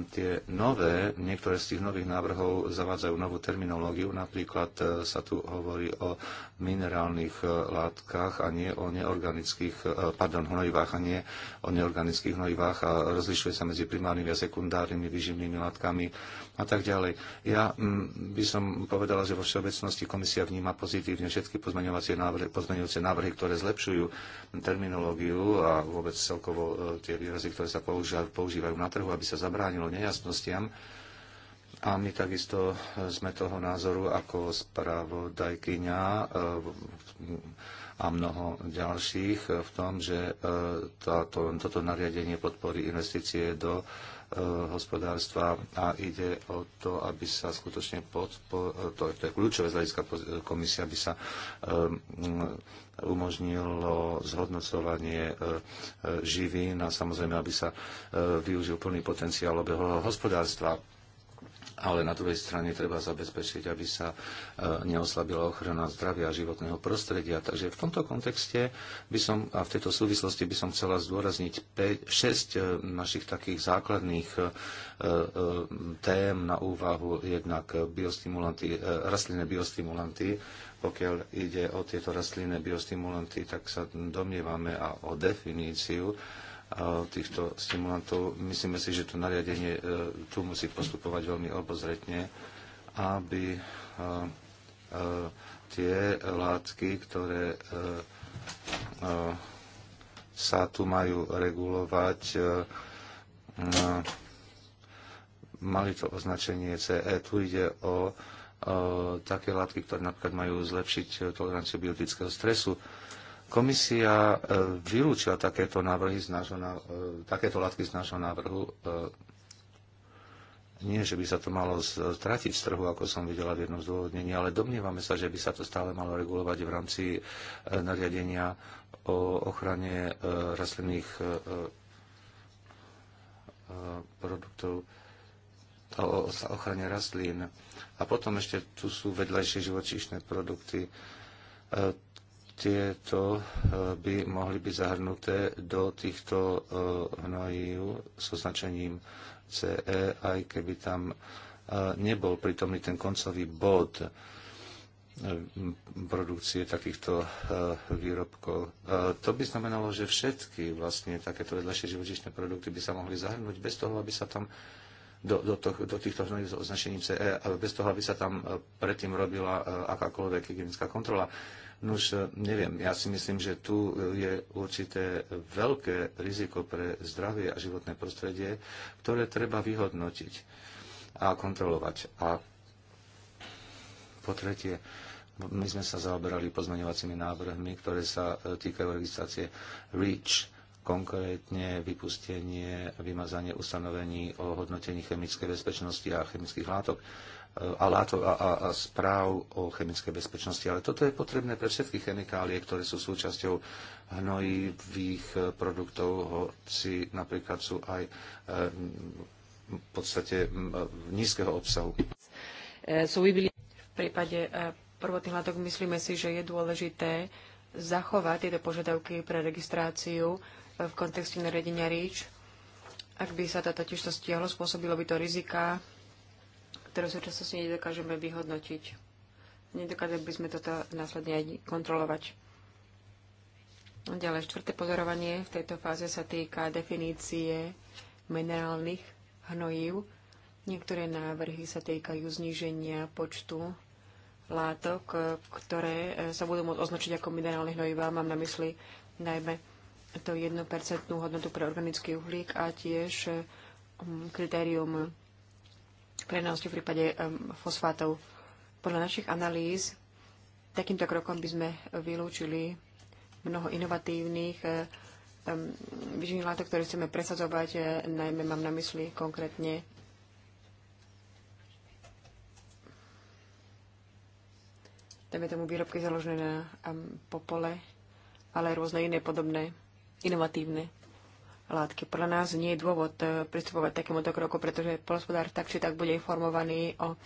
tie nové, niektoré z tých nových návrhov zavádzajú novú terminológiu. Napríklad e, sa tu hovorí o minerálnych látkach a nie o neorganických, pardon, hnojivách a nie o neorganických hnojivách a rozlišuje sa medzi primárnymi a sekundárnymi výživnými látkami a tak ďalej. Ja mm, by som povedala, že vo všeobecnosti komisia vníma pozitívne všetky pozmeňovacie návrhy, pozmeňujúce návrhy, ktoré zlepšujú terminológiu a vôbec celkovo e, tie výrazy, ktoré sa používajú na trhu, aby sa zabránilo nejasnostiam. A my takisto e, sme toho názoru ako spravodajkyňa e, a mnoho ďalších v tom, že táto, toto nariadenie podporí investície do Eh, hospodárstva a ide o to, aby sa skutočne podpor, eh, to, to je kľúčové z hľadiska eh, komisia, aby sa umožnilo zhodnocovanie živín a samozrejme, aby sa využil plný potenciál obehového hospodárstva ale na druhej strane treba zabezpečiť, aby sa e, neoslabila ochrana zdravia a životného prostredia. Takže v tomto kontexte by som, a v tejto súvislosti by som chcela zdôrazniť 5, 6 e, našich takých základných e, tém na úvahu, jednak biostimulanty, rastlinné biostimulanty, pokiaľ ide o tieto rastlinné biostimulanty, tak sa domnievame a o definíciu, týchto stimulantov. Myslíme si, že to nariadenie e, tu musí postupovať veľmi obozretne, aby e, e, tie látky, ktoré sa tu majú regulovať, mali to označenie CE. Tu ide o také látky, ktoré napríklad majú zlepšiť toleranciu biotického stresu Komisia e, vylúčila takéto, návrhy z nášho, e, takéto látky z nášho návrhu. E, nie, že by sa to malo stratiť z trhu, ako som videla v jednom zdôvodnení, ale domnievame sa, že by sa to stále malo regulovať v rámci nariadenia o ochrane rastlinných produktov o ochrane rastlín. A potom ešte tu sú vedľajšie živočíšne produkty tieto e, by mohli byť zahrnuté do týchto e, hnojív s označením CE, aj keby tam e, nebol pritomný ten koncový bod produkcie takýchto výrobkov. To by znamenalo, že všetky vlastne takéto vedľajšie živočišné produkty by sa mohli zahrnúť bez toho, aby sa tam do, do, to, do týchto hnojív s označením CE, bez toho, aby sa tam predtým robila akákoľvek hygienická kontrola už e, neviem, ja si myslím, že tu e, je určité veľké riziko pre zdravie a životné prostredie, ktoré treba vyhodnotiť a kontrolovať. A po tretie, my sme sa zaoberali pozmeňovacími návrhmi, ktoré sa e, týkajú registrácie REACH, konkrétne vypustenie, vymazanie ustanovení o hodnotení chemickej bezpečnosti a chemických látok a, a, a, správ o chemickej bezpečnosti. Ale toto je potrebné pre všetky chemikálie, ktoré sú súčasťou hnojivých eh, produktov, hoci napríklad sú aj eh, v podstate eh, nízkeho obsahu. V prípade prvotných látok myslíme si, že je dôležité zachovať tieto požiadavky pre registráciu v kontexte nariadenia REACH. Ak by sa to totiž to stiahlo, spôsobilo by to rizika ktoré v súčasnosti nedokážeme vyhodnotiť. Nedokázali by sme toto následne aj kontrolovať. Ďalej, štvrté pozorovanie v tejto fáze sa týka definície minerálnych hnojív. Niektoré návrhy sa týkajú zníženia počtu látok, ktoré e, sa budú môcť označiť ako minerálne hnojivá. Mám na mysli najmä to 1% hodnotu pre organický uhlík a tiež kritérium prenosti v prípade fosfátov. Podľa našich analýz takýmto krokom by sme vylúčili mnoho inovatívnych eh, výživných látok, ktoré chceme presadzovať, eh, najmä mám na mysli konkrétne dajme tomu výrobky založené na popole, ale aj rôzne iné podobné, inovatívne látky. Podľa nás nie je dôvod e, pristupovať takémuto kroku, pretože polospodár tak či tak bude informovaný o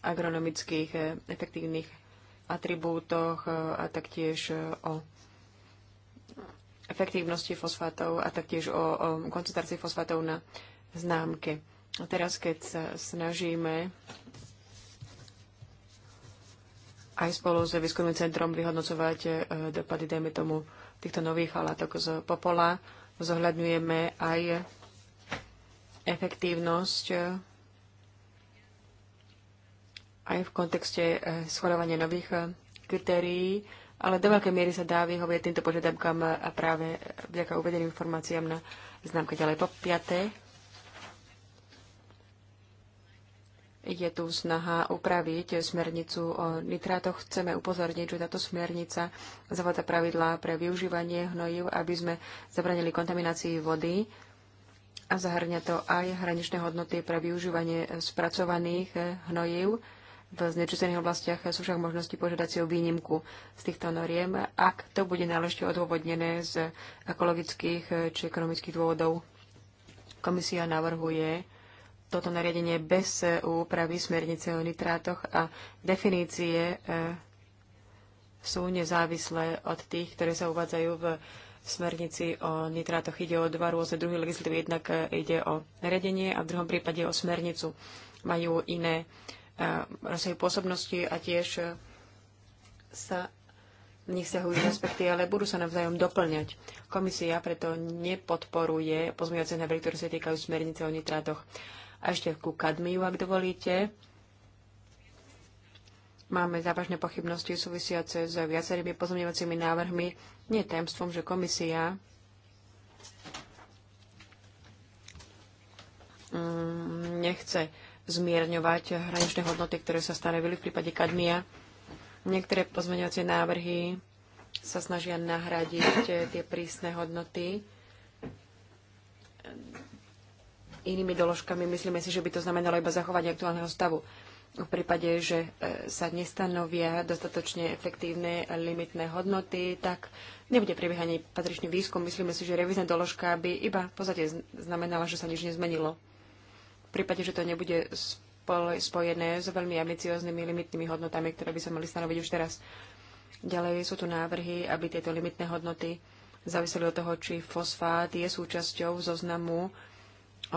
agronomických e, efektívnych atribútoch e, a taktiež o efektívnosti fosfátov a taktiež o, o koncentrácii fosfátov na známke. A teraz, keď sa snažíme aj spolu s výskumným centrom vyhodnocovať dopady, dajme tomu, týchto nových látok z popola, zohľadňujeme aj efektívnosť eh, aj v kontexte eh, schvaľovania nových eh, kritérií, ale do veľkej miery sa dá vyhovieť týmto požiadavkám a práve vďaka uvedeným informáciám na známke ďalej. Po piaté, je tu snaha upraviť smernicu o nitrátoch. Chceme upozorniť, že táto smernica zavádza pravidlá pre využívanie hnojiv, aby sme zabranili kontaminácii vody a zahrňa to aj hraničné hodnoty pre využívanie spracovaných hnojiv. V znečistených oblastiach sú však možnosti požiadať si o výnimku z týchto noriem, ak to bude náležite odôvodnené z ekologických či ekonomických dôvodov. Komisia navrhuje toto nariadenie bez úpravy e smernice o nitrátoch a definície e, sú nezávislé od tých, ktoré sa uvádzajú v smernici o nitrátoch. Ide o dva rôzne druhy legislatívy. Jednak e, ide o nariadenie a v druhom prípade o smernicu. Majú iné rozsahy pôsobnosti a tiež sa nevzťahujú aspekty, ale budú sa navzájom doplňať. Komisia preto nepodporuje pozmeňovacie návrhy, ktoré sa týkajú smernice o nitrátoch. A ešte ku kadmiu, ak dovolíte. Máme závažné pochybnosti súvisiace s viacerými pozmeňovacími návrhmi. Nie je tajemstvom, že komisia mm, nechce zmierňovať hraničné hodnoty, ktoré sa stanovili v prípade kadmia. Niektoré pozmeňovacie návrhy sa snažia nahradiť tie prísne hodnoty inými doložkami. Myslíme si, že by to znamenalo iba zachovanie aktuálneho stavu. V prípade, že e, sa nestanovia dostatočne efektívne limitné hodnoty, tak nebude ani patričný výskum. Myslíme si, že revízna doložka by iba v podstate znamenala, že sa nič nezmenilo. V prípade, že to nebude spojené s veľmi ambicióznymi limitnými hodnotami, ktoré by sa mali stanoviť už teraz. Ďalej sú tu návrhy, aby tieto limitné hodnoty záviseli od toho, či fosfát je súčasťou zoznamu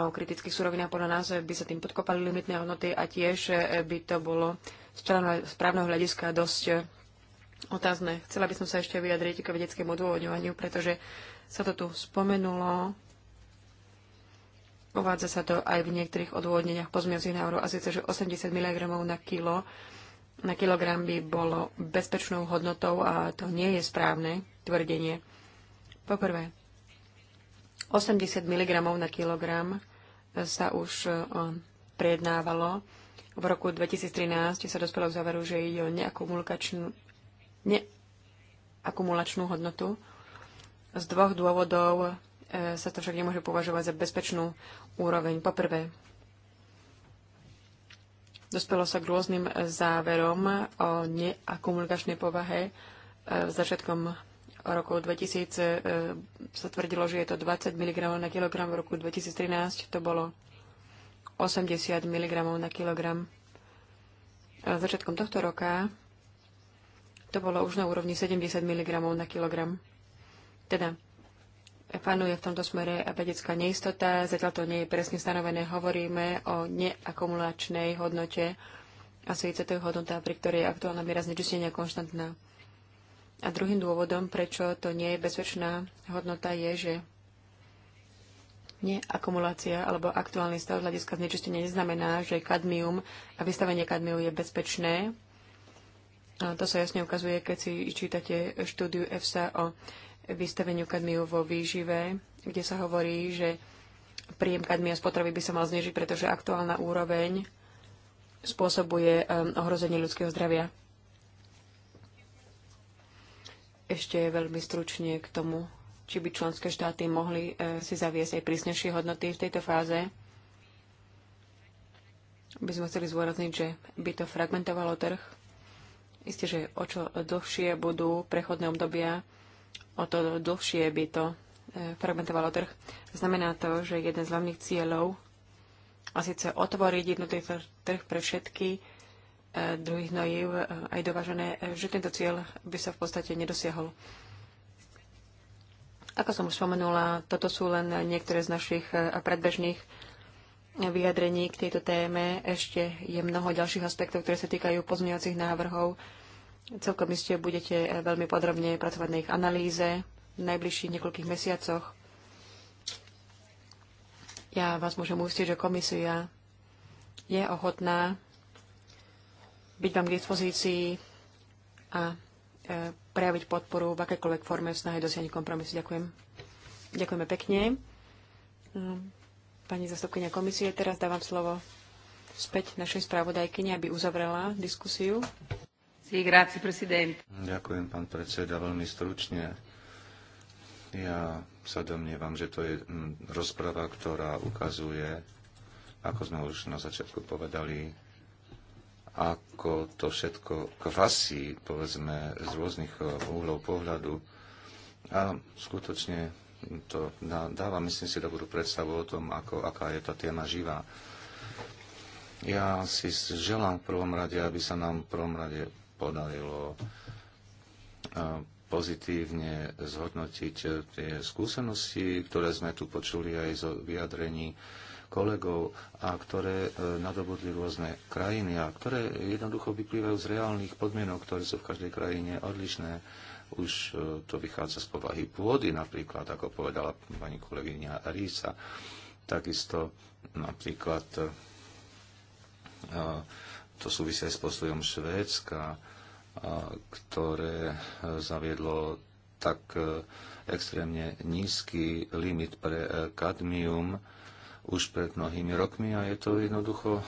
o kritických surovinách podľa nás by sa tým podkopali limitné hodnoty a tiež eh, by to bolo z správneho hľadiska dosť eh, otázne. Chcela by som sa ešte vyjadriť k vedeckému odôvodňovaniu, pretože sa to tu spomenulo. Uvádza sa to aj v niektorých odôvodneniach pozmiacich návrhov, a síce, že 80 mg na kilo na kilogram by bolo bezpečnou hodnotou a to nie je správne tvrdenie. Poprvé, 80 mg na kilogram e, sa už e, prejednávalo. V roku 2013 sa dospelo k záveru, že ide o neakumulačnú, hodnotu. Z dvoch dôvodov e, sa to však nemôže považovať za bezpečnú úroveň. Poprvé, dospelo sa k rôznym záverom o neakumulačnej povahe začiatkom roku 2000 e, sa tvrdilo, že je to 20 mg na kilogram, v roku 2013 to bolo 80 mg na kilogram. A začiatkom tohto roka to bolo už na úrovni 70 mg na kilogram. Teda panuje v tomto smere vedecká neistota, zatiaľ to nie je presne stanovené, hovoríme o neakumulačnej hodnote a síce to je hodnota, pri ktorej je aktuálna miera znečistenia konštantná. A druhým dôvodom, prečo to nie je bezpečná hodnota, je, že neakumulácia alebo aktuálny stav z hľadiska znečistenia neznamená, že kadmium a vystavenie kadmiu je bezpečné. A to sa jasne ukazuje, keď si čítate štúdiu EFSA o vystaveniu kadmiu vo výžive, kde sa hovorí, že príjem kadmia z potravy by sa mal znižiť, pretože aktuálna úroveň spôsobuje um, ohrozenie ľudského zdravia. Ešte veľmi stručne k tomu, či by členské štáty mohli e, si zaviesť aj prísnejšie hodnoty v tejto fáze. By sme chceli zôrazniť, že by to fragmentovalo trh. Isté, že o čo dlhšie budú prechodné obdobia, o to dlhšie by to e, fragmentovalo trh. Znamená to, že jeden z hlavných cieľov, a síce otvoriť jednotný trh pre všetky, druhých hnojív e, aj dovažené, e, že tento cieľ by sa v podstate nedosiahol. Ako som už spomenula, toto sú len niektoré z našich e, predbežných vyjadrení k tejto téme. Ešte je mnoho ďalších aspektov, ktoré sa týkajú pozmeňovacích návrhov. Celkom iste budete veľmi podrobne pracovať na ich analýze v najbližších niekoľkých mesiacoch. Ja vás môžem ústiť, že komisia je ochotná byť vám k dispozícii a e, prejaviť podporu v akékoľvek forme v snahe dosiahnuť kompromisu. Ďakujem. Ďakujeme pekne. No, pani zastupkynia komisie, teraz dávam slovo späť našej správodajkyni, aby uzavrela diskusiu. Sí, grazie, Ďakujem, pán predseda, veľmi stručne. Ja sa domnievam, že to je mm, rozprava, ktorá ukazuje, ako sme už na začiatku povedali, ako to všetko kvasí, povedzme, z rôznych eh, uhlov pohľadu. A skutočne to dáva, myslím si, dobrú predstavu o tom, ako, aká je tá téma živá. Ja si želám v prvom rade, aby sa nám v prvom rade podarilo eh, pozitívne zhodnotiť eh, tie skúsenosti, ktoré sme tu počuli aj zo vyjadrení kolegov a ktoré e, nadobudli rôzne krajiny a ktoré jednoducho vyplývajú z reálnych podmienok, ktoré sú v každej krajine odlišné. Už e, to vychádza z povahy pôdy napríklad, ako povedala pani kolegyňa Rísa. Takisto napríklad e, to aj s postojom Švédska, ktoré zaviedlo tak extrémne nízky limit pre kadmium, už pred mnohými rokmi a je to jednoducho e,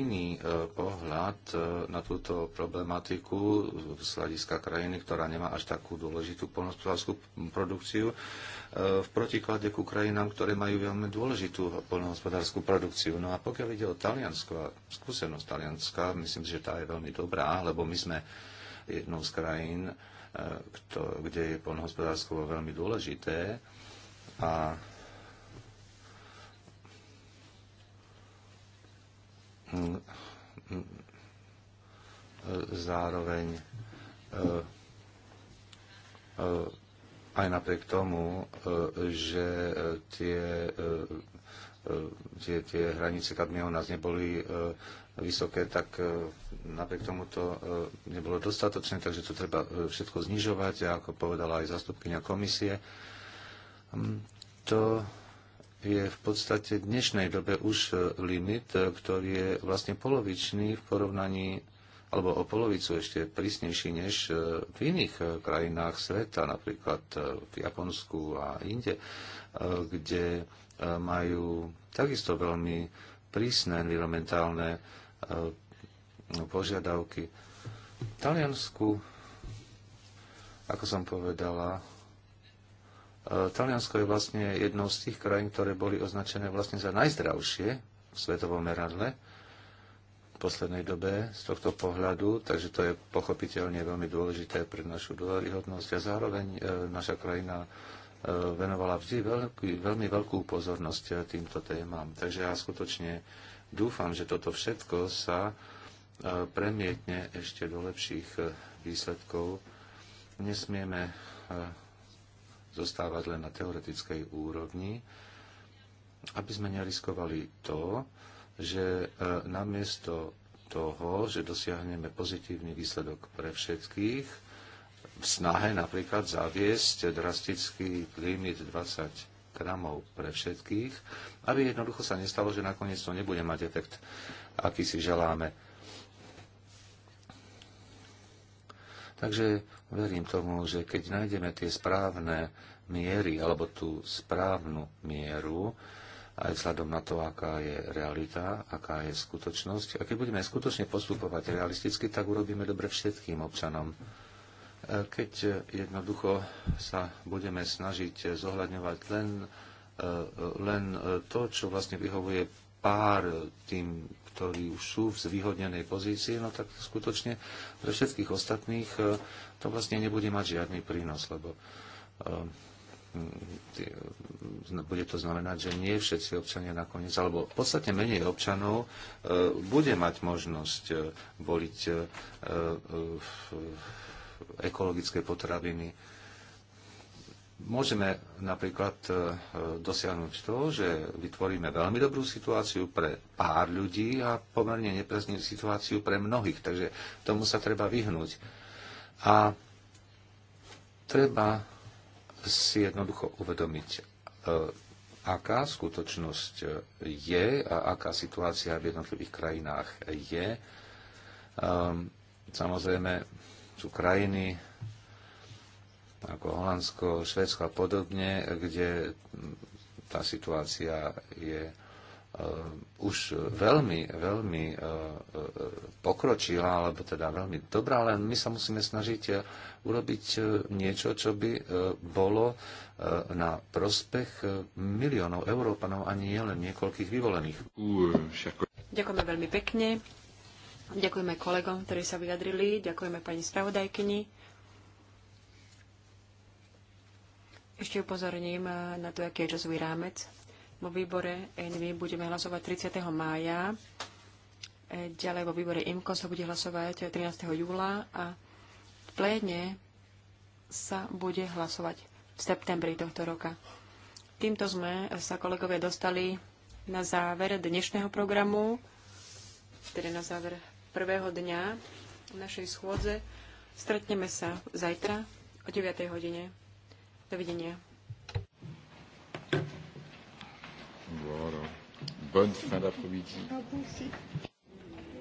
iný e, pohľad e, na túto problematiku z hľadiska krajiny, ktorá nemá až takú dôležitú polnohospodárskú produkciu, v protiklade ku krajinám, ktoré majú veľmi dôležitú polnohospodárskú produkciu. No a pokiaľ ide o Taliansko a skúsenosť Talianska, myslím, že tá je veľmi dobrá, lebo my sme jednou z krajín, kde je polnohospodárstvo veľmi dôležité a Mm, mm, zároveň e, e, aj napriek tomu, e, že tie, tie, tie hranice kadmiu nás neboli vysoké, tak napriek tomu to nebolo dostatočné, takže to treba všetko znižovať, ako povedala aj zastupkynia komisie. Mm, to je v podstate v dnešnej dobe už e, limit, e, ktorý je vlastne polovičný v porovnaní alebo o polovicu ešte prísnejší než e, v iných krajinách sveta, napríklad v Japonsku a inde, kde majú takisto veľmi prísne environmentálne požiadavky. V Taliansku, ako som povedala, Taliansko je vlastne jednou z tých krajín, ktoré boli označené vlastne za najzdravšie v svetovom meradle v poslednej dobe z tohto pohľadu, takže to je pochopiteľne veľmi dôležité pre našu dôveryhodnosť a zároveň e, naša krajina e, venovala vždy veľký, veľmi veľkú pozornosť e, týmto témam. Takže ja skutočne dúfam, že toto všetko sa premietne ešte do lepších výsledkov. Nesmieme zostávať len na teoretickej úrovni, aby sme neriskovali to, že e, namiesto toho, že dosiahneme pozitívny výsledok pre všetkých, v snahe napríklad zaviesť drastický limit 20 gramov pre všetkých, aby jednoducho sa nestalo, že nakoniec to nebude mať efekt, aký si želáme. Takže verím tomu, že keď nájdeme tie správne miery, alebo tú správnu mieru, aj vzhľadom na to, aká je realita, aká je skutočnosť. A keď budeme skutočne postupovať realisticky, tak urobíme dobre všetkým občanom. E, keď jednoducho sa budeme snažiť zohľadňovať len, e, e, len to, čo vlastne vyhovuje pár tým ktorí už sú v zvýhodnenej pozícii, no tak skutočne pre všetkých ostatných e, to vlastne nebude mať žiadny prínos, lebo e, e, bude to znamenať, že nie všetci občania nakoniec, alebo v podstate menej občanov bude mať možnosť voliť ekologické potraviny Môžeme napríklad e, dosiahnuť to, že vytvoríme veľmi dobrú situáciu pre pár ľudí a pomerne nepreznú situáciu pre mnohých. Takže tomu sa treba vyhnúť. A treba si jednoducho uvedomiť, e, aká skutočnosť je a aká situácia v jednotlivých krajinách je. Ehm, samozrejme, sú krajiny, ako Holandsko, Švedsko a podobne, kde tá situácia je e, už veľmi, veľmi e, e, pokročila, alebo teda veľmi dobrá, len my sa musíme snažiť urobiť niečo, čo by bolo na prospech miliónov Európanov a nie len niekoľkých vyvolených. Ďakujeme veľmi pekne. Ďakujeme kolegom, ktorí sa vyjadrili. Ďakujeme pani spravodajkyni. Ešte upozorním eh, na to, aký je časový rámec. Vo výbore ENVI budeme hlasovať 30. mája. Eh, Ďalej vo výbore IMKO sa bude hlasovať 13. júla a v pléne sa bude hlasovať v septembri tohto roka. Týmto sme sa kolegovia dostali na záver dnešného programu, teda na záver prvého dňa našej schôdze. Stretneme sa zajtra o 9. hodine. Dovidenia. Voilà. Bonne fin d'après-midi. Ah,